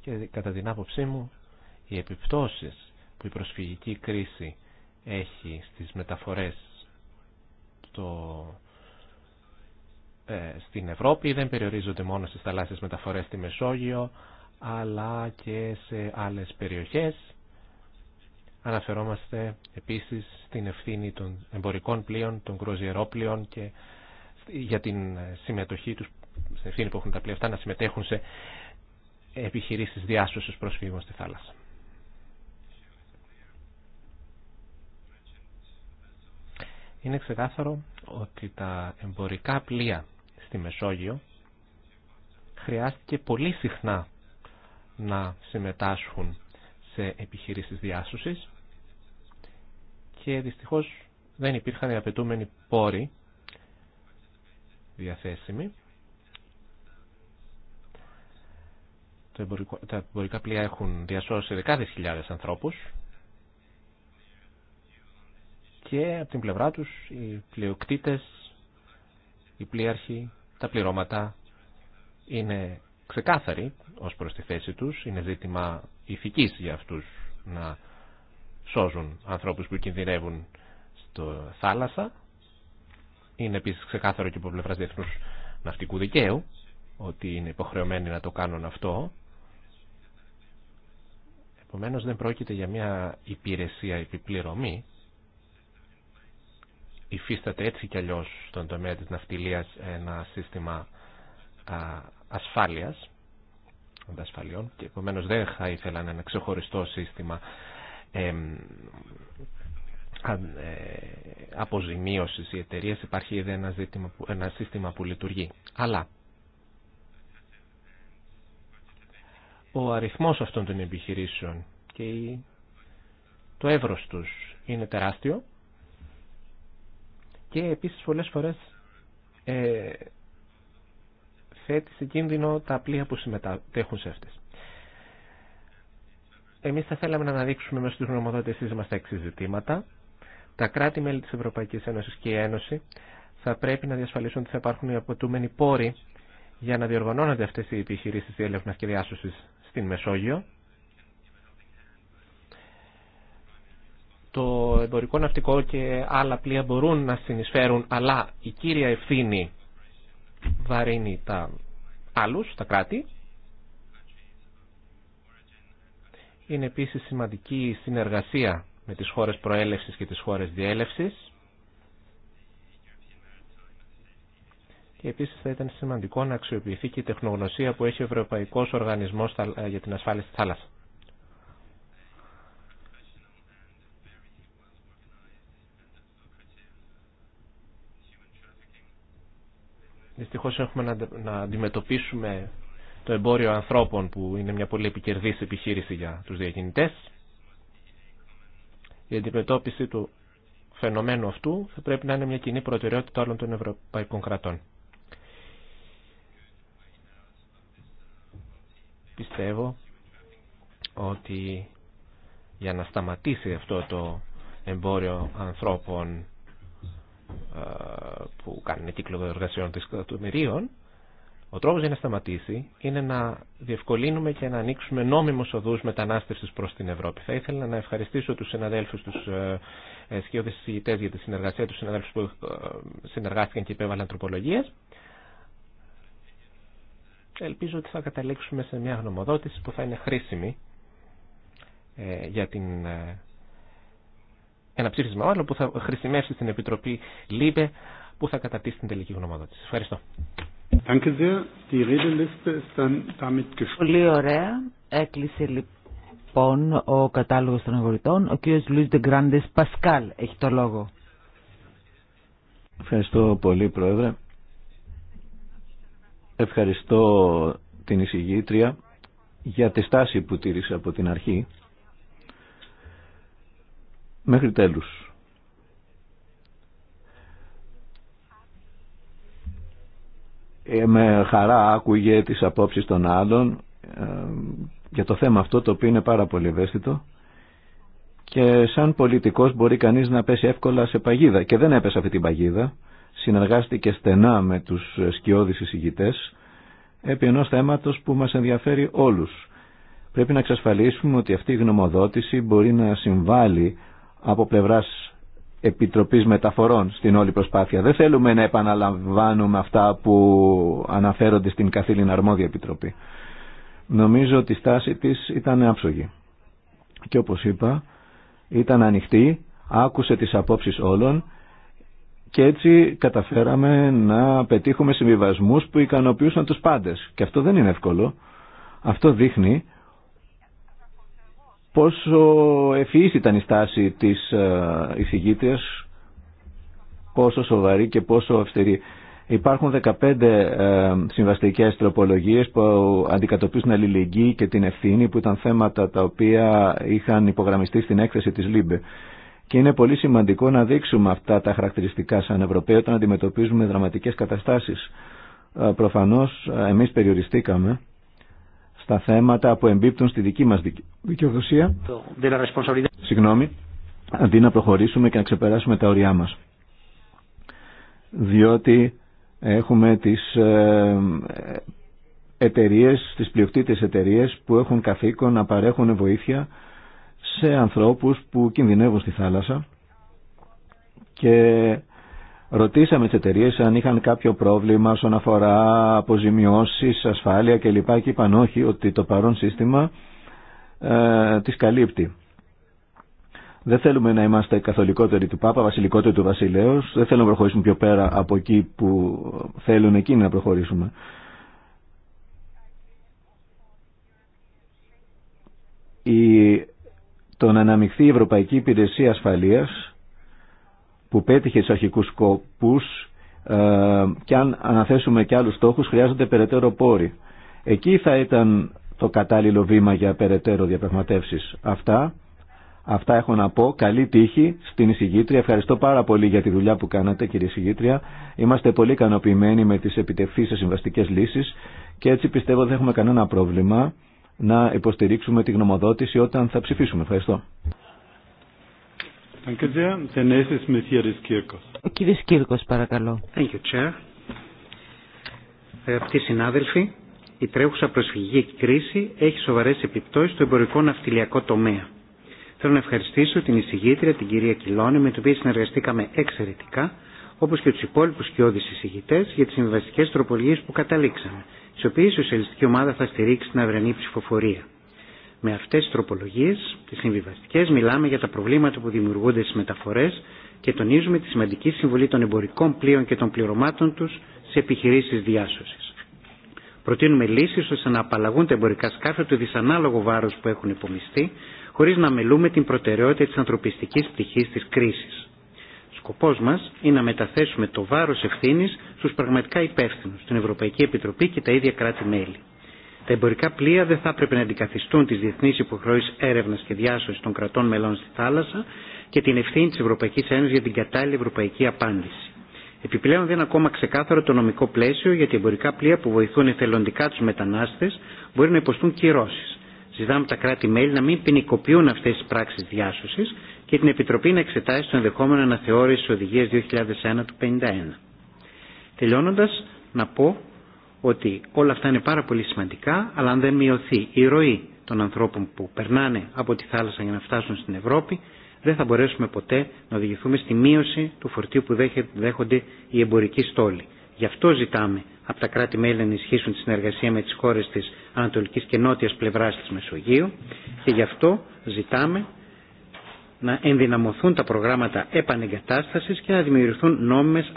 Και κατά την άποψή μου, οι επιπτώσεις που η προσφυγική κρίση έχει στις μεταφορές ε, στην Ευρώπη δεν περιορίζονται μόνο στις θαλάσσιες μεταφορές στη Μεσόγειο, αλλά και σε άλλες περιοχές. Αναφερόμαστε επίσης στην ευθύνη των εμπορικών πλοίων, των κροζιερόπλοίων και για την συμμετοχή τους, στην ευθύνη που έχουν τα πλοία αυτά, να συμμετέχουν σε επιχειρήσεις διάσωσης προσφύγων στη θάλασσα. Είναι ξεκάθαρο ότι τα εμπορικά πλοία στη Μεσόγειο χρειάστηκε πολύ συχνά να συμμετάσχουν σε επιχειρήσεις διάσωσης και δυστυχώς δεν υπήρχαν οι απαιτούμενοι πόροι διαθέσιμοι. Τα εμπορικά πλοία έχουν διασώσει δεκάδες χιλιάδες ανθρώπους και από την πλευρά τους οι πλειοκτήτες, οι πλοίαρχοι, τα πληρώματα είναι ξεκάθαροι ως προς τη θέση τους. Είναι ζήτημα ηθικής για αυτούς να σώζουν ανθρώπους που κινδυνεύουν στο θάλασσα. Είναι επίσης ξεκάθαρο και από πλευρά διεθνούς ναυτικού δικαίου ότι είναι υποχρεωμένοι να το κάνουν αυτό. Επομένως δεν πρόκειται για μια υπηρεσία επιπληρωμή. Υφίσταται έτσι κι αλλιώς στον τομέα της ναυτιλίας ένα σύστημα ασφάλειας και επομένω δεν θα ήθελαν ένα ξεχωριστό σύστημα ε, αποζημίωσης οι εταιρείε υπάρχει ήδη ένα, ένα σύστημα που λειτουργεί. Αλλά ο αριθμός αυτών των επιχειρήσεων και το εύρος τους είναι τεράστιο και επίσης πολλές φορές ε, θέτει σε κίνδυνο τα πλοία που συμμετέχουν σε αυτές. Εμείς θα θέλαμε να αναδείξουμε μέσω στους γνωμοδότησής μας τα εξής ζητήματα. Τα κράτη-μέλη της Ευρωπαϊκής Ένωσης και η Ένωση θα πρέπει να διασφαλίσουν ότι θα υπάρχουν οι αποτούμενοι πόροι για να διοργανώνονται αυτές οι επιχειρήσεις διέλευνας και διάσωσης στην Μεσόγειο. Το εμπορικό ναυτικό και άλλα πλοία μπορούν να συνεισφέρουν, αλλά η κύρια ευθύνη βαρύνει τα άλλους, τα κράτη. Είναι επίσης σημαντική η συνεργασία με τις χώρες προέλευσης και τις χώρες διέλευσης. Και επίσης θα ήταν σημαντικό να αξιοποιηθεί και η τεχνογνωσία που έχει ο Ευρωπαϊκός Οργανισμός για την Ασφάλεια στη Θάλασσα. Δυστυχώ έχουμε να αντιμετωπίσουμε το εμπόριο ανθρώπων που είναι μια πολύ επικερδής επιχείρηση για τους διακινητές. Η αντιμετώπιση του φαινομένου αυτού θα πρέπει να είναι μια κοινή προτεραιότητα όλων των ευρωπαϊκών κρατών. Πιστεύω ότι για να σταματήσει αυτό το εμπόριο ανθρώπων ε, που κάνουν κύκλο εργασιών δισεκατομμυρίων, ο τρόπος για να σταματήσει είναι να διευκολύνουμε και να ανοίξουμε νόμιμους οδούς μετανάστευσης προς την Ευρώπη. Θα ήθελα να ευχαριστήσω τους συναδέλφους, τους σχεδόν ε, συζητητές για τη συνεργασία, τους συναδέλφους που ε, συνεργάστηκαν και υπέβαλαν τροπολογίες. Ελπίζω ότι θα καταλήξουμε σε μια γνωμοδότηση που θα είναι χρήσιμη για την ένα ψήφισμα άλλο που θα χρησιμεύσει στην Επιτροπή Λύπε που θα καταρτήσει την τελική γνωμοδότηση. Ευχαριστώ. Πολύ ωραία. Έκλεισε λοιπόν ο κατάλογος των αγοριτών. Ο κ. Λουίς Ντεγκράντες Πασκάλ έχει το λόγο. Ευχαριστώ πολύ Πρόεδρε. Ευχαριστώ την εισηγήτρια για τη στάση που τήρησε από την αρχή μέχρι τέλους. Ε, με χαρά άκουγε τις απόψεις των άλλων ε, για το θέμα αυτό το οποίο είναι πάρα πολύ ευαίσθητο και σαν πολιτικός μπορεί κανείς να πέσει εύκολα σε παγίδα και δεν έπεσε αυτή την παγίδα συνεργάστηκε στενά με τους σκιώδεις εισηγητές επί ενός θέματος που μας ενδιαφέρει όλους. Πρέπει να εξασφαλίσουμε ότι αυτή η γνωμοδότηση μπορεί να συμβάλλει από πλευράς Επιτροπής Μεταφορών στην όλη προσπάθεια. Δεν θέλουμε να επαναλαμβάνουμε αυτά που αναφέρονται στην καθήλυνα αρμόδια Επιτροπή. Νομίζω ότι η στάση της ήταν άψογη. Και όπως είπα, ήταν ανοιχτή, άκουσε τις απόψεις όλων και έτσι καταφέραμε να πετύχουμε συμβιβασμούς που ικανοποιούσαν τους πάντες. Και αυτό δεν είναι εύκολο. Αυτό δείχνει πόσο ευφυής ήταν η στάση της ε, εισηγήτριας, πόσο σοβαρή και πόσο αυστηρή. Υπάρχουν 15 ε, συμβαστικές τροπολογίες που αντικατοπίζουν αλληλεγγύη και την ευθύνη που ήταν θέματα τα οποία είχαν υπογραμμιστεί στην έκθεση της ΛΥΜΠΕ. Και είναι πολύ σημαντικό να δείξουμε αυτά τα χαρακτηριστικά σαν Ευρωπαίοι όταν αντιμετωπίζουμε δραματικές καταστάσεις. Ε, προφανώς εμείς περιοριστήκαμε στα θέματα που εμπίπτουν στη δική μας δικαιοδοσία. Συγγνώμη, αντί να προχωρήσουμε και να ξεπεράσουμε τα όρια μας. Διότι έχουμε τις ε, τις πλειοκτήτες εταιρείες που έχουν καθήκον να παρέχουν βοήθεια σε ανθρώπους που κινδυνεύουν στη θάλασσα και Ρωτήσαμε τι εταιρείε αν είχαν κάποιο πρόβλημα όσον αφορά αποζημιώσει, ασφάλεια κλπ. Και είπαν όχι, ότι το παρόν σύστημα ε, τις καλύπτει. Δεν θέλουμε να είμαστε καθολικότεροι του Πάπα, βασιλικότεροι του Βασιλέως. Δεν θέλουμε να προχωρήσουμε πιο πέρα από εκεί που θέλουν εκείνοι να προχωρήσουμε. Η... Το να αναμειχθεί η Ευρωπαϊκή Υπηρεσία Ασφαλείας που πέτυχε στους αρχικούς σκοπούς ε, και αν αναθέσουμε και άλλους στόχους χρειάζονται περαιτέρω πόροι. Εκεί θα ήταν το κατάλληλο βήμα για περαιτέρω διαπραγματεύσει. Αυτά. Αυτά έχω να πω. Καλή τύχη στην εισηγήτρια. Ευχαριστώ πάρα πολύ για τη δουλειά που κάνατε, κύριε εισηγήτρια. Είμαστε πολύ ικανοποιημένοι με τις επιτευχθεί σε συμβαστικέ λύσει και έτσι πιστεύω δεν έχουμε κανένα πρόβλημα να υποστηρίξουμε τη γνωμοδότηση όταν θα ψηφίσουμε. Ευχαριστώ. Ο κύριο Κύρκος, παρακαλώ. Thank you, Chair. Αγαπητοί συνάδελφοι, η τρέχουσα προσφυγική κρίση έχει σοβαρέ επιπτώσει στο εμπορικό ναυτιλιακό τομέα. Θέλω να ευχαριστήσω την εισηγήτρια, την κυρία Κιλώνη, με την οποία συνεργαστήκαμε εξαιρετικά, όπω και του υπόλοιπου κοιόδη εισηγητέ, για τι συμβαστικέ τροπολογίε που καταλήξαμε, τι οποίε η Σοσιαλιστική Ομάδα θα στηρίξει στην αυριανή ψηφοφορία. Με αυτές τις τροπολογίες, τις συμβιβαστικές, μιλάμε για τα προβλήματα που δημιουργούνται στις μεταφορές και τονίζουμε τη σημαντική συμβολή των εμπορικών πλοίων και των πληρωμάτων τους σε επιχειρήσεις διάσωσης. Προτείνουμε λύσεις ώστε να απαλλαγούν τα εμπορικά σκάφη του δυσανάλογο βάρος που έχουν υπομειστεί, χωρίς να μελούμε την προτεραιότητα της ανθρωπιστικής πτυχής της κρίσης. Σκοπός μας είναι να μεταθέσουμε το βάρος ευθύνης στους πραγματικά υπεύθυνους, την Ευρωπαϊκή Επιτροπή και τα ίδια κράτη-μέλη. Τα εμπορικά πλοία δεν θα έπρεπε να αντικαθιστούν τι διεθνεί υποχρεώσει έρευνα και διάσωση των κρατών μελών στη θάλασσα και την ευθύνη τη Ευρωπαϊκή Ένωση για την κατάλληλη ευρωπαϊκή απάντηση. Επιπλέον, δεν είναι ακόμα ξεκάθαρο το νομικό πλαίσιο γιατί εμπορικά πλοία που βοηθούν εθελοντικά του μετανάστε μπορεί να υποστούν κυρώσει. Ζητάμε τα κράτη-μέλη να μην ποινικοποιούν αυτέ τι πράξει διάσωση και την Επιτροπή να εξετάσει το ενδεχόμενο αναθεώρηση οδηγία 2001 του 51. Τελειώνοντα, να πω ότι όλα αυτά είναι πάρα πολύ σημαντικά, αλλά αν δεν μειωθεί η ροή των ανθρώπων που περνάνε από τη θάλασσα για να φτάσουν στην Ευρώπη, δεν θα μπορέσουμε ποτέ να οδηγηθούμε στη μείωση του φορτίου που δέχονται οι εμπορικοί στόλοι. Γι' αυτό ζητάμε από τα κράτη-μέλη να ενισχύσουν τη συνεργασία με τις χώρες της ανατολικής και νότιας πλευράς της Μεσογείου και γι' αυτό ζητάμε να ενδυναμωθούν τα προγράμματα επανεγκατάστασης και να δημιουργηθούν νόμιμες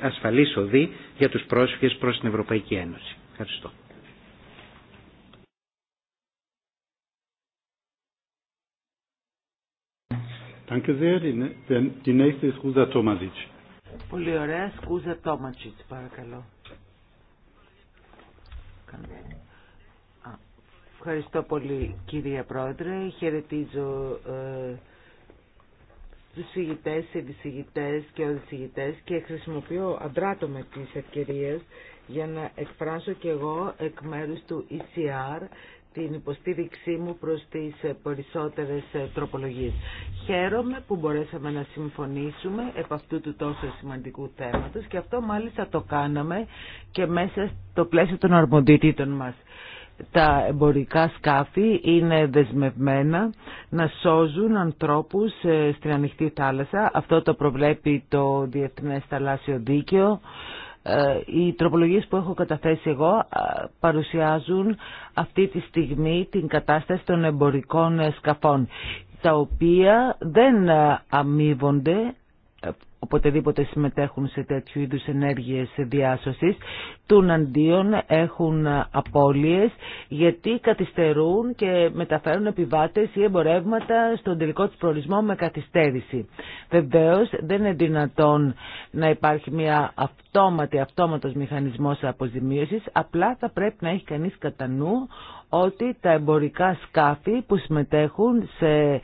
ασφαλείς οδοί για τους πρόσφυγες προς την Ευρωπαϊκή Ένωση. Ευχαριστώ. Ευχαριστώ πολύ κύριε Πρόεδρε. Χαιρετίζω ε, τους συγητές, ευησυγητές και οδησυγητές και χρησιμοποιώ με τις ευκαιρίες για να εκφράσω και εγώ εκ μέρους του ECR την υποστήριξή μου προς τις περισσότερες τροπολογίες. Χαίρομαι που μπορέσαμε να συμφωνήσουμε επ' αυτού του τόσο σημαντικού θέματος και αυτό μάλιστα το κάναμε και μέσα στο πλαίσιο των αρμοντιτήτων μας τα εμπορικά σκάφη είναι δεσμευμένα να σώζουν ανθρώπους ε, στην ανοιχτή θάλασσα. Αυτό το προβλέπει το Διεθνές Θαλάσσιο Δίκαιο. Ε, οι τροπολογίες που έχω καταθέσει εγώ παρουσιάζουν αυτή τη στιγμή την κατάσταση των εμπορικών σκαφών τα οποία δεν ε, αμείβονται οποτεδήποτε συμμετέχουν σε τέτοιου είδους ενέργειες διάσωσης. Τουν έχουν απώλειες γιατί καθυστερούν και μεταφέρουν επιβάτες ή εμπορεύματα στον τελικό του προορισμό με καθυστέρηση. Βεβαίως δεν είναι δυνατόν να υπάρχει μια αυτόματη, αυτόματος μηχανισμός αποζημίωσης, απλά θα πρέπει να έχει κανείς κατά νου ότι τα εμπορικά σκάφη που συμμετέχουν σε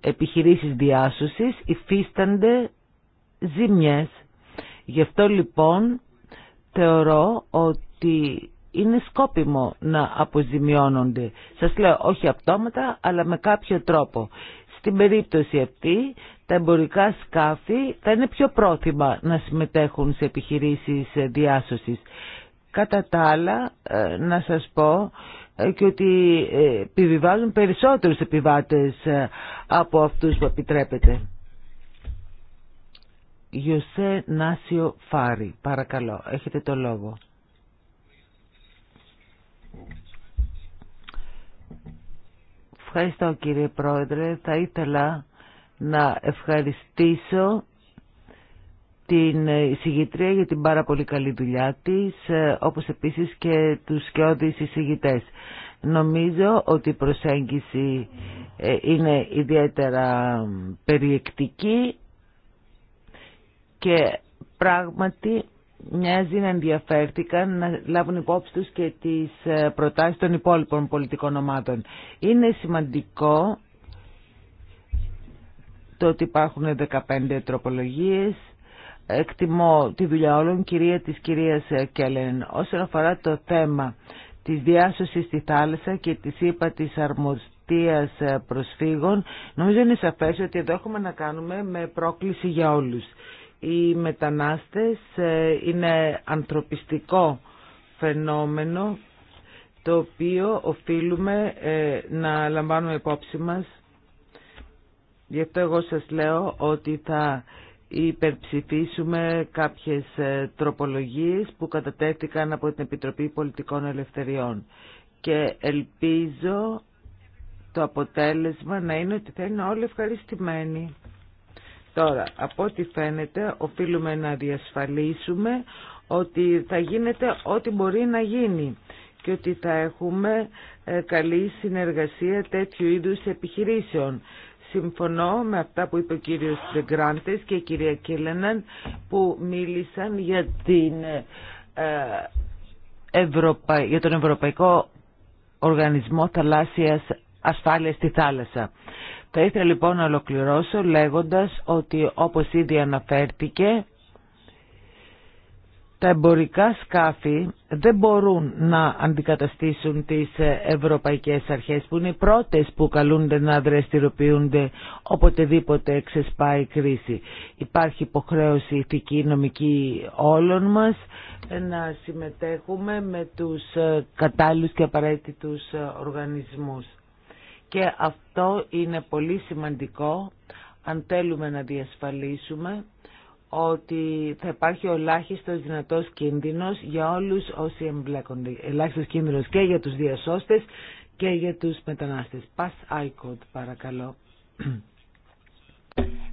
επιχειρήσεις διάσωσης υφίστανται ζημιές. Γι' αυτό λοιπόν θεωρώ ότι είναι σκόπιμο να αποζημιώνονται. Σας λέω όχι αυτόματα αλλά με κάποιο τρόπο. Στην περίπτωση αυτή τα εμπορικά σκάφη θα είναι πιο πρόθυμα να συμμετέχουν σε επιχειρήσεις ε, διάσωσης. Κατά τα άλλα ε, να σας πω ε, και ότι επιβιβάζουν περισσότερους επιβάτες από αυτούς που επιτρέπεται. Γιωσέ Νάσιο Φάρη. Παρακαλώ, έχετε το λόγο. Ευχαριστώ κύριε Πρόεδρε. Θα ήθελα να ευχαριστήσω την συγγητρία για την πάρα πολύ καλή δουλειά της, όπως επίσης και τους σκιώδεις εισηγητές. Νομίζω ότι η προσέγγιση ε, είναι ιδιαίτερα περιεκτική και πράγματι μοιάζει να ενδιαφέρθηκαν να λάβουν υπόψη τους και τις ε, προτάσεις των υπόλοιπων πολιτικών ομάδων. Είναι σημαντικό το ότι υπάρχουν 15 τροπολογίες. Εκτιμώ τη δουλειά όλων, κυρία της κυρίας ε, Κέλεν. Όσον αφορά το θέμα της διάσωσης στη θάλασσα και της ύπα της αρμοστίας ε, προσφύγων, νομίζω είναι σαφές ότι εδώ έχουμε να κάνουμε με πρόκληση για όλους. Οι μετανάστες ε, είναι ανθρωπιστικό φαινόμενο το οποίο οφείλουμε ε, να λαμβάνουμε υπόψη μας. Γι' αυτό εγώ σας λέω ότι θα υπερψηφίσουμε κάποιες ε, τροπολογίες που κατατέθηκαν από την Επιτροπή Πολιτικών Ελευθεριών και ελπίζω το αποτέλεσμα να είναι ότι θα είναι όλοι ευχαριστημένοι. Τώρα, από ό,τι φαίνεται, οφείλουμε να διασφαλίσουμε ότι θα γίνεται ό,τι μπορεί να γίνει και ότι θα έχουμε ε, καλή συνεργασία τέτοιου είδους επιχειρήσεων. Συμφωνώ με αυτά που είπε ο κύριος Γκράντες και η κυρία Κίλεναν που μίλησαν για, την, ε, τον Ευρωπαϊκό Οργανισμό Θαλάσσιας Ασφάλειας στη Θάλασσα. Θα ήθελα λοιπόν να ολοκληρώσω λέγοντας ότι όπως ήδη αναφέρθηκε τα εμπορικά σκάφη δεν μπορούν να αντικαταστήσουν τις ευρωπαϊκές αρχές που είναι οι πρώτες που καλούνται να δραστηριοποιούνται οποτεδήποτε ξεσπάει η κρίση. Υπάρχει υποχρέωση ηθική νομική όλων μας να συμμετέχουμε με τους κατάλληλους και απαραίτητους οργανισμούς. Και αυτό είναι πολύ σημαντικό αν θέλουμε να διασφαλίσουμε ότι θα υπάρχει ο ελάχιστος δυνατός κίνδυνος για όλους όσοι εμπλέκονται. Ελάχιστος κίνδυνος και για τους διασώστες και για τους μετανάστες. Pass ICOD παρακαλώ.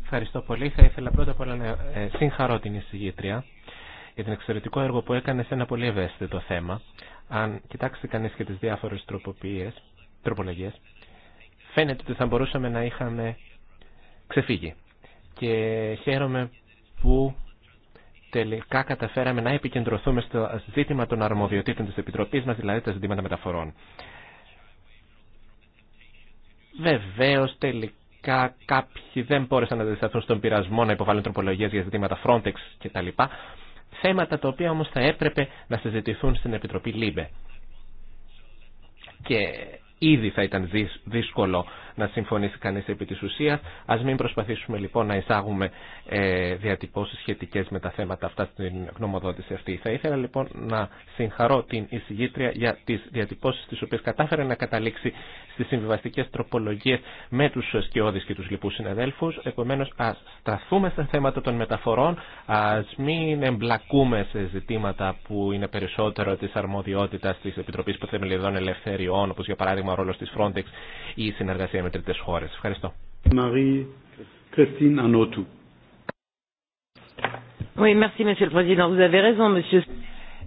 Ευχαριστώ πολύ. Θα ήθελα πρώτα απ' όλα να ε, συγχαρώ την εισηγήτρια για την εξαιρετικό έργο που έκανε σε ένα πολύ ευαίσθητο θέμα. Αν κοιτάξει κανείς και τις διάφορες τροπολογίε φαίνεται ότι θα μπορούσαμε να είχαμε ξεφύγει. Και χαίρομαι που τελικά καταφέραμε να επικεντρωθούμε στο ζήτημα των αρμοδιοτήτων της Επιτροπής μας, δηλαδή τα ζητήματα μεταφορών. Βεβαίως τελικά κάποιοι δεν μπόρεσαν να αντισταθούν στον πειρασμό να υποβάλουν τροπολογίες για ζητήματα Frontex κτλ. Θέματα τα οποία όμως θα έπρεπε να συζητηθούν στην Επιτροπή ΛΥΜΠΕ. Και ήδη θα ήταν δύσκολο να συμφωνήσει κανείς επί της ουσίας. Ας μην προσπαθήσουμε λοιπόν να εισάγουμε ε, διατυπώσεις σχετικές με τα θέματα αυτά στην γνωμοδότηση αυτή. Θα ήθελα λοιπόν να συγχαρώ την εισηγήτρια για τις διατυπώσεις τις οποίες κατάφερε να καταλήξει στις συμβιβαστικές τροπολογίες με τους σκιώδεις και τους λοιπούς συναδέλφους. Επομένως ας σταθούμε στα θέματα των μεταφορών, ας μην εμπλακούμε σε ζητήματα που είναι περισσότερο της αρμοδιότητας της Επιτροπής Θεμελιδών Ελευθεριών, όπως για παράδειγμα ο ρόλος της Frontex ή η συνεργασία με Ευχαριστώ.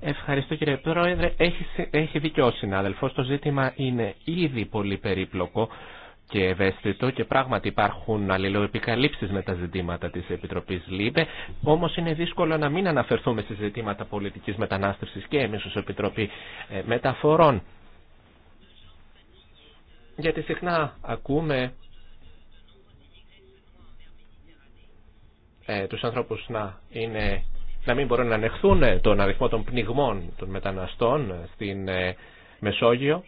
Ευχαριστώ κύριε Πρόεδρε. Έχει, έχει δίκιο ο Το ζήτημα είναι ήδη πολύ περίπλοκο και ευαίσθητο και πράγματι υπάρχουν αλληλοεπικαλύψεις με τα ζητήματα της Επιτροπής ΛΥΜΠΕ, όμως είναι δύσκολο να μην αναφερθούμε σε ζητήματα πολιτικής μετανάστευσης και εμείς ως Επιτροπή ε, Μεταφορών γιατί συχνά ακούμε ε, τους ανθρώπους να, είναι, να μην μπορούν να ανεχθούν ε, τον αριθμό των πνιγμών των μεταναστών ε, στην ε, Μεσόγειο,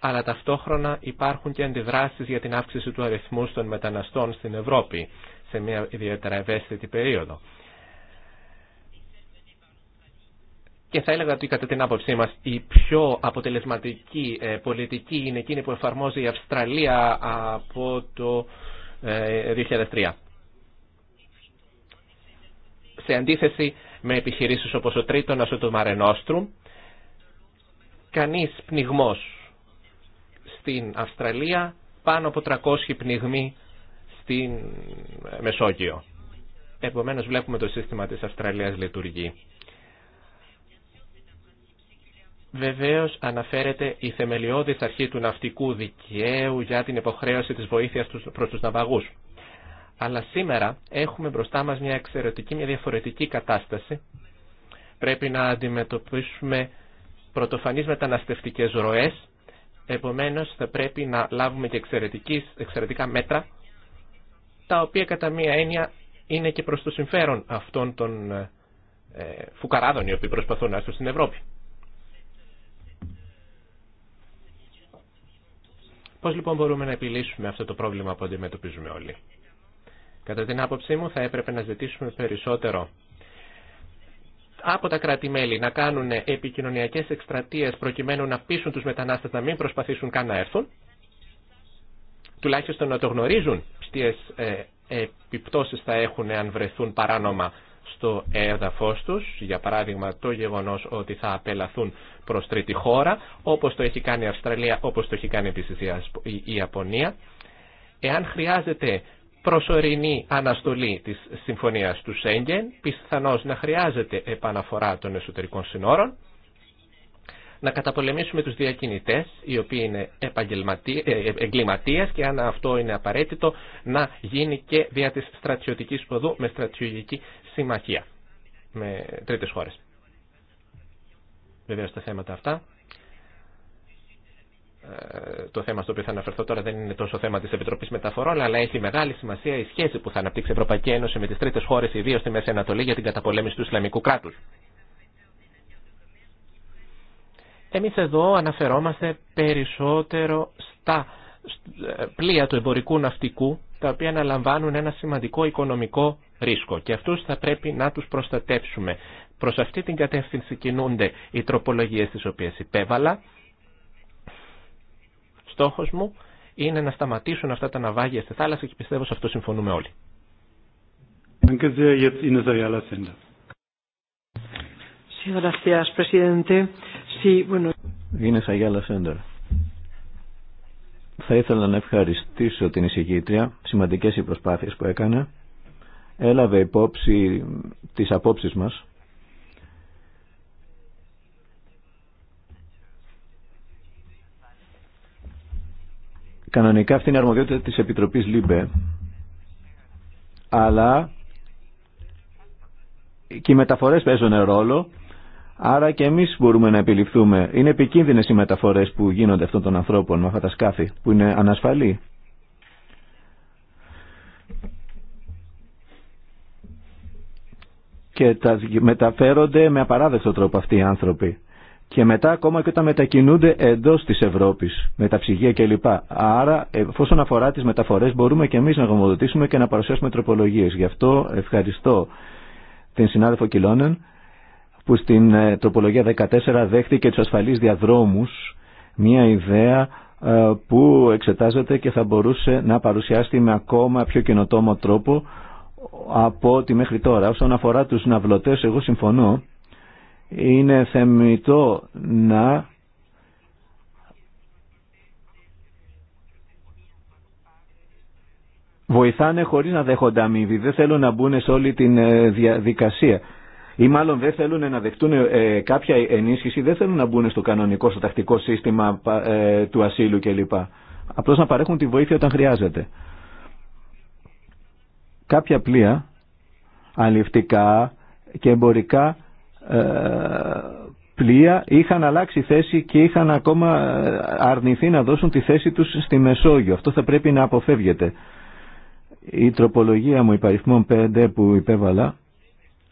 αλλά ταυτόχρονα υπάρχουν και αντιδράσεις για την αύξηση του αριθμού των μεταναστών στην Ευρώπη σε μια ιδιαίτερα ευαίσθητη περίοδο. και θα έλεγα ότι κατά την άποψή μας η πιο αποτελεσματική ε, πολιτική είναι εκείνη που εφαρμόζει η Αυστραλία από το 2003. Ε, Σε αντίθεση με επιχειρήσεις όπως ο τρίτον ο το Μαρενόστρου, κανείς πνιγμός στην Αυστραλία, πάνω από 300 πνιγμοί στην ε, Μεσόγειο. Επομένως βλέπουμε το σύστημα της Αυστραλίας λειτουργεί. Βεβαίως αναφέρεται η θεμελιώδης αρχή του ναυτικού δικαίου για την υποχρέωση της βοήθειας προς τους ναυαγούς. Αλλά σήμερα έχουμε μπροστά μας μια εξαιρετική, μια διαφορετική κατάσταση. Πρέπει να αντιμετωπίσουμε πρωτοφανείς μεταναστευτικές ροές. Επομένως θα πρέπει να λάβουμε και εξαιρετικά μέτρα, τα οποία κατά μία έννοια είναι και προς το συμφέρον αυτών των ε, ε, φουκαράδων οι οποίοι προσπαθούν να έρθουν στην Ευρώπη. Πώς λοιπόν μπορούμε να επιλύσουμε αυτό το πρόβλημα που αντιμετωπίζουμε όλοι. Κατά την άποψή μου θα έπρεπε να ζητήσουμε περισσότερο από τα κράτη-μέλη να κάνουν επικοινωνιακές εκστρατείες προκειμένου να πείσουν τους μετανάστες να μην προσπαθήσουν καν να έρθουν, τουλάχιστον να το γνωρίζουν ποιες ε, επιπτώσεις θα έχουν αν βρεθούν παράνομα στο έδαφος τους, για παράδειγμα το γεγονός ότι θα απελαθούν προς τρίτη χώρα, όπως το έχει κάνει η Αυστραλία, όπως το έχει κάνει επίσης η Ιαπωνία. Εάν χρειάζεται προσωρινή αναστολή της συμφωνίας του Σέγγεν, πιθανώς να χρειάζεται επαναφορά των εσωτερικών συνόρων, να καταπολεμήσουμε τους διακινητές, οι οποίοι είναι ε, ε, εγκληματίες και αν αυτό είναι απαραίτητο να γίνει και δια της στρατιωτικής ποδού με στρατιωτική συμμαχία με τρίτες χώρες. Βεβαίως τα θέματα αυτά. Ε, το θέμα στο οποίο θα αναφερθώ τώρα δεν είναι τόσο θέμα της Επιτροπής Μεταφορών, αλλά έχει μεγάλη σημασία η σχέση που θα αναπτύξει η Ευρωπαϊκή Ένωση με τις τρίτες χώρες, ιδίως στη Μέση Ανατολή, για την καταπολέμηση του Ισλαμικού κράτους. Εμεί εδώ αναφερόμαστε περισσότερο στα ε, πλοία του εμπορικού ναυτικού τα οποία αναλαμβάνουν ένα σημαντικό οικονομικό ρίσκο και αυτούς θα πρέπει να τους προστατεύσουμε. Προς αυτή την κατεύθυνση κινούνται οι τροπολογίες τις οποίες υπέβαλα. Στόχος μου είναι να σταματήσουν αυτά τα ναυάγια στη θάλασσα και πιστεύω σε αυτό συμφωνούμε όλοι. Είναι presidente. Sí, θα ήθελα να ευχαριστήσω την εισηγήτρια, σημαντικές οι προσπάθειες που έκανε. Έλαβε υπόψη τις απόψεις μας. Κανονικά αυτή είναι η αρμοδιότητα της Επιτροπής ΛΥΜΠΕ, αλλά και οι μεταφορές παίζουν ρόλο Άρα και εμείς μπορούμε να επιληφθούμε. Είναι επικίνδυνες οι μεταφορές που γίνονται αυτών των ανθρώπων με αυτά τα σκάφη που είναι ανασφαλή. Και τα μεταφέρονται με απαράδεκτο τρόπο αυτοί οι άνθρωποι. Και μετά ακόμα και όταν μετακινούνται εντό τη Ευρώπη με τα ψυγεία κλπ. Άρα, εφόσον αφορά τις μεταφορές, μπορούμε και εμεί να γνωμοδοτήσουμε και να παρουσιάσουμε τροπολογίε. Γι' αυτό ευχαριστώ την συνάδελφο Κιλόνεν που στην ε, τροπολογία 14 δέχτηκε τους ασφαλείς διαδρόμους, μια ιδέα ε, που εξετάζεται και θα μπορούσε να παρουσιάσει με ακόμα πιο καινοτόμο τρόπο από ό,τι μέχρι τώρα. Όσον αφορά τους ναυλωτές, εγώ συμφωνώ. Είναι θεμητό να βοηθάνε χωρίς να δέχονται αμοιβή. Δεν θέλουν να μπουν σε όλη την ε, διαδικασία ή μάλλον δεν θέλουν να δεχτούν ε, κάποια ενίσχυση, δεν θέλουν να μπουν στο κανονικό, στο τακτικό σύστημα ε, του ασύλου κλπ. Απλώ να παρέχουν τη βοήθεια όταν χρειάζεται. Κάποια πλοία αληφτικά και εμπορικά ε, πλοία είχαν αλλάξει θέση και είχαν ακόμα ε, αρνηθεί να δώσουν τη θέση τους στη Μεσόγειο. Αυτό θα πρέπει να αποφεύγεται. Η τροπολογία μου υπαριθμών 5 που υπέβαλα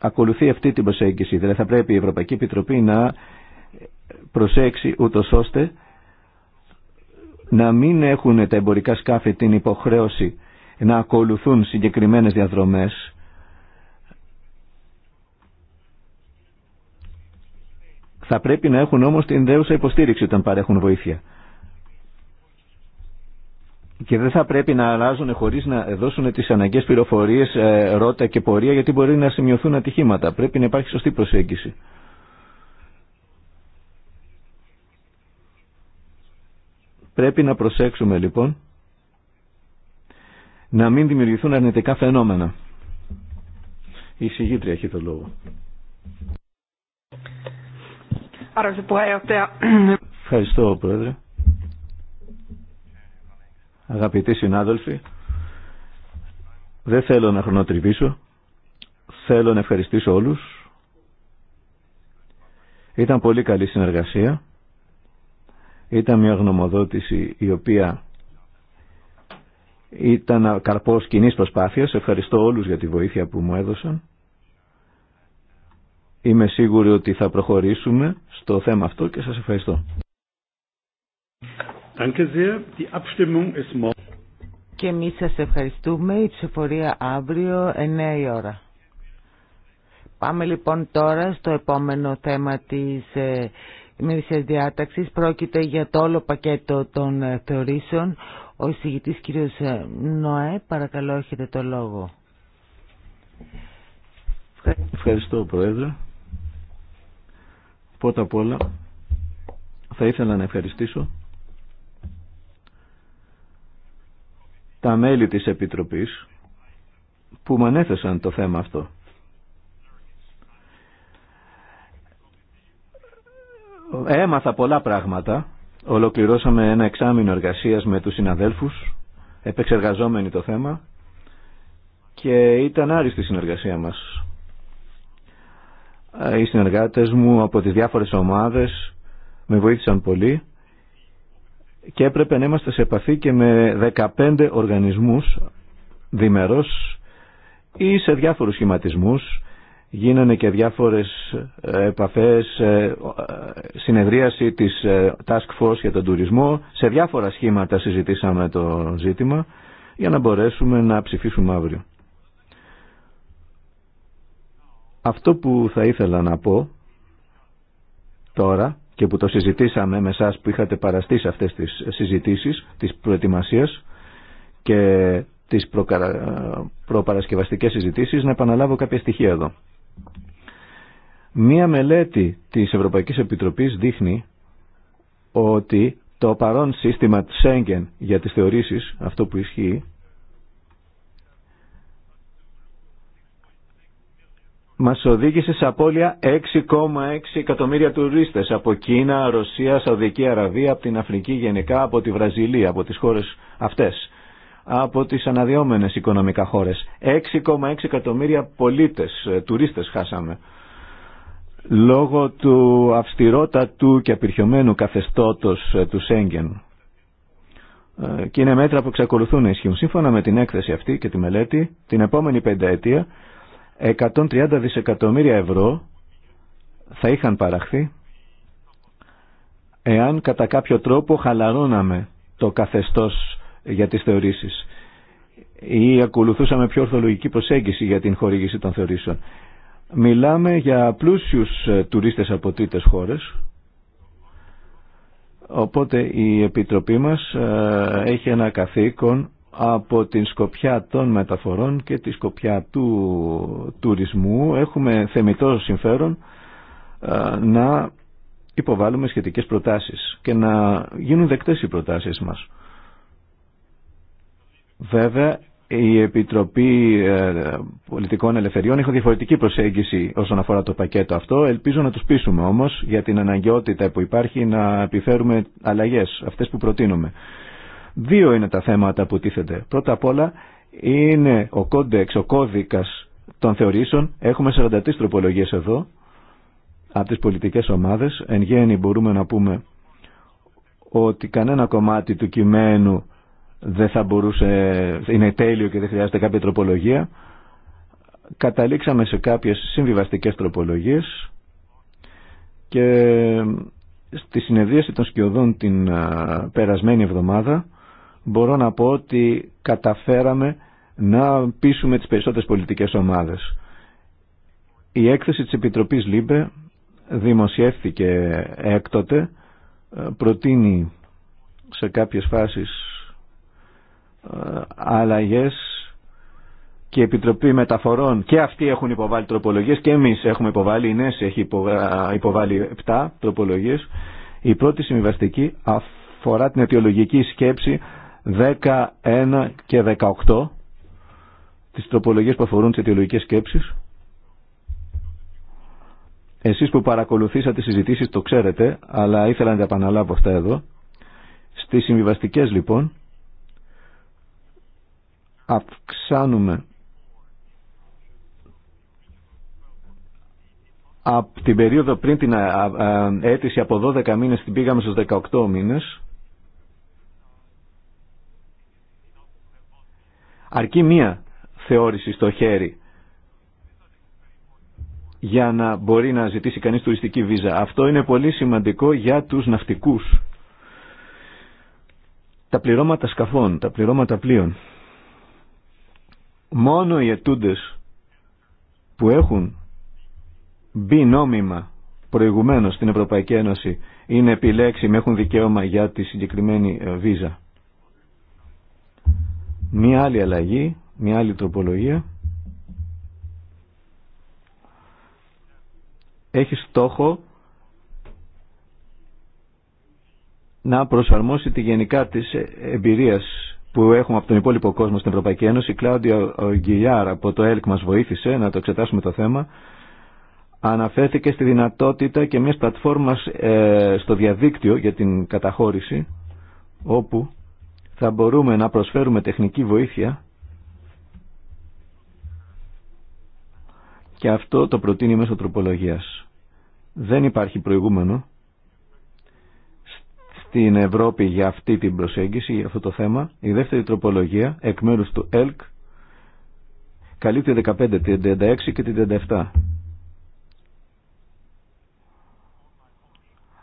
ακολουθεί αυτή την προσέγγιση. Δηλαδή θα πρέπει η Ευρωπαϊκή Επιτροπή να προσέξει ούτω ώστε να μην έχουν τα εμπορικά σκάφη την υποχρέωση να ακολουθούν συγκεκριμένες διαδρομές θα πρέπει να έχουν όμως την δέουσα υποστήριξη όταν παρέχουν βοήθεια και δεν θα πρέπει να αλλάζουν χωρίς να δώσουν τις αναγκαίες πληροφορίες, ε, ρότα και πορεία γιατί μπορεί να σημειωθούν ατυχήματα. Πρέπει να υπάρχει σωστή προσέγγιση. Πρέπει να προσέξουμε λοιπόν να μην δημιουργηθούν αρνητικά φαινόμενα. Η συγγήτρια έχει το λόγο. Ευχαριστώ, Πρόεδρε. Αγαπητοί συνάδελφοι, δεν θέλω να χρονοτριβήσω. Θέλω να ευχαριστήσω όλους. Ήταν πολύ καλή συνεργασία. Ήταν μια γνωμοδότηση η οποία ήταν καρπός κοινή προσπάθειας. Ευχαριστώ όλους για τη βοήθεια που μου έδωσαν. Είμαι σίγουρη ότι θα προχωρήσουμε στο θέμα αυτό και σας ευχαριστώ. Και εμεί σα ευχαριστούμε. Η ψηφορία αύριο 9 η ώρα. Πάμε λοιπόν τώρα στο επόμενο θέμα τη ε, διάταξη. διάταξης. Πρόκειται για το όλο πακέτο των ε, θεωρήσεων. Ο εισηγητή κ. Ε, Νοέ, παρακαλώ έχετε το λόγο. Ευχαριστώ Πρόεδρε. Πρώτα απ' όλα θα ήθελα να ευχαριστήσω τα μέλη της Επιτροπής που μου ανέθεσαν το θέμα αυτό. Έμαθα πολλά πράγματα. Ολοκληρώσαμε ένα εξάμεινο εργασίας με τους συναδέλφους, επεξεργαζόμενοι το θέμα και ήταν άριστη η συνεργασία μας. Ε, οι συνεργάτες μου από τις διάφορες ομάδες με βοήθησαν πολύ και έπρεπε να είμαστε σε επαφή και με 15 οργανισμούς διμερός ή σε διάφορους σχηματισμούς γίνανε και διάφορες ε, επαφές, ε, ε, συνεδρίαση της Task Force για τον τουρισμό. Σε διάφορα σχήματα συζητήσαμε το ζήτημα για να μπορέσουμε να ψηφίσουμε αύριο. Αυτό που θα ήθελα να πω τώρα και που το συζητήσαμε με εσά που είχατε παραστεί σε αυτές τις συζητήσεις της προετοιμασίας και τις προκαρα... προπαρασκευαστικές συζητήσεις να επαναλάβω κάποια στοιχεία εδώ. Μία μελέτη της Ευρωπαϊκής Επιτροπής δείχνει ότι το παρόν σύστημα Schengen για τις θεωρήσεις, αυτό που ισχύει, μας οδήγησε σε απώλεια 6,6 εκατομμύρια τουρίστες από Κίνα, Ρωσία, Σαουδική Αραβία, από την Αφρική γενικά, από τη Βραζιλία, από τις χώρες αυτές, από τις αναδυόμενες οικονομικά χώρες. 6,6 εκατομμύρια πολίτες, ε, τουρίστες χάσαμε. Λόγω του αυστηρότατου και απειρχιωμένου καθεστώτος ε, του Σέγγεν. Ε, και είναι μέτρα που εξακολουθούν να ισχύουν. Σύμφωνα με την έκθεση αυτή και τη μελέτη, την επόμενη πενταετία 130 δισεκατομμύρια ευρώ θα είχαν παραχθεί εάν κατά κάποιο τρόπο χαλαρώναμε το καθεστώς για τις θεωρήσεις ή ακολουθούσαμε πιο ορθολογική προσέγγιση για την χορήγηση των θεωρήσεων. Μιλάμε για πλούσιους ε, τουρίστες από τρίτες χώρες, οπότε η Επιτροπή μας ε, έχει ένα καθήκον από την σκοπιά των μεταφορών και τη σκοπιά του τουρισμού έχουμε θεμητό συμφέρον ε, να υποβάλουμε σχετικές προτάσεις και να γίνουν δεκτές οι προτάσεις μας. Βέβαια, η Επιτροπή ε, Πολιτικών Ελευθεριών έχει διαφορετική προσέγγιση όσον αφορά το πακέτο αυτό. Ελπίζω να τους πείσουμε όμως για την αναγκαιότητα που υπάρχει να επιφέρουμε αλλαγές, αυτές που προτείνουμε. Δύο είναι τα θέματα που τίθενται. Πρώτα απ' όλα είναι ο κόντεξ, ο κώδικας των θεωρήσεων. Έχουμε 43 τροπολογίες εδώ από τις πολιτικές ομάδες. Εν γέννη μπορούμε να πούμε ότι κανένα κομμάτι του κειμένου δεν θα μπορούσε, είναι τέλειο και δεν χρειάζεται κάποια τροπολογία. Καταλήξαμε σε κάποιες συμβιβαστικές τροπολογίες και στη συνεδρίαση των σκιωδών την περασμένη εβδομάδα μπορώ να πω ότι καταφέραμε να πείσουμε τις περισσότερες πολιτικές ομάδες. Η έκθεση της Επιτροπής ΛΥΜΠΕ δημοσιεύθηκε έκτοτε, προτείνει σε κάποιες φάσεις ε, αλλαγές και η Επιτροπή Μεταφορών και αυτοί έχουν υποβάλει τροπολογίες και εμείς έχουμε υποβάλει, η ΝΕΣ έχει υποβάλει 7 τροπολογίες. Η πρώτη συμβιβαστική αφορά την αιτιολογική σκέψη 11 και 18 τις τροπολογίες που αφορούν τις αιτιολογικές σκέψεις. Εσείς που παρακολουθήσατε συζητήσεις το ξέρετε, αλλά ήθελα να τα επαναλάβω αυτά εδώ. Στις συμβιβαστικές λοιπόν αυξάνουμε από την περίοδο πριν την αίτηση από 12 μήνες την πήγαμε στους 18 μήνες Αρκεί μία θεώρηση στο χέρι για να μπορεί να ζητήσει κανείς τουριστική βίζα. Αυτό είναι πολύ σημαντικό για τους ναυτικούς. Τα πληρώματα σκαφών, τα πληρώματα πλοίων. Μόνο οι ετούντες που έχουν μπει νόμιμα προηγουμένως στην Ευρωπαϊκή Ένωση είναι επιλέξιμοι, έχουν δικαίωμα για τη συγκεκριμένη ε, βίζα. Μία άλλη αλλαγή, μία άλλη τροπολογία έχει στόχο να προσαρμόσει τη γενικά της εμπειρίας που έχουμε από τον υπόλοιπο κόσμο στην Ευρωπαϊκή Ένωση. Η Κλάουντια Γκυλιάρα από το ΕΛΚ μας βοήθησε να το εξετάσουμε το θέμα. Αναφέρθηκε στη δυνατότητα και μιας πλατφόρμας ε, στο διαδίκτυο για την καταχώρηση όπου θα μπορούμε να προσφέρουμε τεχνική βοήθεια και αυτό το προτείνει μέσω τροπολογίας. Δεν υπάρχει προηγούμενο στην Ευρώπη για αυτή την προσέγγιση, για αυτό το θέμα. Η δεύτερη τροπολογία, εκ μέρους του ΕΛΚ, καλύπτει 15, την 36 και την 37.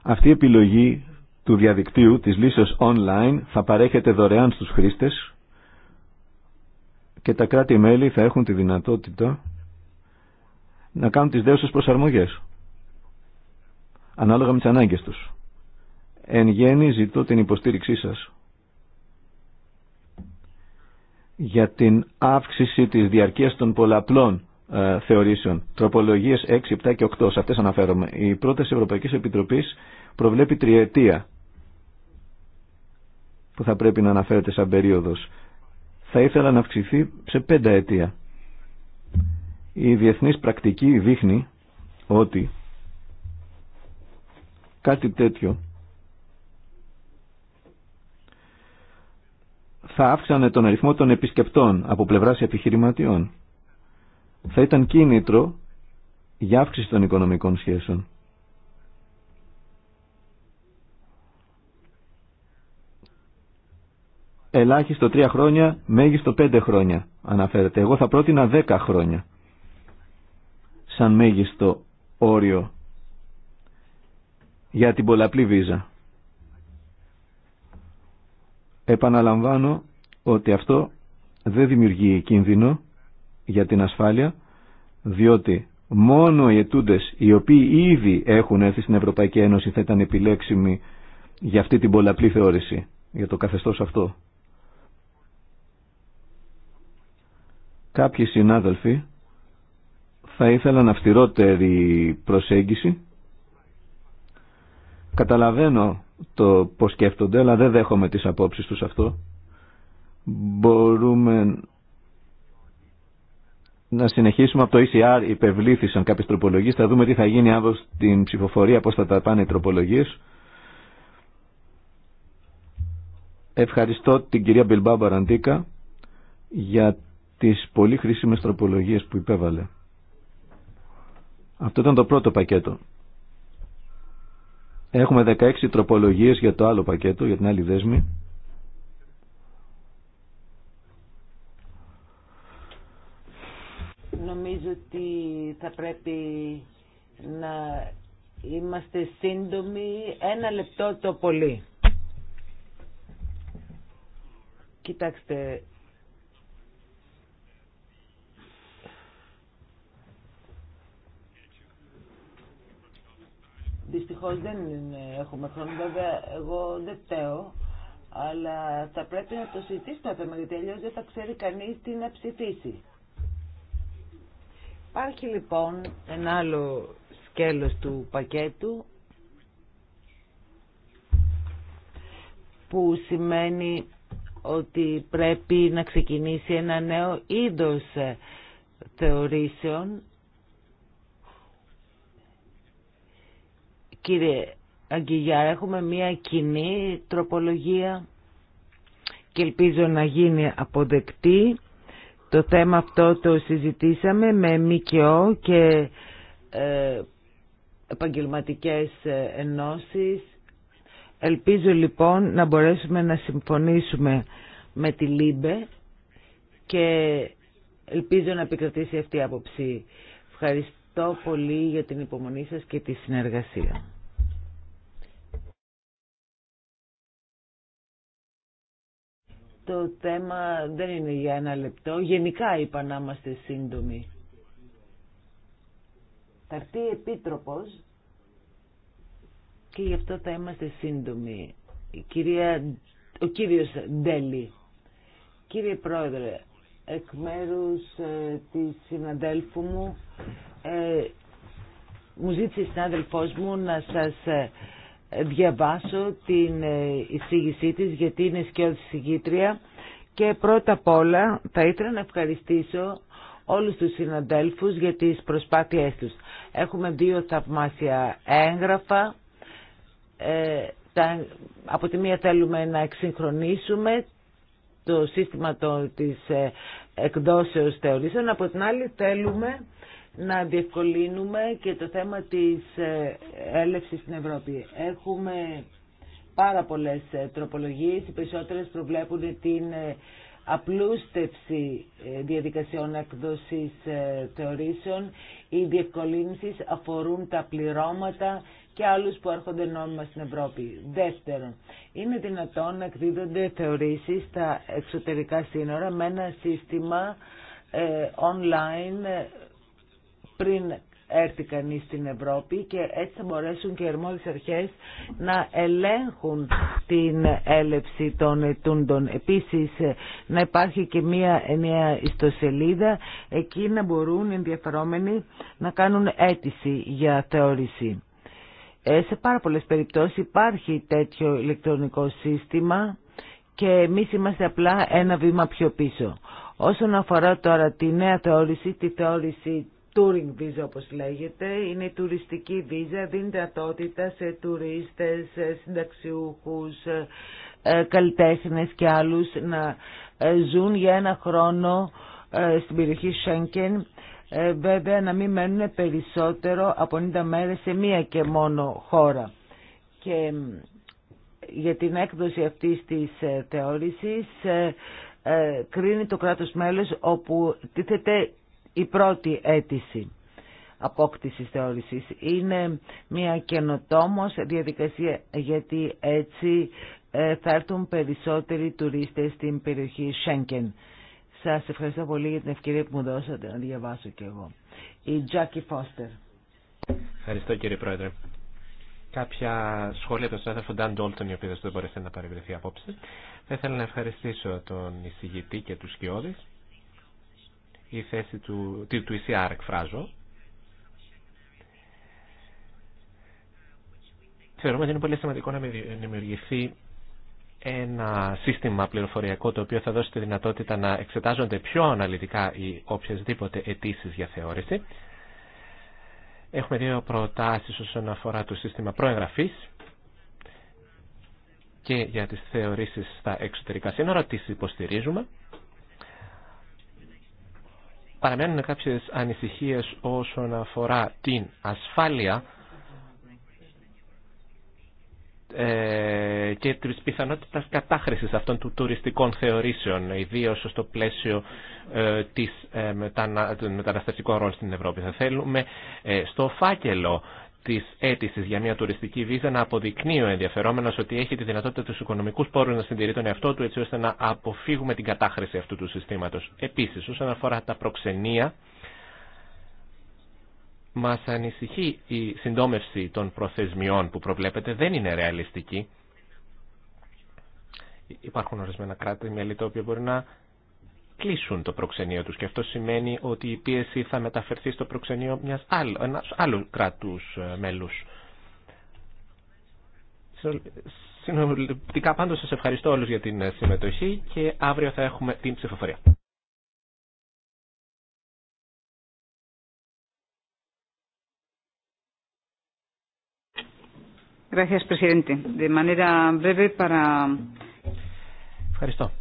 Αυτή η επιλογή του διαδικτύου της λύσεως online θα παρέχεται δωρεάν στους χρήστες και τα κράτη-μέλη θα έχουν τη δυνατότητα να κάνουν τις δέουσες προσαρμογές ανάλογα με τις ανάγκες τους. Εν γέννη ζητώ την υποστήριξή σας για την αύξηση της διαρκείας των πολλαπλών ε, θεωρήσεων. Τροπολογίε 6, 7 και 8, σε αυτέ αναφέρομαι. Η πρόταση Ευρωπαϊκή Επιτροπή προβλέπει τριετία που θα πρέπει να αναφέρεται σαν περίοδο. Θα ήθελα να αυξηθεί σε πέντε αιτία. Η διεθνής πρακτική δείχνει ότι κάτι τέτοιο θα αύξανε τον αριθμό των επισκεπτών από πλευράς επιχειρηματιών θα ήταν κίνητρο για αύξηση των οικονομικών σχέσεων. Ελάχιστο τρία χρόνια, μέγιστο πέντε χρόνια αναφέρεται. Εγώ θα πρότεινα δέκα χρόνια σαν μέγιστο όριο για την πολλαπλή βίζα. Επαναλαμβάνω ότι αυτό δεν δημιουργεί κίνδυνο για την ασφάλεια, διότι μόνο οι ετούντε οι οποίοι ήδη έχουν έρθει στην Ευρωπαϊκή Ένωση θα ήταν επιλέξιμοι για αυτή την πολλαπλή θεώρηση, για το καθεστώς αυτό. Κάποιοι συνάδελφοι θα ήθελαν αυστηρότερη προσέγγιση. Καταλαβαίνω το πώς σκέφτονται, αλλά δεν δέχομαι τις απόψεις τους αυτό. Μπορούμε να συνεχίσουμε από το ECR υπευλήθησαν κάποιες τροπολογίες. Θα δούμε τι θα γίνει αύριο στην ψηφοφορία, πώς θα τα πάνε οι τροπολογίες. Ευχαριστώ την κυρία Μπιλμπά Μπαραντίκα για τις πολύ χρήσιμες τροπολογίες που υπέβαλε. Αυτό ήταν το πρώτο πακέτο. Έχουμε 16 τροπολογίες για το άλλο πακέτο, για την άλλη δέσμη. νομίζω ότι θα πρέπει να είμαστε σύντομοι ένα λεπτό το πολύ. Κοιτάξτε, Δυστυχώς δεν έχουμε χρόνο, βέβαια εγώ δεν φταίω, αλλά θα πρέπει να το συζητήσουμε γιατί αλλιώς δεν θα ξέρει κανείς τι να ψηφίσει. Υπάρχει λοιπόν ένα άλλο σκέλος του πακέτου που σημαίνει ότι πρέπει να ξεκινήσει ένα νέο είδος ε, θεωρήσεων. Κύριε Αγγιγιά, έχουμε μία κοινή τροπολογία και ελπίζω να γίνει αποδεκτή το θέμα αυτό το συζητήσαμε με ΜΚΟ και ε, επαγγελματικές ε, ενώσεις. Ελπίζω λοιπόν να μπορέσουμε να συμφωνήσουμε με τη ΛΥΜΠΕ και ελπίζω να επικρατήσει αυτή η άποψη. Ευχαριστώ πολύ για την υπομονή σας και τη συνεργασία. το θέμα δεν είναι για ένα λεπτό. Γενικά είπα να είμαστε σύντομοι. Θα έρθει επίτροπος και γι' αυτό θα είμαστε σύντομοι. Η κυρία, ο κύριος Ντέλη. Κύριε Πρόεδρε, εκ μέρους ε, της συναδέλφου μου, ε, μου ζήτησε η συνάδελφός μου να σας... Ε, διαβάσω την ε, εισήγησή της γιατί είναι σκιώδης εισηγήτρια και πρώτα απ' όλα θα ήθελα να ευχαριστήσω όλους τους συναντέλφους για τις προσπάθειές τους. Έχουμε δύο θαυμάσια έγγραφα. Ε, τα, από τη μία θέλουμε να εξυγχρονίσουμε το σύστημα το, της ε, εκδόσεως θεωρήσεων, από την άλλη θέλουμε να διευκολύνουμε και το θέμα της ε, έλευσης στην Ευρώπη. Έχουμε πάρα πολλές ε, τροπολογίες, οι περισσότερες προβλέπουν την ε, απλούστευση διαδικασιών έκδοσης θεωρήσεων. Οι διευκολύνσεις αφορούν τα πληρώματα και άλλους που έρχονται νόμιμα στην Ευρώπη. Δεύτερον, είναι δυνατόν να εκδίδονται θεωρήσεις στα εξωτερικά σύνορα με ένα σύστημα online πριν έρθει κανεί στην Ευρώπη και έτσι θα μπορέσουν και οι αρμόδιες αρχές να ελέγχουν την έλευση των ετούντων. Επίσης να υπάρχει και μία νέα ιστοσελίδα εκεί να μπορούν ενδιαφερόμενοι να κάνουν αίτηση για θεώρηση. Ε, σε πάρα πολλές περιπτώσεις υπάρχει τέτοιο ηλεκτρονικό σύστημα και εμείς είμαστε απλά ένα βήμα πιο πίσω. Όσον αφορά τώρα τη νέα θεώρηση, τη θεώρηση touring visa όπως λέγεται, είναι η τουριστική βίζα, δίνεται δυνατότητα σε τουρίστες, σε συνταξιούχους, ε, ε, καλλιτέχνες και άλλους να ε, ζουν για ένα χρόνο στην περιοχή Σέγκεν, βέβαια να μην μένουν περισσότερο από 90 μέρες σε μία και μόνο χώρα. Και για την έκδοση αυτής της θεώρησης κρίνει το κράτος μέλος όπου τίθεται η πρώτη αίτηση απόκτησης θεώρησης. Είναι μια καινοτόμος διαδικασία γιατί έτσι ε, θα έρθουν περισσότεροι τουρίστες στην περιοχή Σέγκεν. Σας ευχαριστώ πολύ για την ευκαιρία που μου δώσατε να διαβάσω κι εγώ. Η Τζάκι Φώστερ. Ευχαριστώ κύριε Πρόεδρε. Κάποια σχόλια από τον συνάδελφο Νταν Ντόλτον, η οποία δεν μπόρεσε να παρευρεθεί απόψε. Θα ήθελα να ευχαριστήσω τον εισηγητή και του σκιώδης η θέση του, του ECR εκφράζω. Θεωρούμε ότι είναι πολύ σημαντικό να δημιουργηθεί ένα σύστημα πληροφοριακό το οποίο θα δώσει τη δυνατότητα να εξετάζονται πιο αναλυτικά οι οποιασδήποτε αιτήσει για θεώρηση. Έχουμε δύο προτάσεις όσον αφορά το σύστημα προεγγραφής και για τις θεωρήσεις στα εξωτερικά σύνορα, τις υποστηρίζουμε παραμένουν κάποιες ανησυχίες όσον αφορά την ασφάλεια ε, και τη πιθανότητα κατάχρησης αυτών του τουριστικών θεωρήσεων, ιδίως στο πλαίσιο ε, της, ε, μετανα, των μεταναστευτικών ρόλων στην Ευρώπη. Θα θέλουμε ε, στο φάκελο τη αίτηση για μια τουριστική βίζα να αποδεικνύει ο ενδιαφερόμενο ότι έχει τη δυνατότητα του οικονομικού πόρου να συντηρεί τον εαυτό του έτσι ώστε να αποφύγουμε την κατάχρηση αυτού του συστήματο. Επίση, όσον αφορά τα προξενία, μα ανησυχεί η συντόμευση των προθεσμιών που προβλέπεται, δεν είναι ρεαλιστική. Υπάρχουν ορισμένα κράτη-μέλη τα οποία μπορεί να κλείσουν το προξενείο τους και αυτό σημαίνει ότι η πίεση θα μεταφερθεί στο προξενείο μιας άλλου, ενός άλλου κράτους ε, μέλους. Συνολικά πάντως σας ευχαριστώ όλους για την ε, συμμετοχή και αύριο θα έχουμε την ψηφοφορία. Gracias, presidente. De manera breve para. Ευχαριστώ.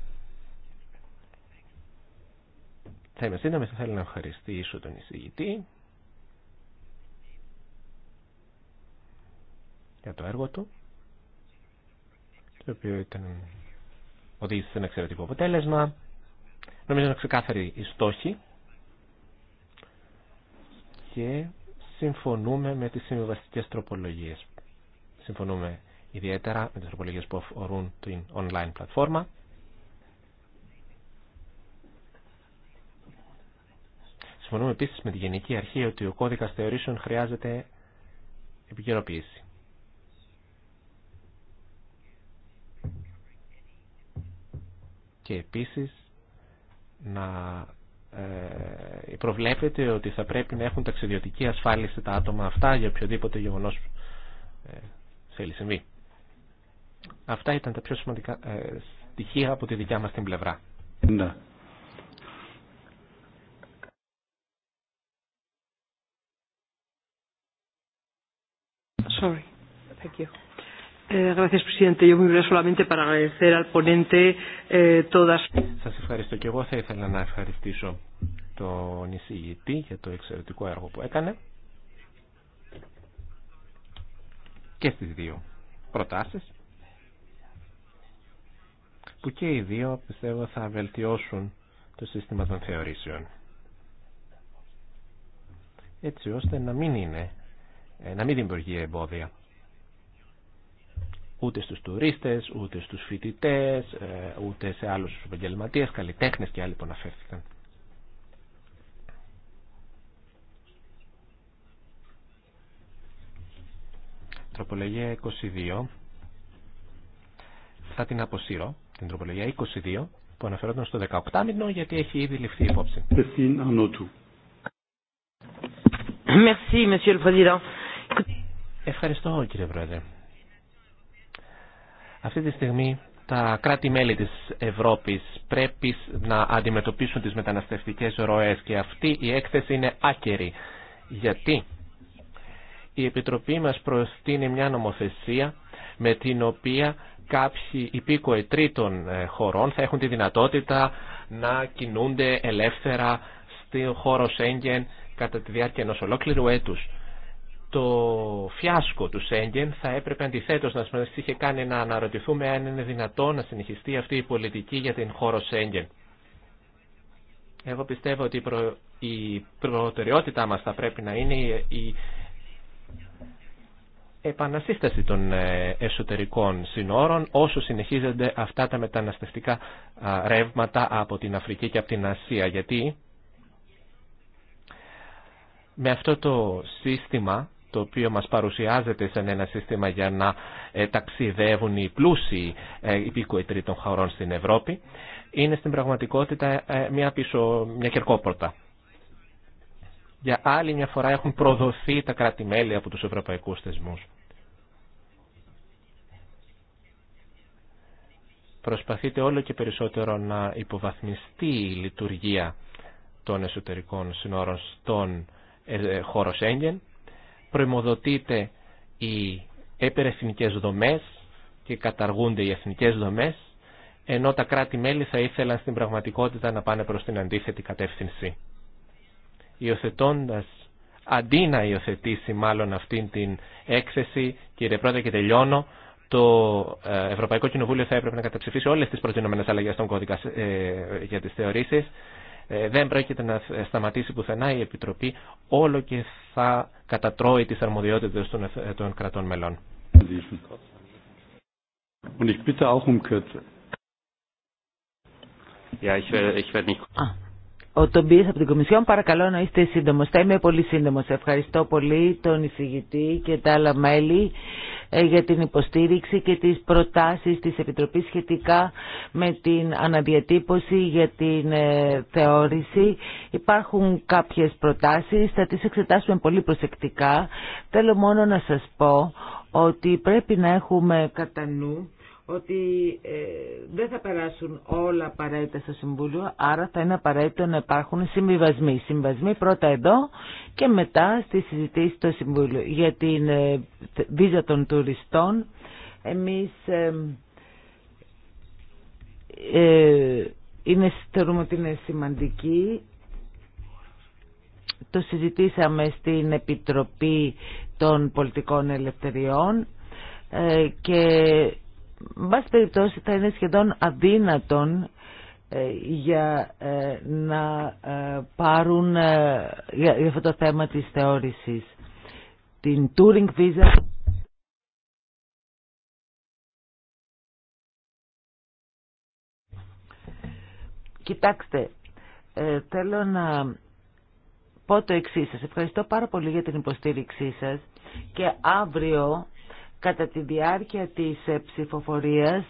Θα είμαι σύντομη, θα θέλω να ευχαριστήσω τον εισηγητή για το έργο του, το οποίο ήταν οδήγησε σε ένα εξαιρετικό αποτέλεσμα. Νομίζω είναι ξεκάθαρη η στόχη και συμφωνούμε με τις συμβιβαστικές τροπολογίες. Συμφωνούμε ιδιαίτερα με τις τροπολογίες που αφορούν την online πλατφόρμα Συμφωνούμε επίση με τη Γενική Αρχή ότι ο κώδικα θεωρήσεων χρειάζεται επικαιροποίηση. Και επίσης να ε, προβλέπεται ότι θα πρέπει να έχουν ταξιδιωτική ασφάλιση τα άτομα αυτά για οποιοδήποτε γεγονός ε, θέλει συμβεί. Αυτά ήταν τα πιο σημαντικά ε, στοιχεία από τη δικιά μας την πλευρά. Ναι. Eh, eh, Σα ευχαριστώ και εγώ θα ήθελα να ευχαριστήσω τον εισηγητή για το εξαιρετικό έργο που έκανε και στις δύο προτάσεις που και οι δύο πιστεύω θα βελτιώσουν το σύστημα των θεωρήσεων έτσι ώστε να μην είναι ε, να μην δημιουργεί εμπόδια ούτε στους τουρίστες, ούτε στους φοιτητές, ε, ούτε σε άλλους επαγγελματίε, καλλιτέχνες και άλλοι που αναφέρθηκαν. Τροπολογία 22. Θα την αποσύρω, την τροπολογία 22, που αναφερόταν στο 18 μήνο, γιατί έχει ήδη ληφθεί υπόψη. Merci, Monsieur le Ευχαριστώ κύριε Πρόεδρε. Αυτή τη στιγμή τα κράτη-μέλη της Ευρώπης πρέπει να αντιμετωπίσουν τις μεταναστευτικές ροές και αυτή η έκθεση είναι άκερη. Γιατί η Επιτροπή μας προστείνει μια νομοθεσία με την οποία κάποιοι υπήκοοι τρίτων ε, χωρών θα έχουν τη δυνατότητα να κινούνται ελεύθερα στο χώρο Σέγγεν κατά τη διάρκεια ενός ολόκληρου έτους το φιάσκο του Σέγγεν θα έπρεπε αντιθέτω να μα είχε κάνει να αναρωτηθούμε αν είναι δυνατόν να συνεχιστεί αυτή η πολιτική για την χώρο Σέγγεν. Εγώ πιστεύω ότι η προτεραιότητά μας θα πρέπει να είναι η επανασύσταση των ε, εσωτερικών συνόρων όσο συνεχίζονται αυτά τα μεταναστευτικά ρεύματα από την Αφρική και από την Ασία. Γιατί με αυτό το σύστημα το οποίο μας παρουσιάζεται σαν ένα σύστημα για να ε, ταξιδεύουν οι πλούσιοι ε, υπήκοοι των χωρών στην Ευρώπη, είναι στην πραγματικότητα ε, μια, πίσω, μια κερκόπορτα. Για άλλη μια φορά έχουν προδοθεί τα κράτη-μέλη από τους ευρωπαϊκούς θεσμούς. Προσπαθείτε όλο και περισσότερο να υποβαθμιστεί η λειτουργία των εσωτερικών συνόρων στον χώρο Σέγγεν προημοδοτείται οι επερεθνικές δομές και καταργούνται οι εθνικές δομές, ενώ τα κράτη-μέλη θα ήθελαν στην πραγματικότητα να πάνε προς την αντίθετη κατεύθυνση. Υιοθετώντα αντί να υιοθετήσει μάλλον αυτήν την έκθεση, κύριε Πρόεδρε και τελειώνω, το ε, Ευρωπαϊκό Κοινοβούλιο θα έπρεπε να καταψηφίσει όλες τις προτείνομενες αλλαγές στον κώδικα ε, για τις θεωρήσεις. Ε, δεν πρόκειται να σταματήσει πουθενά η Επιτροπή, όλο και θα κατατρώει τις αρμοδιότητες των, ε, κρατών μελών. Ο Τομπίες από την Κομισιόν, παρακαλώ να είστε σύντομος. Θα είμαι πολύ σύντομος. Ευχαριστώ πολύ τον εισηγητή και τα άλλα μέλη ε, για την υποστήριξη και τις προτάσεις της Επιτροπής σχετικά με την αναδιατύπωση για την ε, θεώρηση. Υπάρχουν κάποιες προτάσεις, θα τις εξετάσουμε πολύ προσεκτικά. Θέλω μόνο να σας πω ότι πρέπει να έχουμε κατά νου ότι ε, δεν θα περάσουν όλα απαραίτητα στο Συμβούλιο, άρα θα είναι απαραίτητο να υπάρχουν συμβιβασμοί. Συμβιβασμοί πρώτα εδώ και μετά στη συζητήση στο Συμβούλιο. Για την ε, βίζα των τουριστών, εμείς ε, ε, είναι, θεωρούμε ότι είναι σημαντική. Το συζητήσαμε στην Επιτροπή των Πολιτικών Ελευθεριών και βάση περιπτώσει θα είναι σχεδόν αδύνατον ε, για ε, να ε, πάρουν για αυτό το θέμα της θεώρησης την Turing Visa Κοιτάξτε, θέλω να πω το εξής σας. Ευχαριστώ πάρα πολύ για την υποστήριξή σας και αύριο Κατά τη διάρκεια της ε, ψηφοφορίας,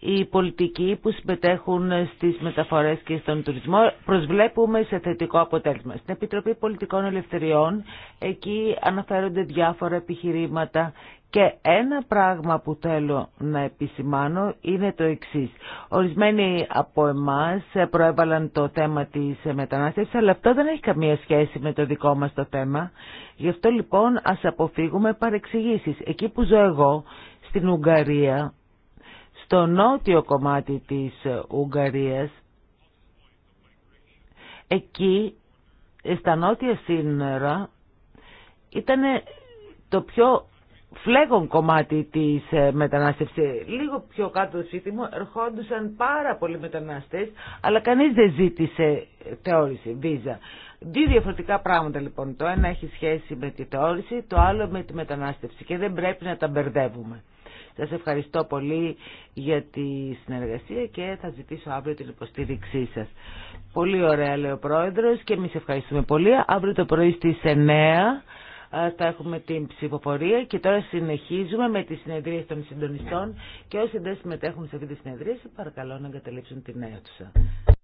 οι πολιτικοί που συμμετέχουν ε, στις μεταφορές και στον τουρισμό προσβλέπουμε σε θετικό αποτέλεσμα. Στην Επιτροπή Πολιτικών Ελευθεριών εκεί αναφέρονται διάφορα επιχειρήματα και ένα πράγμα που θέλω να επισημάνω είναι το εξής. Ορισμένοι από εμάς προέβαλαν το θέμα της μετανάστευσης, αλλά αυτό δεν έχει καμία σχέση με το δικό μας το θέμα. Γι' αυτό λοιπόν ας αποφύγουμε παρεξηγήσεις. Εκεί που ζω εγώ, στην Ουγγαρία, στο νότιο κομμάτι της Ουγγαρίας, εκεί στα νότια ήταν το πιο φλέγον κομμάτι της ε, μετανάστευσης. Λίγο πιο κάτω στο ερχόντουσαν πάρα πολλοί μετανάστες, αλλά κανείς δεν ζήτησε θεώρηση, βίζα. Δύο διαφορετικά πράγματα λοιπόν. Το ένα έχει σχέση με τη θεώρηση, το άλλο με τη μετανάστευση και δεν πρέπει να τα μπερδεύουμε. Σας ευχαριστώ πολύ για τη συνεργασία και θα ζητήσω αύριο την υποστήριξή σας. Πολύ ωραία λέει ο Πρόεδρος και εμείς ευχαριστούμε πολύ. Αύριο το πρωί στις 9 θα έχουμε την ψηφοφορία και τώρα συνεχίζουμε με τις συνεδρίες των συντονιστών και όσοι δεν συμμετέχουν σε αυτή τη συνεδρία παρακαλώ να εγκαταλείψουν την αίθουσα.